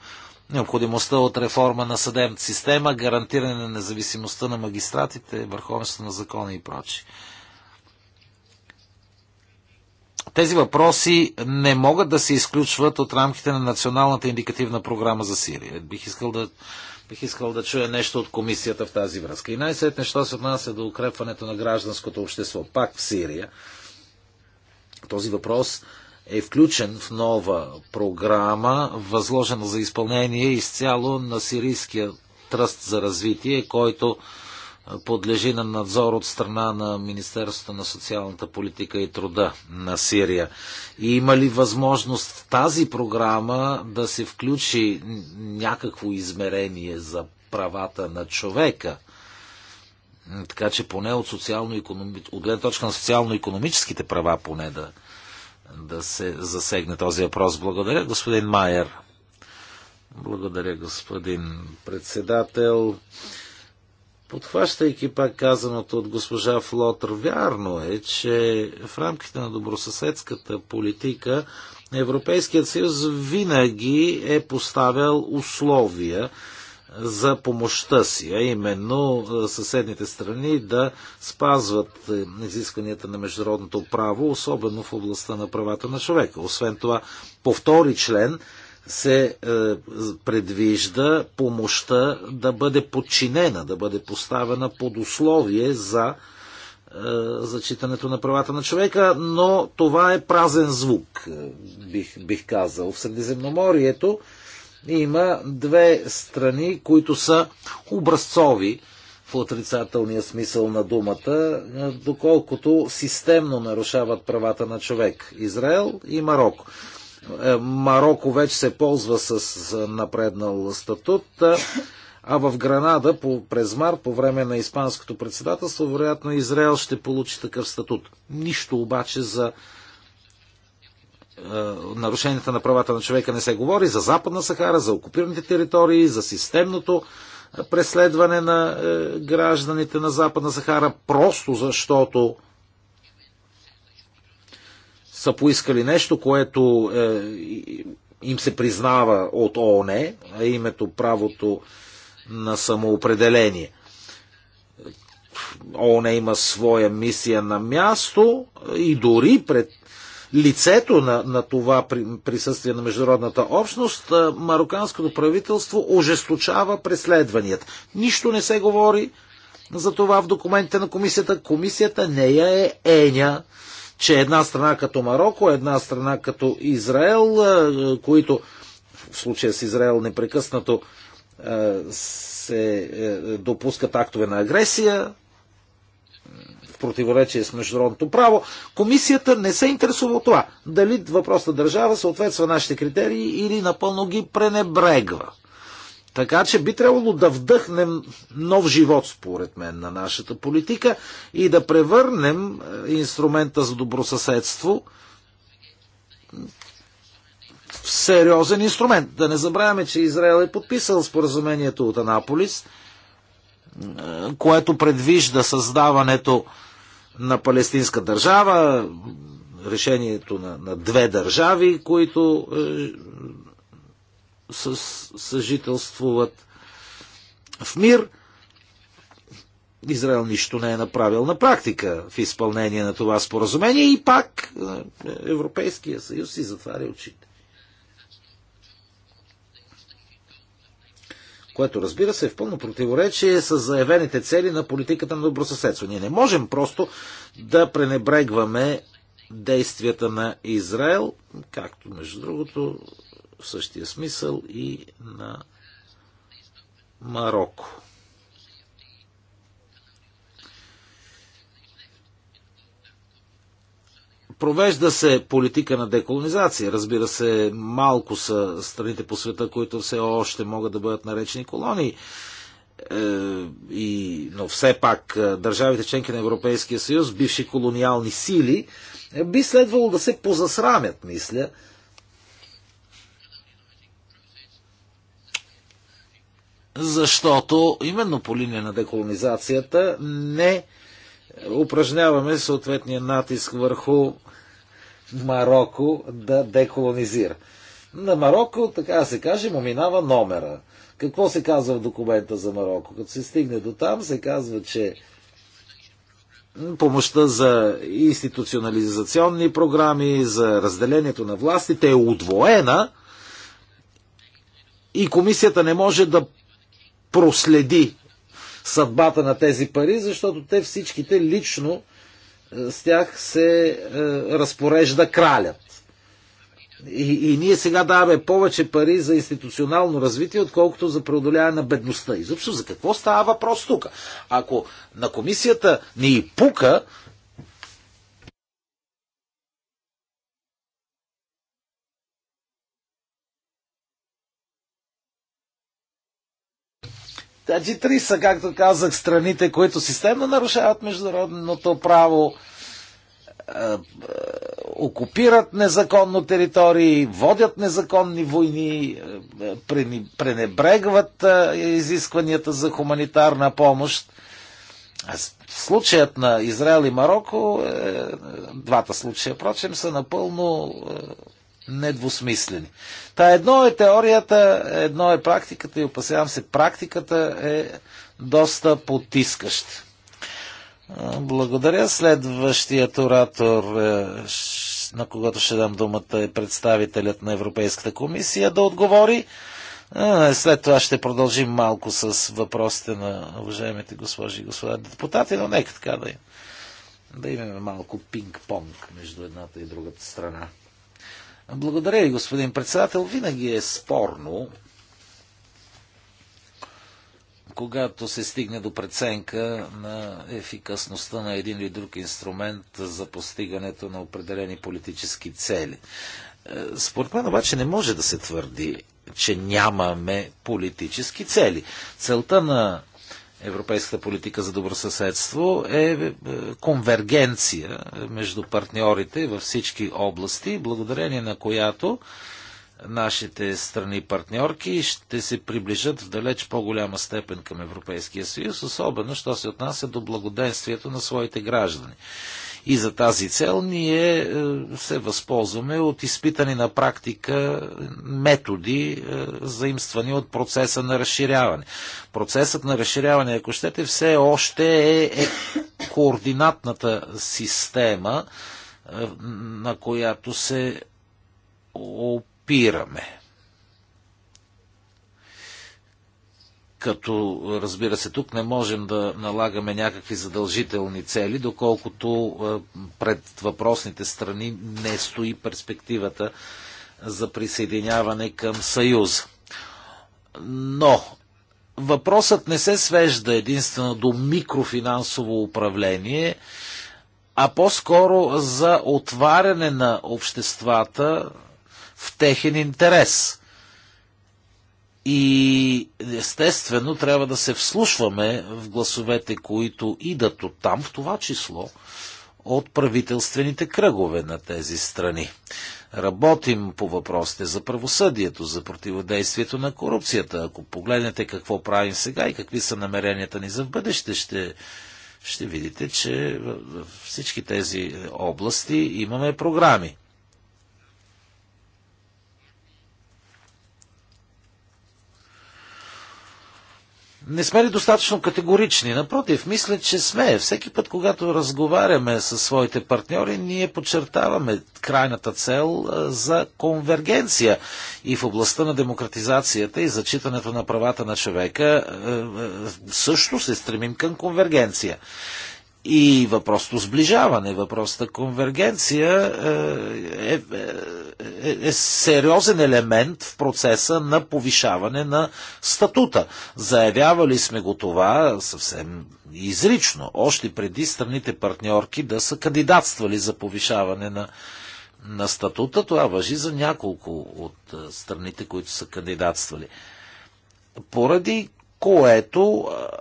необходимостта от реформа на съдебната система, гарантиране на независимостта на магистратите, върховенство на закона и прочие. Тези въпроси не могат да се изключват от рамките на Националната индикативна програма за Сирия. Бих искал да, бих искал да чуя нещо от комисията в тази връзка. И най-сетне, що се отнася до укрепването на гражданското общество, пак в Сирия, този въпрос е включен в нова програма, възложена за изпълнение изцяло на Сирийския тръст за развитие, който подлежи на надзор от страна на Министерството на социалната политика и труда на Сирия. И има ли възможност в тази програма да се включи някакво измерение за правата на човека? Така че поне от, социално от гледна точка на социално-економическите права поне да, да се засегне този въпрос. Благодаря, господин Майер. Благодаря, господин председател. Подхващайки пак казаното от госпожа Флотър, вярно е, че в рамките на добросъседската политика Европейският съюз винаги е поставял условия за помощта си, а именно съседните страни да спазват изискванията на международното право, особено в областта на правата на човека. Освен това, по втори член се е, предвижда помощта да бъде подчинена, да бъде поставена под условие за е, зачитането на правата на човека, но това е празен звук, е, бих, бих казал. В Средиземноморието има две страни, които са образцови в отрицателния смисъл на думата, доколкото системно нарушават правата на човек. Израел и Марокко. Е, Марокко вече се ползва с напреднал статут, а в Гранада по, през март, по време на Испанското председателство, вероятно Израел ще получи такъв статут. Нищо обаче за е, нарушенията на правата на човека не се говори, за Западна Сахара, за окупираните територии, за системното е, преследване на гражданите на Западна Сахара, просто защото са поискали нещо, което е, им се признава от ООН, а името правото на самоопределение. ООН има своя мисия на място и дори пред лицето на, на това присъствие на международната общност, е, мароканското правителство ожесточава преследванията. Нищо не се говори за това в документите на комисията. Комисията не я е еня че една страна като Марокко, една страна като Израел, които в случая с Израел непрекъснато се допускат актове на агресия, в противоречие с международното право, комисията не се интересува от това дали въпросната държава съответства нашите критерии или напълно ги пренебрегва. Така че би трябвало да вдъхнем нов живот, според мен, на нашата политика и да превърнем е, инструмента за добросъседство в сериозен инструмент. Да не забравяме, че Израел е подписал споразумението от Анаполис, е, което предвижда създаването на палестинска държава, решението на, на две държави, които е, съжителствуват в мир. Израел нищо не е направил на практика в изпълнение на това споразумение и пак е, Европейския съюз си затваря очите. което разбира се е в пълно противоречие с заявените цели на политиката на добросъседство. Ние не можем просто да пренебрегваме действията на Израел, както между другото в същия смисъл и на Марокко. Провежда се политика на деколонизация. Разбира се, малко са страните по света, които все още могат да бъдат наречени колонии. Е, и, но все пак е, държавите членки на Европейския съюз, бивши колониални сили, е, би следвало да се позасрамят, мисля, защото именно по линия на деколонизацията не упражняваме съответния натиск върху Марокко да деколонизира. На Марокко, така да се каже, му минава номера. Какво се казва в документа за Марокко? Като се стигне до там, се казва, че помощта за институционализационни програми, за разделението на властите е удвоена и комисията не може да проследи съдбата на тези пари, защото те всичките лично е, с тях се е, разпорежда кралят. И, и ние сега даваме повече пари за институционално развитие, отколкото за преодоляване на бедността. Изобщо за какво става въпрос тук? Ако на комисията ни пука Значи три са, както казах, страните, които системно нарушават международното право, е, е, окупират незаконно територии, водят незаконни войни, е, пренебрегват изискванията за хуманитарна помощ. Случаят на Израел и Марокко, двата случая, прочим, са напълно недвусмислени. Та едно е теорията, едно е практиката и опасявам се, практиката е доста потискаща. Благодаря. Следващият оратор, е, на когато ще дам думата, е представителят на Европейската комисия да отговори. След това ще продължим малко с въпросите на уважаемите госпожи и господа депутати, но нека така да, да имаме малко пинг-понг между едната и другата страна. Благодаря ви, господин председател. Винаги е спорно, когато се стигне до преценка на ефикасността на един или друг инструмент за постигането на определени политически цели. Е, според мен обаче не може да се твърди, че нямаме политически цели. Целта на европейската политика за добросъседство е, е конвергенция между партньорите във всички области, благодарение на която нашите страни партньорки ще се приближат в далеч по-голяма степен към Европейския съюз, особено що се отнася до благоденствието на своите граждани. И за тази цел ние е, се възползваме от изпитани на практика методи, е, заимствани от процеса на разширяване. Процесът на разширяване, ако щете, все още е, е координатната система, е, на която се опираме. като разбира се тук не можем да налагаме някакви задължителни цели, доколкото е, пред въпросните страни не стои перспективата за присъединяване към съюз. Но въпросът не се свежда единствено до микрофинансово управление, а по-скоро за отваряне на обществата в техен интерес – и естествено трябва да се вслушваме в гласовете, които идат от там, в това число от правителствените кръгове на тези страни. Работим по въпросите за правосъдието, за противодействието на корупцията. Ако погледнете какво правим сега и какви са намеренията ни за в бъдеще, ще, ще видите, че във всички тези области имаме програми. не сме ли достатъчно категорични? Напротив, мисля, че сме. Всеки път, когато разговаряме с своите партньори, ние подчертаваме крайната цел за конвергенция. И в областта на демократизацията и зачитането на правата на човека също се стремим към конвергенция. И въпросто сближаване, въпросата конвергенция е, е, е, е, е сериозен елемент в процеса на повишаване на статута. Заявявали сме го това съвсем изрично, още преди страните партньорки да са кандидатствали за повишаване на, на статута. Това въжи за няколко от е, страните, които са кандидатствали. Поради което е,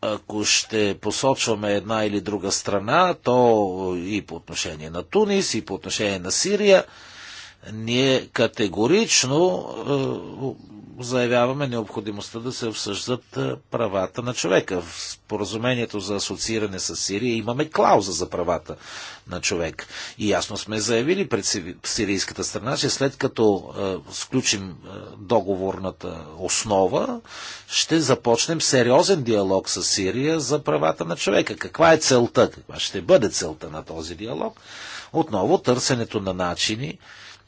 ако ще посочваме една или друга страна, то и по отношение на Тунис, и по отношение на Сирия, ние категорично е, заявяваме необходимостта да се обсъждат е, правата на човека. В споразумението за асоцииране с Сирия имаме клауза за правата на човек. И ясно сме заявили пред сирийската страна, че след като е, сключим е, договорната основа, ще започнем сериозен диалог с Сирия за правата на човека. Каква е целта? Каква ще бъде целта на този диалог? Отново търсенето на начини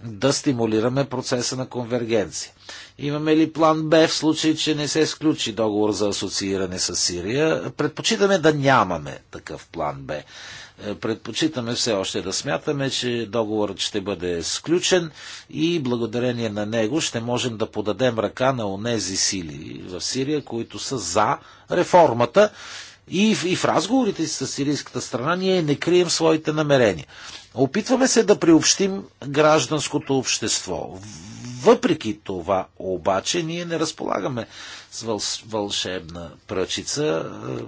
да стимулираме процеса на конвергенция. Имаме ли план Б в случай, че не се сключи договор за асоцииране с Сирия? Предпочитаме да нямаме такъв план Б. Е, предпочитаме все още да смятаме, че договорът ще бъде сключен и благодарение на него ще можем да подадем ръка на онези сили в Сирия, които са за реформата и в, и в разговорите с сирийската страна ние не крием своите намерения. Опитваме се да приобщим гражданското общество. Въпреки това, обаче, ние не разполагаме с вълшебна пръчица, е, е,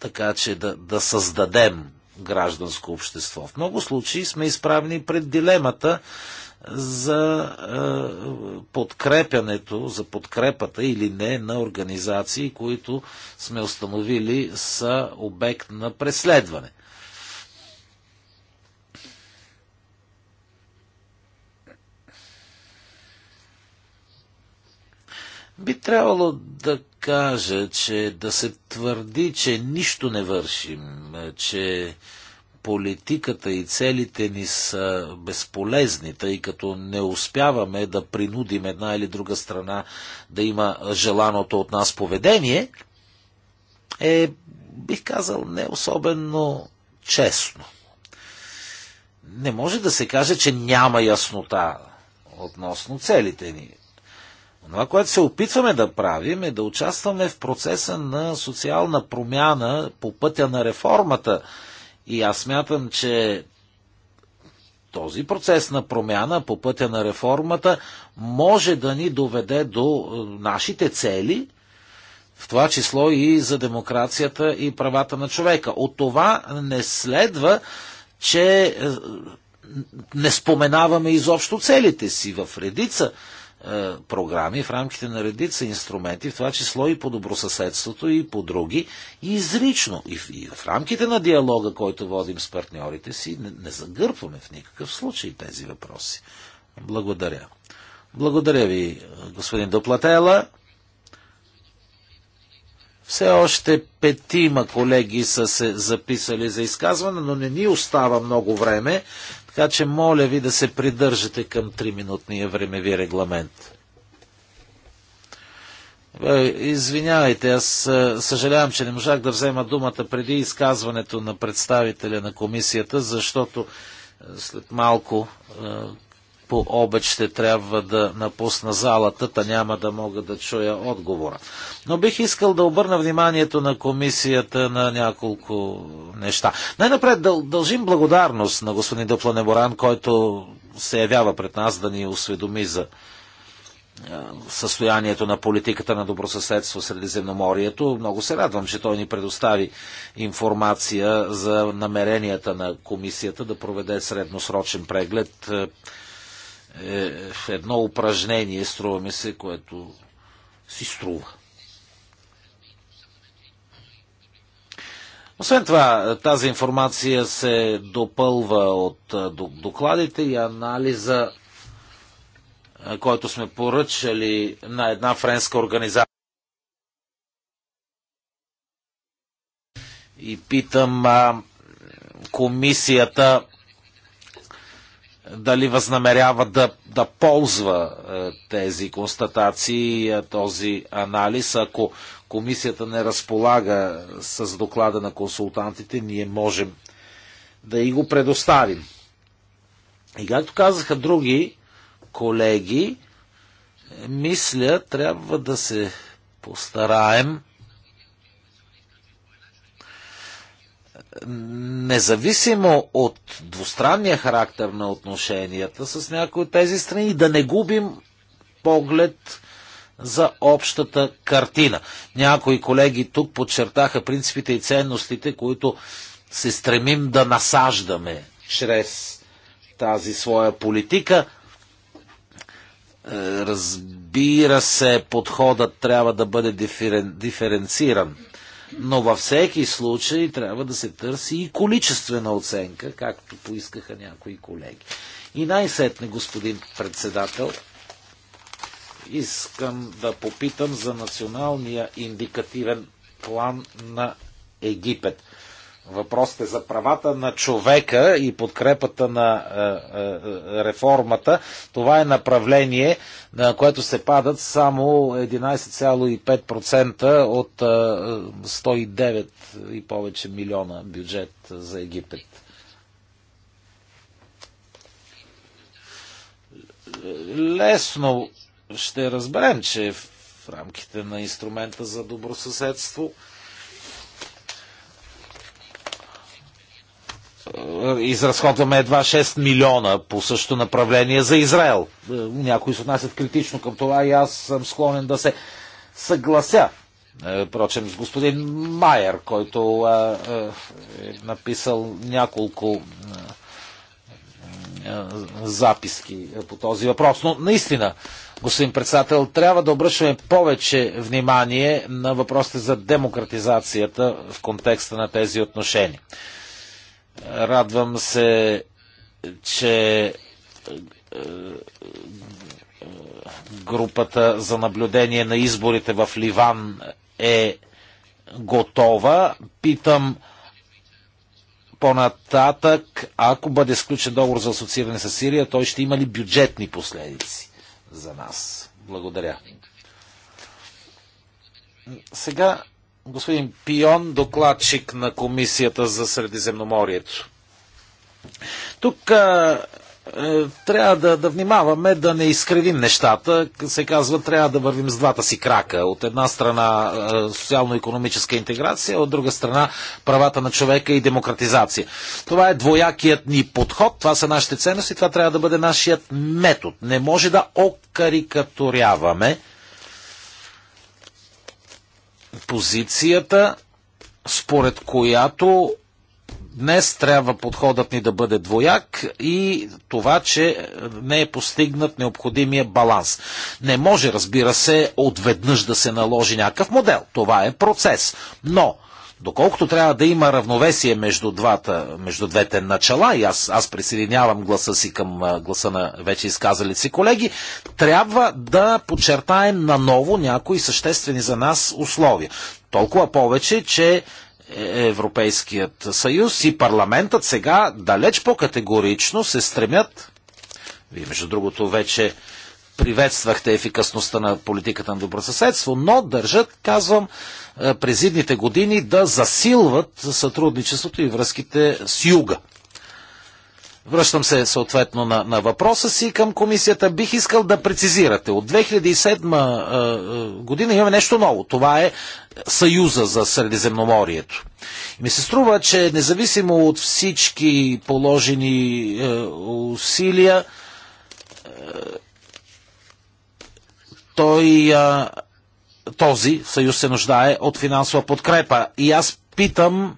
така че да, да създадем гражданско общество. В много случаи сме изправени пред дилемата за е, подкрепянето, за подкрепата или не на организации, които сме установили са обект на преследване. Би трябвало да кажа, че да се твърди, че нищо не вършим, е, че политиката и целите ни са безполезни, тъй като не успяваме да принудим една или друга страна да има желаното от нас поведение, е, бих казал, не особено честно. Не може да се каже, че няма яснота относно целите ни. Това, което се опитваме да правим е да участваме в процеса на социална промяна по пътя на реформата. И аз смятам, че този процес на промяна по пътя на реформата може да ни доведе до е, нашите цели, в това число и за демокрацията и правата на човека. От това не следва, че е, не споменаваме изобщо целите си в редица е, програми в рамките на редица инструменти, в това число и по добросъседството и по други, и изрично, и в, и в рамките на диалога, който водим с партньорите си, не, не загърпваме в никакъв случай тези въпроси. Благодаря. Благодаря ви, господин Доплатела. Все още петима колеги са се записали за изказване, но не ни остава много време. Така че моля ви да се придържате към 3-минутния времеви регламент. Е, Извинявайте, аз е, съжалявам, че не можах да взема думата преди изказването на представителя на комисията, защото е, след малко по обед ще трябва да напусна залата, та няма да мога да чуя отговора. Но бих искал да обърна вниманието на комисията на няколко неща. Най-напред дъл, дължим благодарност на господин Боран, който се явява пред нас да ни осведоми за състоянието на политиката на добросъседство Средиземноморието. Много се радвам, че той ни предостави информация за намеренията на комисията да проведе средносрочен преглед е, в едно упражнение, струва ми се, което си струва. Освен това, тази информация се допълва от докладите и анализа, който сме поръчали на една френска организация. И питам а, комисията дали възнамерява да, да ползва е, тези констатации, е, този анализ. Ако комисията не разполага с доклада на консултантите, ние можем да и го предоставим. И както казаха други колеги, мисля, трябва да се постараем независимо от двустранния характер на отношенията с някои от тези страни, да не губим поглед за общата картина. Някои колеги тук подчертаха принципите и ценностите, които се стремим да насаждаме чрез тази своя политика. Е, разбира се, подходът трябва да бъде диферен... диференциран но във всеки случай трябва да се търси и количествена оценка, както поискаха някои колеги. И най-сетне, господин председател, искам да попитам за националния индикативен план на Египет въпросите е за правата на човека и подкрепата на е, е, е, реформата. Това е направление, на което се падат само 11,5% от 109 и повече милиона бюджет за Египет. Лесно ще разберем, че в рамките на инструмента за добросъседство съседство изразходваме едва 6 милиона по същото направление за Израел. Е, някои се отнасят критично към това и аз съм склонен да се съглася. Е, впрочем, с господин Майер, който е, е написал няколко записки по този въпрос. Но наистина, господин председател, трябва да обръщаме повече внимание на въпросите за демократизацията в контекста на тези отношения. Радвам се, че е, е, групата за наблюдение на изборите в Ливан е готова. Питам по-нататък, ако бъде сключен договор за асоцииране с Сирия, той ще има ли бюджетни последици за нас? Благодаря. Сега Господин Пион, докладчик на Комисията за Средиземноморието. Тук а, е, трябва да, да внимаваме да не изкривим нещата. Се казва, трябва да вървим с двата си крака. От една страна е, социално-економическа интеграция, от друга страна правата на човека и демократизация. Това е двоякият ни подход, това са нашите ценности, това трябва да бъде нашият метод. Не може да окарикатуряваме позицията, според която днес трябва подходът ни да бъде двояк и това, че не е постигнат необходимия баланс. Не може, разбира се, отведнъж да се наложи някакъв модел. Това е процес. Но доколкото трябва да има равновесие между, двата, между двете начала, и аз, аз присъединявам гласа си към гласа на вече изказали си колеги, трябва да подчертаем наново някои съществени за нас условия. Толкова повече, че е, Европейският съюз и парламентът сега далеч по-категорично се стремят. Вие, между другото, вече приветствахте ефикасността на политиката на добросъседство, но държат, казвам, е, през идните години да засилват сътрудничеството и връзките с юга. Връщам се съответно на, на въпроса си към комисията. Бих искал да прецизирате. От 2007 е, е, година имаме нещо ново. Това е Съюза за Средиземноморието. И ми се струва, че независимо от всички положени е, усилия, е, той, а, този съюз се нуждае от финансова подкрепа. И аз питам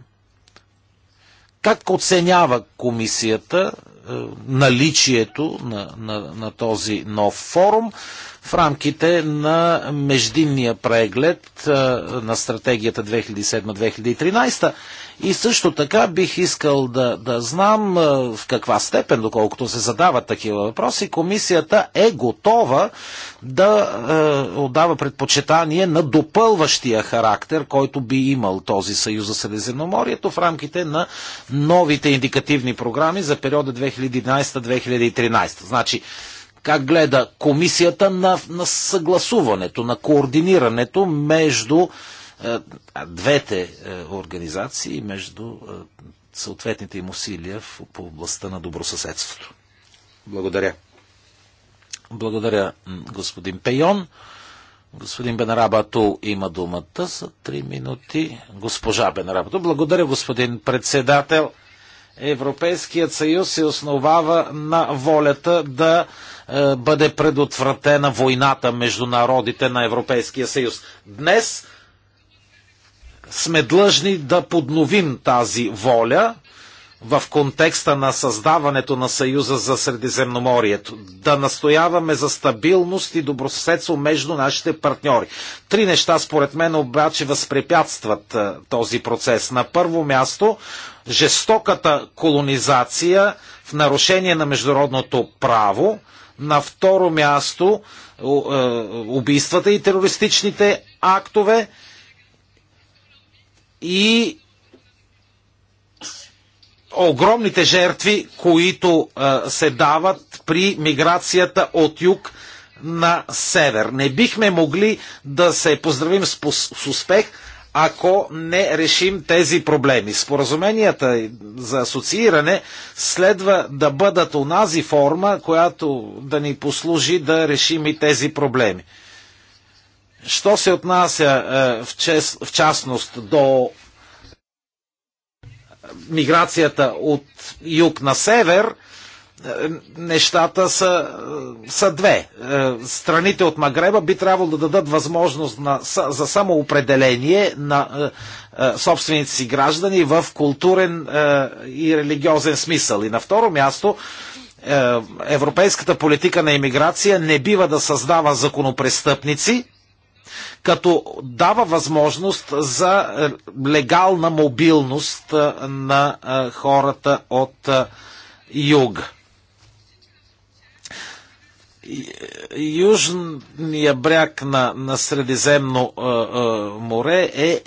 как оценява комисията наличието на, на, на този нов форум, в рамките на междинния преглед на стратегията 2007-2013. И също така бих искал да, да знам в каква степен, доколкото се задават такива въпроси, комисията е готова да е, отдава предпочитание на допълващия характер, който би имал този съюз за Средиземноморието в рамките на новите индикативни програми за периода 2011-2013. Значи, как гледа комисията на, на съгласуването, на координирането между е, двете е, организации, между е, съответните им усилия в, по областта на добросъседството. Благодаря. Благодаря, господин Пейон. Господин Бенарабато има думата за 3 минути. Госпожа Бенарабато. Благодаря, господин председател. Европейският съюз се основава на волята да е, бъде предотвратена войната между народите на Европейския съюз. Днес сме длъжни да подновим тази воля в контекста на създаването на Съюза за Средиземноморието. Да настояваме за стабилност и добросъседство между нашите партньори. Три неща, според мен, обаче възпрепятстват е, този процес. На първо място, жестоката колонизация в нарушение на международното право – на второ място е, убийствата и терористичните актове и огромните жертви, които е, се дават при миграцията от юг на север. Не бихме могли да се поздравим с, с успех, ако не решим тези проблеми. Споразуменията за асоцииране следва да бъдат онази форма, която да ни послужи да решим и тези проблеми. Що се отнася е, в, чест, в частност до миграцията от юг на север – е, нещата са, е, са две. Е, страните от Магреба би трябвало да дадат възможност на, за самоопределение на собствените си граждани в културен и религиозен смисъл. И на второ място, европейската политика на иммиграция не бива да създава законопрестъпници, като дава възможност за легална мобилност на хората от юг южния бряг на, на Средиземно а, а, море е, е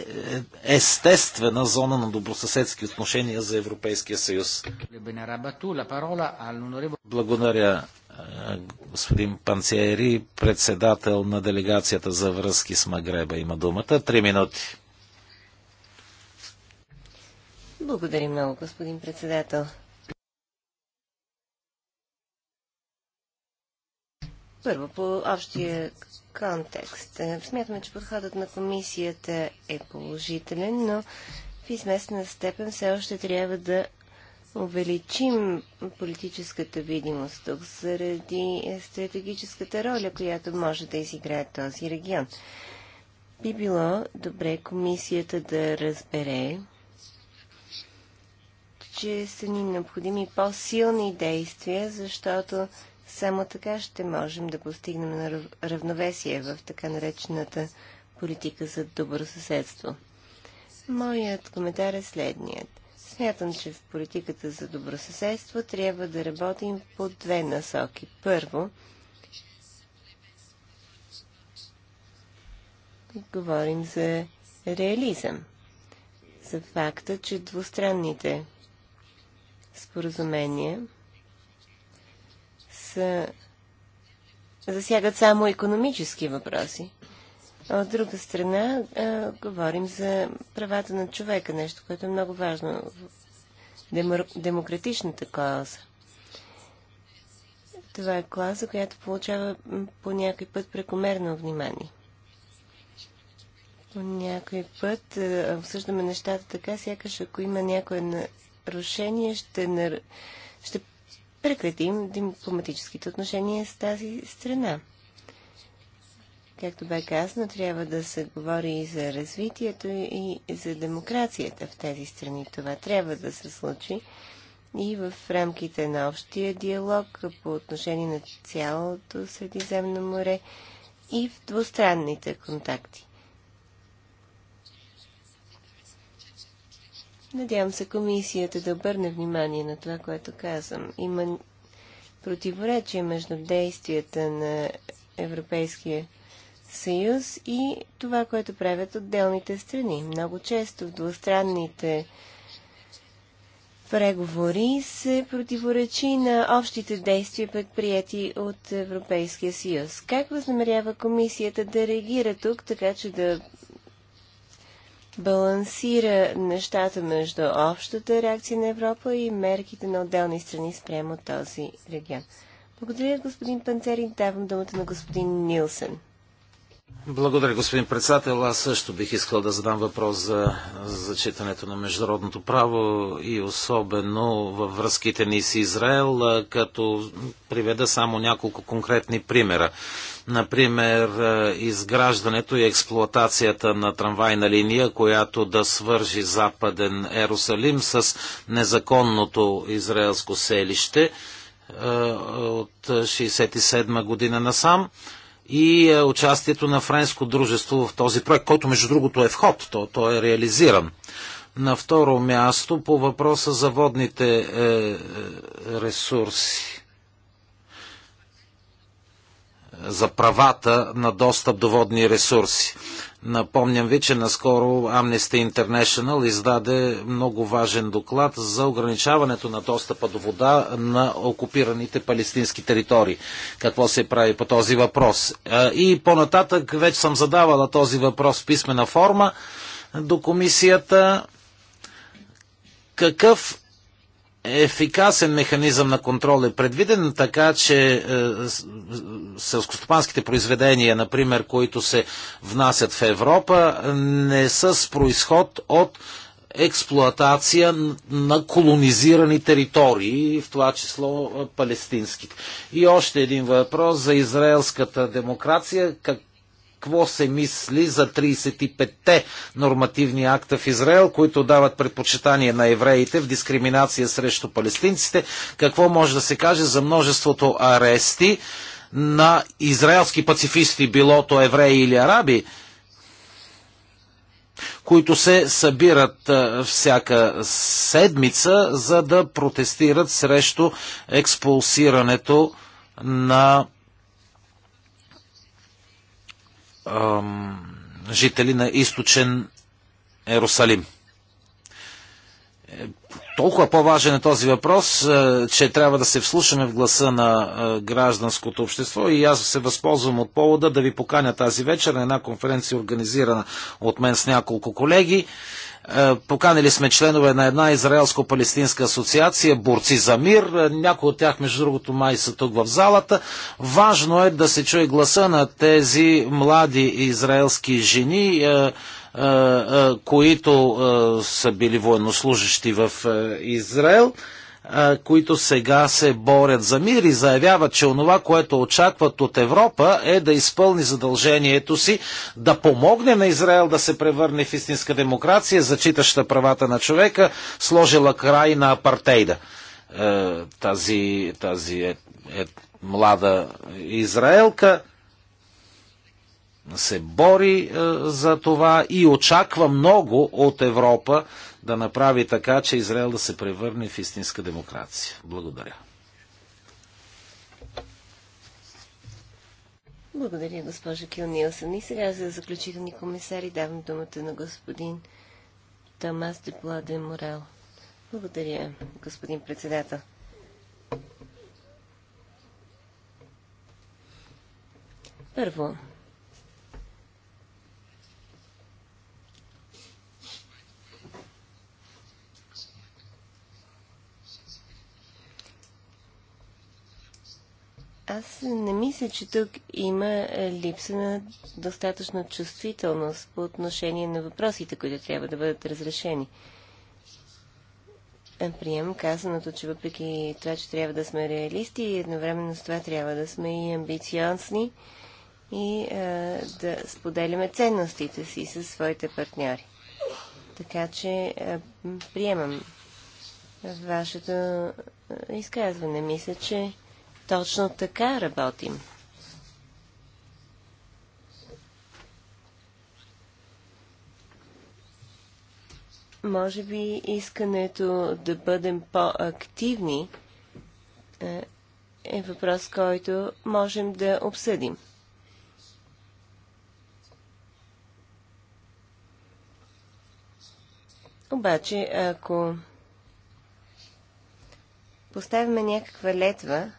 естествена зона на добросъседски отношения за Европейския съюз. Благодаря, господин Панциери, председател на делегацията за връзки с Магреба. Има думата. Три минути. Благодаря много, господин председател. Първо, по общия контекст. Е, смятаме, че подходът на комисията е положителен, но в изместна степен все още трябва да увеличим политическата видимост тук заради стратегическата роля, която може да изиграе този регион. Би било добре комисията да разбере, че са ни необходими по-силни действия, защото само така ще можем да постигнем на равновесие в така наречената политика за добро съседство. Моят коментар е следният. Смятам, че в политиката за добро съседство трябва да работим по две насоки. Първо, говорим за реализъм, за факта, че двустранните споразумения засягат само економически въпроси. от друга страна, а, говорим за правата на човека, нещо, което е много важно в демор... демократичната клауза. Това е клауза, която получава по някой път прекомерно внимание. По някой път а, обсъждаме нещата така, сякаш ако има някое нарушение, ще, нар... ще прекратим дипломатическите отношения с тази страна. Както бе казано, трябва да се говори и за развитието и за демокрацията в тези страни. Това трябва да се случи и в рамките на общия диалог по отношение на цялото Средиземно море и в двустранните контакти. Надявам се комисията да обърне внимание на това, което казвам. Има противоречие между действията на Европейския съюз и това, което правят отделните страни. Много често в двустранните преговори се противоречи на общите действия, предприяти от Европейския съюз. Как възнамерява комисията да реагира тук, така че да балансира нещата между общата реакция на Европа и мерките на отделни страни спрямо този регион. Благодаря, господин Панцерин. Давам думата на господин Нилсен. Благодаря, господин председател. Аз също бих искал да задам въпрос за зачитането на международното право и особено във връзките ни с Израел, като приведа само няколко конкретни примера. Например, е, изграждането и експлуатацията на трамвайна линия, която да свържи Западен Ерусалим с незаконното израелско селище е, от 1967 година насам и е, участието на френско дружество в този проект, който между другото е вход, то, то е реализиран. На второ място по въпроса за водните е, ресурси за правата на достъп до водни ресурси. Напомням ви, че наскоро Amnesty International издаде много важен доклад за ограничаването на достъпа до вода на окупираните палестински територии. Какво се прави по този въпрос? И по-нататък вече съм задавала този въпрос в писмена форма до комисията. Какъв ефикасен механизъм на контрол е предвиден, така че е, селскостопанските произведения, например, които се внасят в Европа, не са с происход от експлоатация на колонизирани територии, в това число е, палестинските. И още един въпрос за израелската демокрация. Как, какво се мисли за 35-те нормативни акта в Израел, които дават предпочитание на евреите в дискриминация срещу палестинците, какво може да се каже за множеството арести на израелски пацифисти, било то евреи или араби, които се събират всяка седмица, за да протестират срещу експулсирането на жители на източен Ерусалим. Е, толкова по-важен е този въпрос, е, че трябва да се вслушаме в гласа на е, гражданското общество и аз се възползвам от повода да ви поканя тази вечер на една конференция, организирана от мен с няколко колеги. Е, поканили сме членове на една израелско-палестинска асоциация, борци за мир. Е, някои от тях, между другото, май са тук в залата. Важно е да се чуе гласа на тези млади израелски жени, е, които са били военнослужащи в Израел които сега се борят за мир и заявяват, че онова, което очакват от Европа е да изпълни задължението си, да помогне на Израел да се превърне в истинска демокрация, зачитаща правата на човека, сложила край на апартейда. Е, тази, тази е, е, млада израелка се бори е, за това и очаква много от Европа да направи така, че Израел да се превърне в истинска демокрация. Благодаря. Благодаря, госпожа Кил Нилсън. И сега за заключителни комисари давам думата на господин Тамас Депладе Морел. Благодаря, господин председател. Първо, не мисля, че тук има е, липса на достатъчна чувствителност по отношение на въпросите, които трябва да бъдат разрешени. Е, Прием казаното, че въпреки това, че трябва да сме реалисти, и едновременно с това трябва да сме и амбициозни и а, е, да споделяме ценностите си със своите партньори. Така че а, приемам вашето изказване. Мисля, че точно така работим. Може би искането да бъдем по-активни е, е въпрос, който можем да обсъдим. Обаче, ако поставяме някаква летва,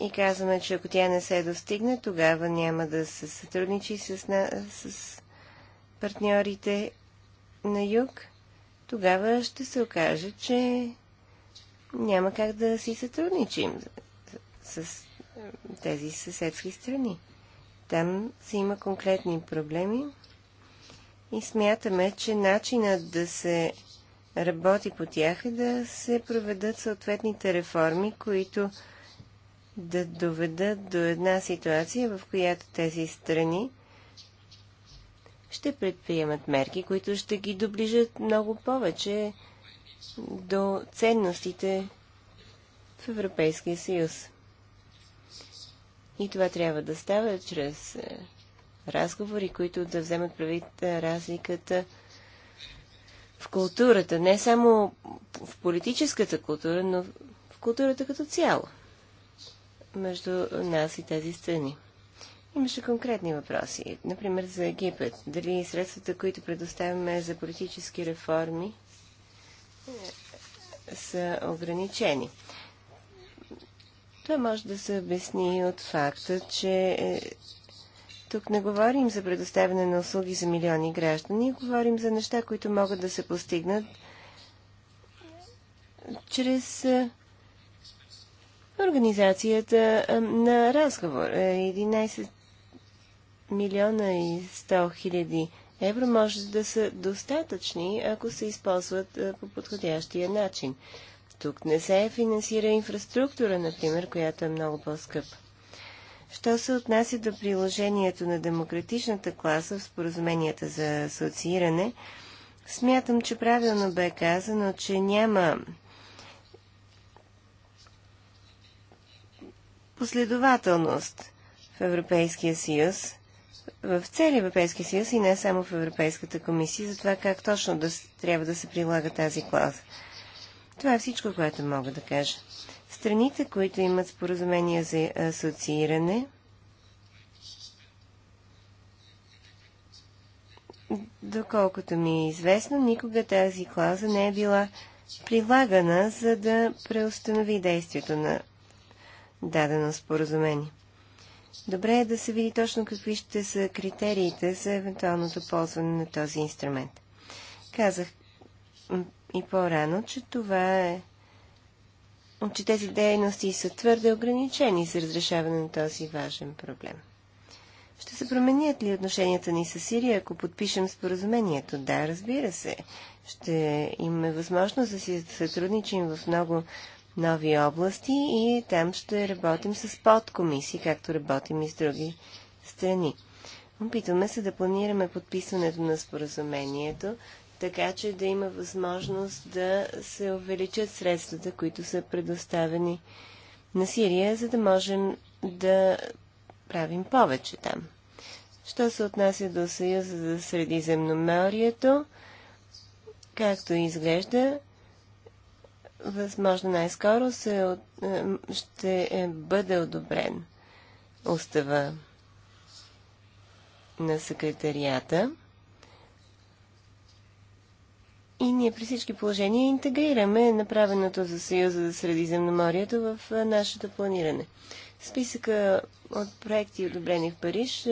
и казваме, че ако тя не се достигне, тогава няма да се сътрудничи с, на... с партньорите на юг, тогава ще се окаже, че няма как да си сътрудничим с тези съседски страни. Там се има конкретни проблеми и смятаме, че начинът да се работи по тях е да се проведат съответните реформи, които да доведат до една ситуация, в която тези страни ще предприемат мерки, които ще ги доближат много повече до ценностите в Европейския съюз. И това трябва да става чрез е, разговори, които да вземат правит е, разликата в културата, не само в политическата култура, но в културата като цяло между нас и тези страни. Имаше конкретни въпроси. Например, за Египет. Дали средствата, които предоставяме за политически реформи, са ограничени. Това може да се обясни от факта, че е, тук не говорим за предоставяне на услуги за милиони граждани, говорим за неща, които могат да се постигнат чрез е, организацията на разговор. 11 е, милиона и 100 хиляди евро може да са достатъчни, ако се използват по подходящия начин. Тук не се финансира инфраструктура, например, която е много по-скъпа. Що се отнася до приложението на демократичната класа в споразуменията за асоцииране, смятам, че правилно бе казано, че няма последователност в Европейския съюз, в целия Европейския съюз и не само в Европейската комисия, за това как точно да, трябва да се прилага тази клауза. Това е всичко, което мога да кажа. Страните, които имат споразумения за асоцииране, доколкото ми е известно, никога тази клауза не е била прилагана, за да преустанови действието на дадено споразумение. Добре е да се види точно какви ще са критериите за евентуалното ползване на този инструмент. Казах и по-рано, че това е че тези дейности са твърде ограничени за разрешаване на този важен проблем. Ще се променят ли отношенията ни с Сирия, ако подпишем споразумението? Да, разбира се. Ще имаме възможност да си сътрудничим в много нови области и там ще работим с подкомисии, както работим и с други страни. Опитваме се да планираме подписването на споразумението, така че да има възможност да се увеличат средствата, които са предоставени на Сирия, за да можем да правим повече там. Що се отнася до Съюза за Средиземноморието, както изглежда, възможно най-скоро се, е, ще е, бъде одобрен устава на секретарията. И ние при всички положения интегрираме направеното за Съюза за Средиземноморието в е, нашето планиране. Списъка от проекти, одобрени в Париж,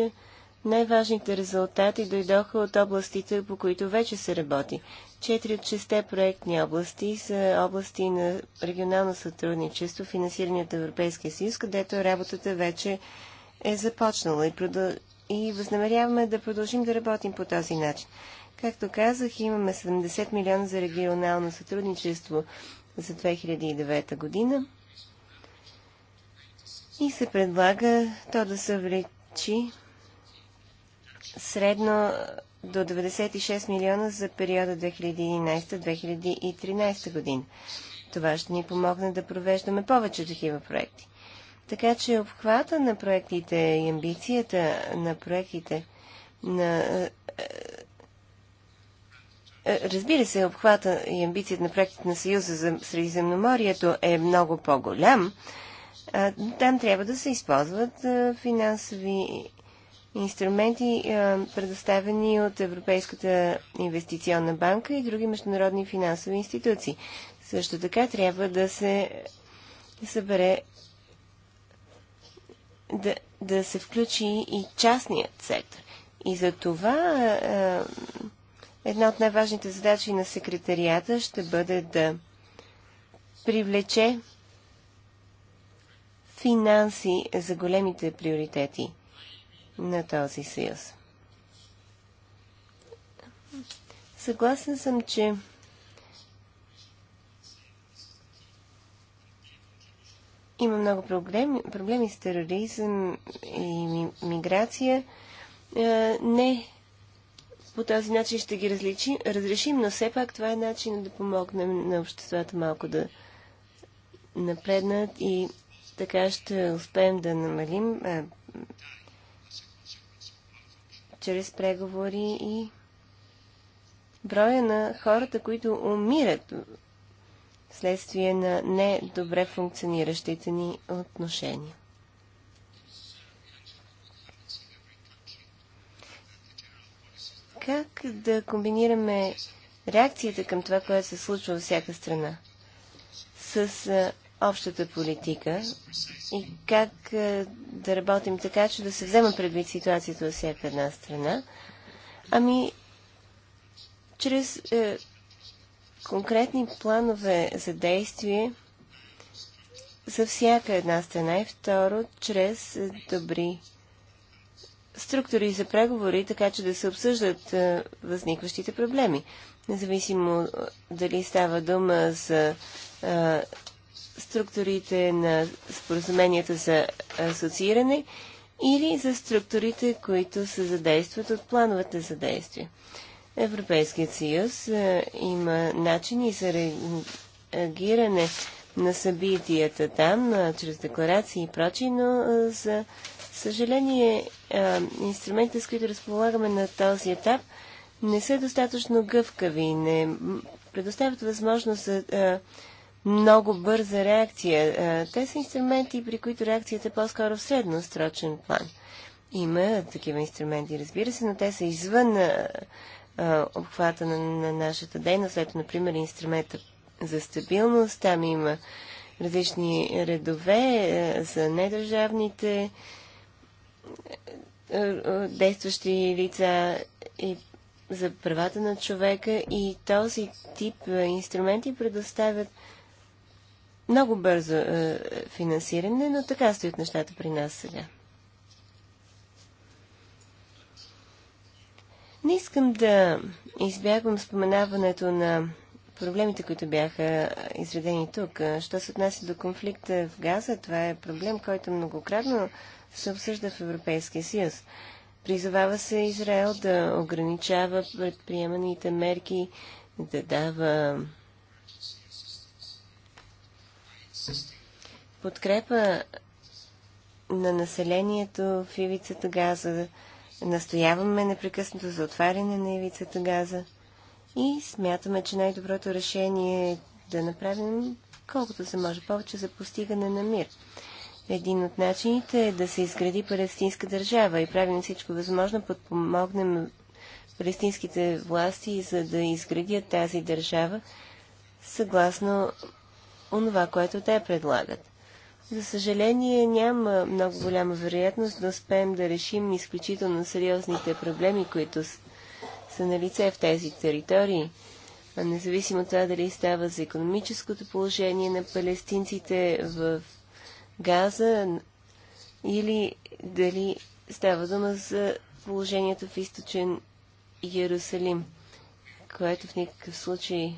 най-важните резултати дойдоха от областите, по които вече се работи. Четири от шесте проектни области са области на регионално сътрудничество, финансирани от Европейския съюз, където работата вече е започнала и, продъл... и възнамеряваме да продължим да работим по този начин. Както казах, имаме 70 милиона за регионално сътрудничество за 2009 година и се предлага то да се увеличи средно до 96 милиона за периода 2011-2013 година. Това ще ни помогне да провеждаме повече такива проекти. Така че обхвата на проектите и амбицията на проектите на е, е, Разбира се, обхвата и амбицията на проектите на Съюза за Средиземноморието е много по-голям. Там трябва да се използват е, финансови инструменти, предоставени от Европейската инвестиционна банка и други международни финансови институции. Също така трябва да се събере да, да се включи и частният сектор. И за това е, една от най-важните задачи на секретарията ще бъде да привлече финанси за големите приоритети – на този съюз. Съгласен съм, че има много проблеми, проблеми с тероризъм и миграция. Е, не по този начин ще ги различи, разрешим, но все пак това е начин да помогнем на обществата малко да напреднат и така ще успеем да намалим е, чрез преговори и броя на хората, които умират вследствие на недобре функциониращите ни отношения. Как да комбинираме реакцията към това, което се случва във всяка страна? С общата политика и как е, да работим така, че да се взема предвид ситуацията във всяка една страна. Ами, чрез е, конкретни планове за действие за всяка една страна и второ, чрез е, добри структури за преговори, така че да се обсъждат е, възникващите проблеми. Независимо е, дали става дума за е, структурите на споразуменията за асоцииране или за структурите, които се задействат от плановете за действие. Европейският съюз е, има начини за реагиране на събитията там, е, чрез декларации и прочи, но е, за съжаление инструментите, с които разполагаме на този етап, не са достатъчно гъвкави, не предоставят възможност за много бърза реакция. Е, те са инструменти, при които реакцията е по-скоро в средносрочен план. Има такива инструменти, разбира се, но те са извън е, е, обхвата на, на нашата дейност. Ето, например, инструмента за стабилност. Там има различни редове за недържавните действащи лица и за правата на човека и този тип инструменти предоставят много бързо е, финансиране, но така стоят нещата при нас сега. Не искам да избягвам споменаването на проблемите, които бяха изредени тук. Що се отнася до конфликта в Газа, това е проблем, който многократно се обсъжда в Европейския съюз. Призовава се Израел да ограничава предприеманите мерки, да дава подкрепа на населението в ивицата Газа. Настояваме непрекъснато за отваряне на ивицата Газа и смятаме, че най-доброто решение е да направим колкото се може повече за постигане на мир. Един от начините е да се изгради палестинска държава и правим всичко възможно, подпомогнем палестинските власти, за да изградят тази държава съгласно онова, което те предлагат. За съжаление, няма много голяма вероятност да успеем да решим изключително сериозните проблеми, които са на лице в тези територии. А независимо от това дали става за економическото положение на палестинците в Газа или дали става дума за положението в източен Иерусалим, което в никакъв случай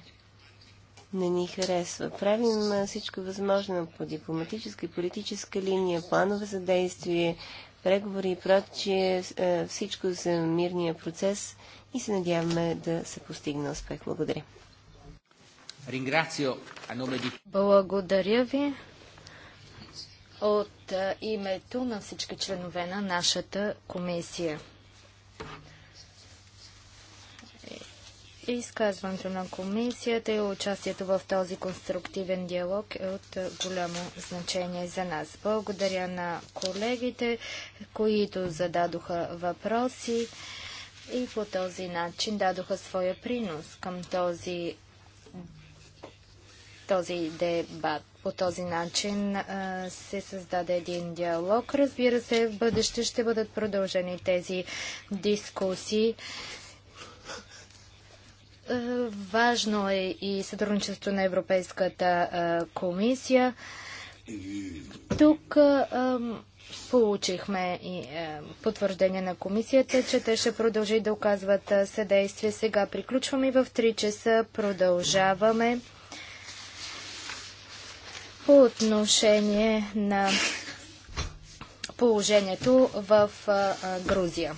не ни харесва. Правим всичко възможно по дипломатическа и политическа линия, планове за действие, преговори и прочие, всичко за мирния процес и се надяваме да се постигне успех. Благодаря. Благодаря ви от името на всички членове на нашата комисия. Изказването на комисията и участието в този конструктивен диалог е от голямо значение за нас. Благодаря на колегите, които зададоха въпроси и по този начин дадоха своя принос към този, този дебат. По този начин се създаде един диалог. Разбира се, в бъдеще ще бъдат продължени тези дискусии е, важно е и сътрудничество на Европейската е, комисия. Тук е, получихме и потвърждение на комисията, че те ще продължи да оказват съдействие. Сега приключваме и в 3 часа продължаваме по отношение на положението в Грузия.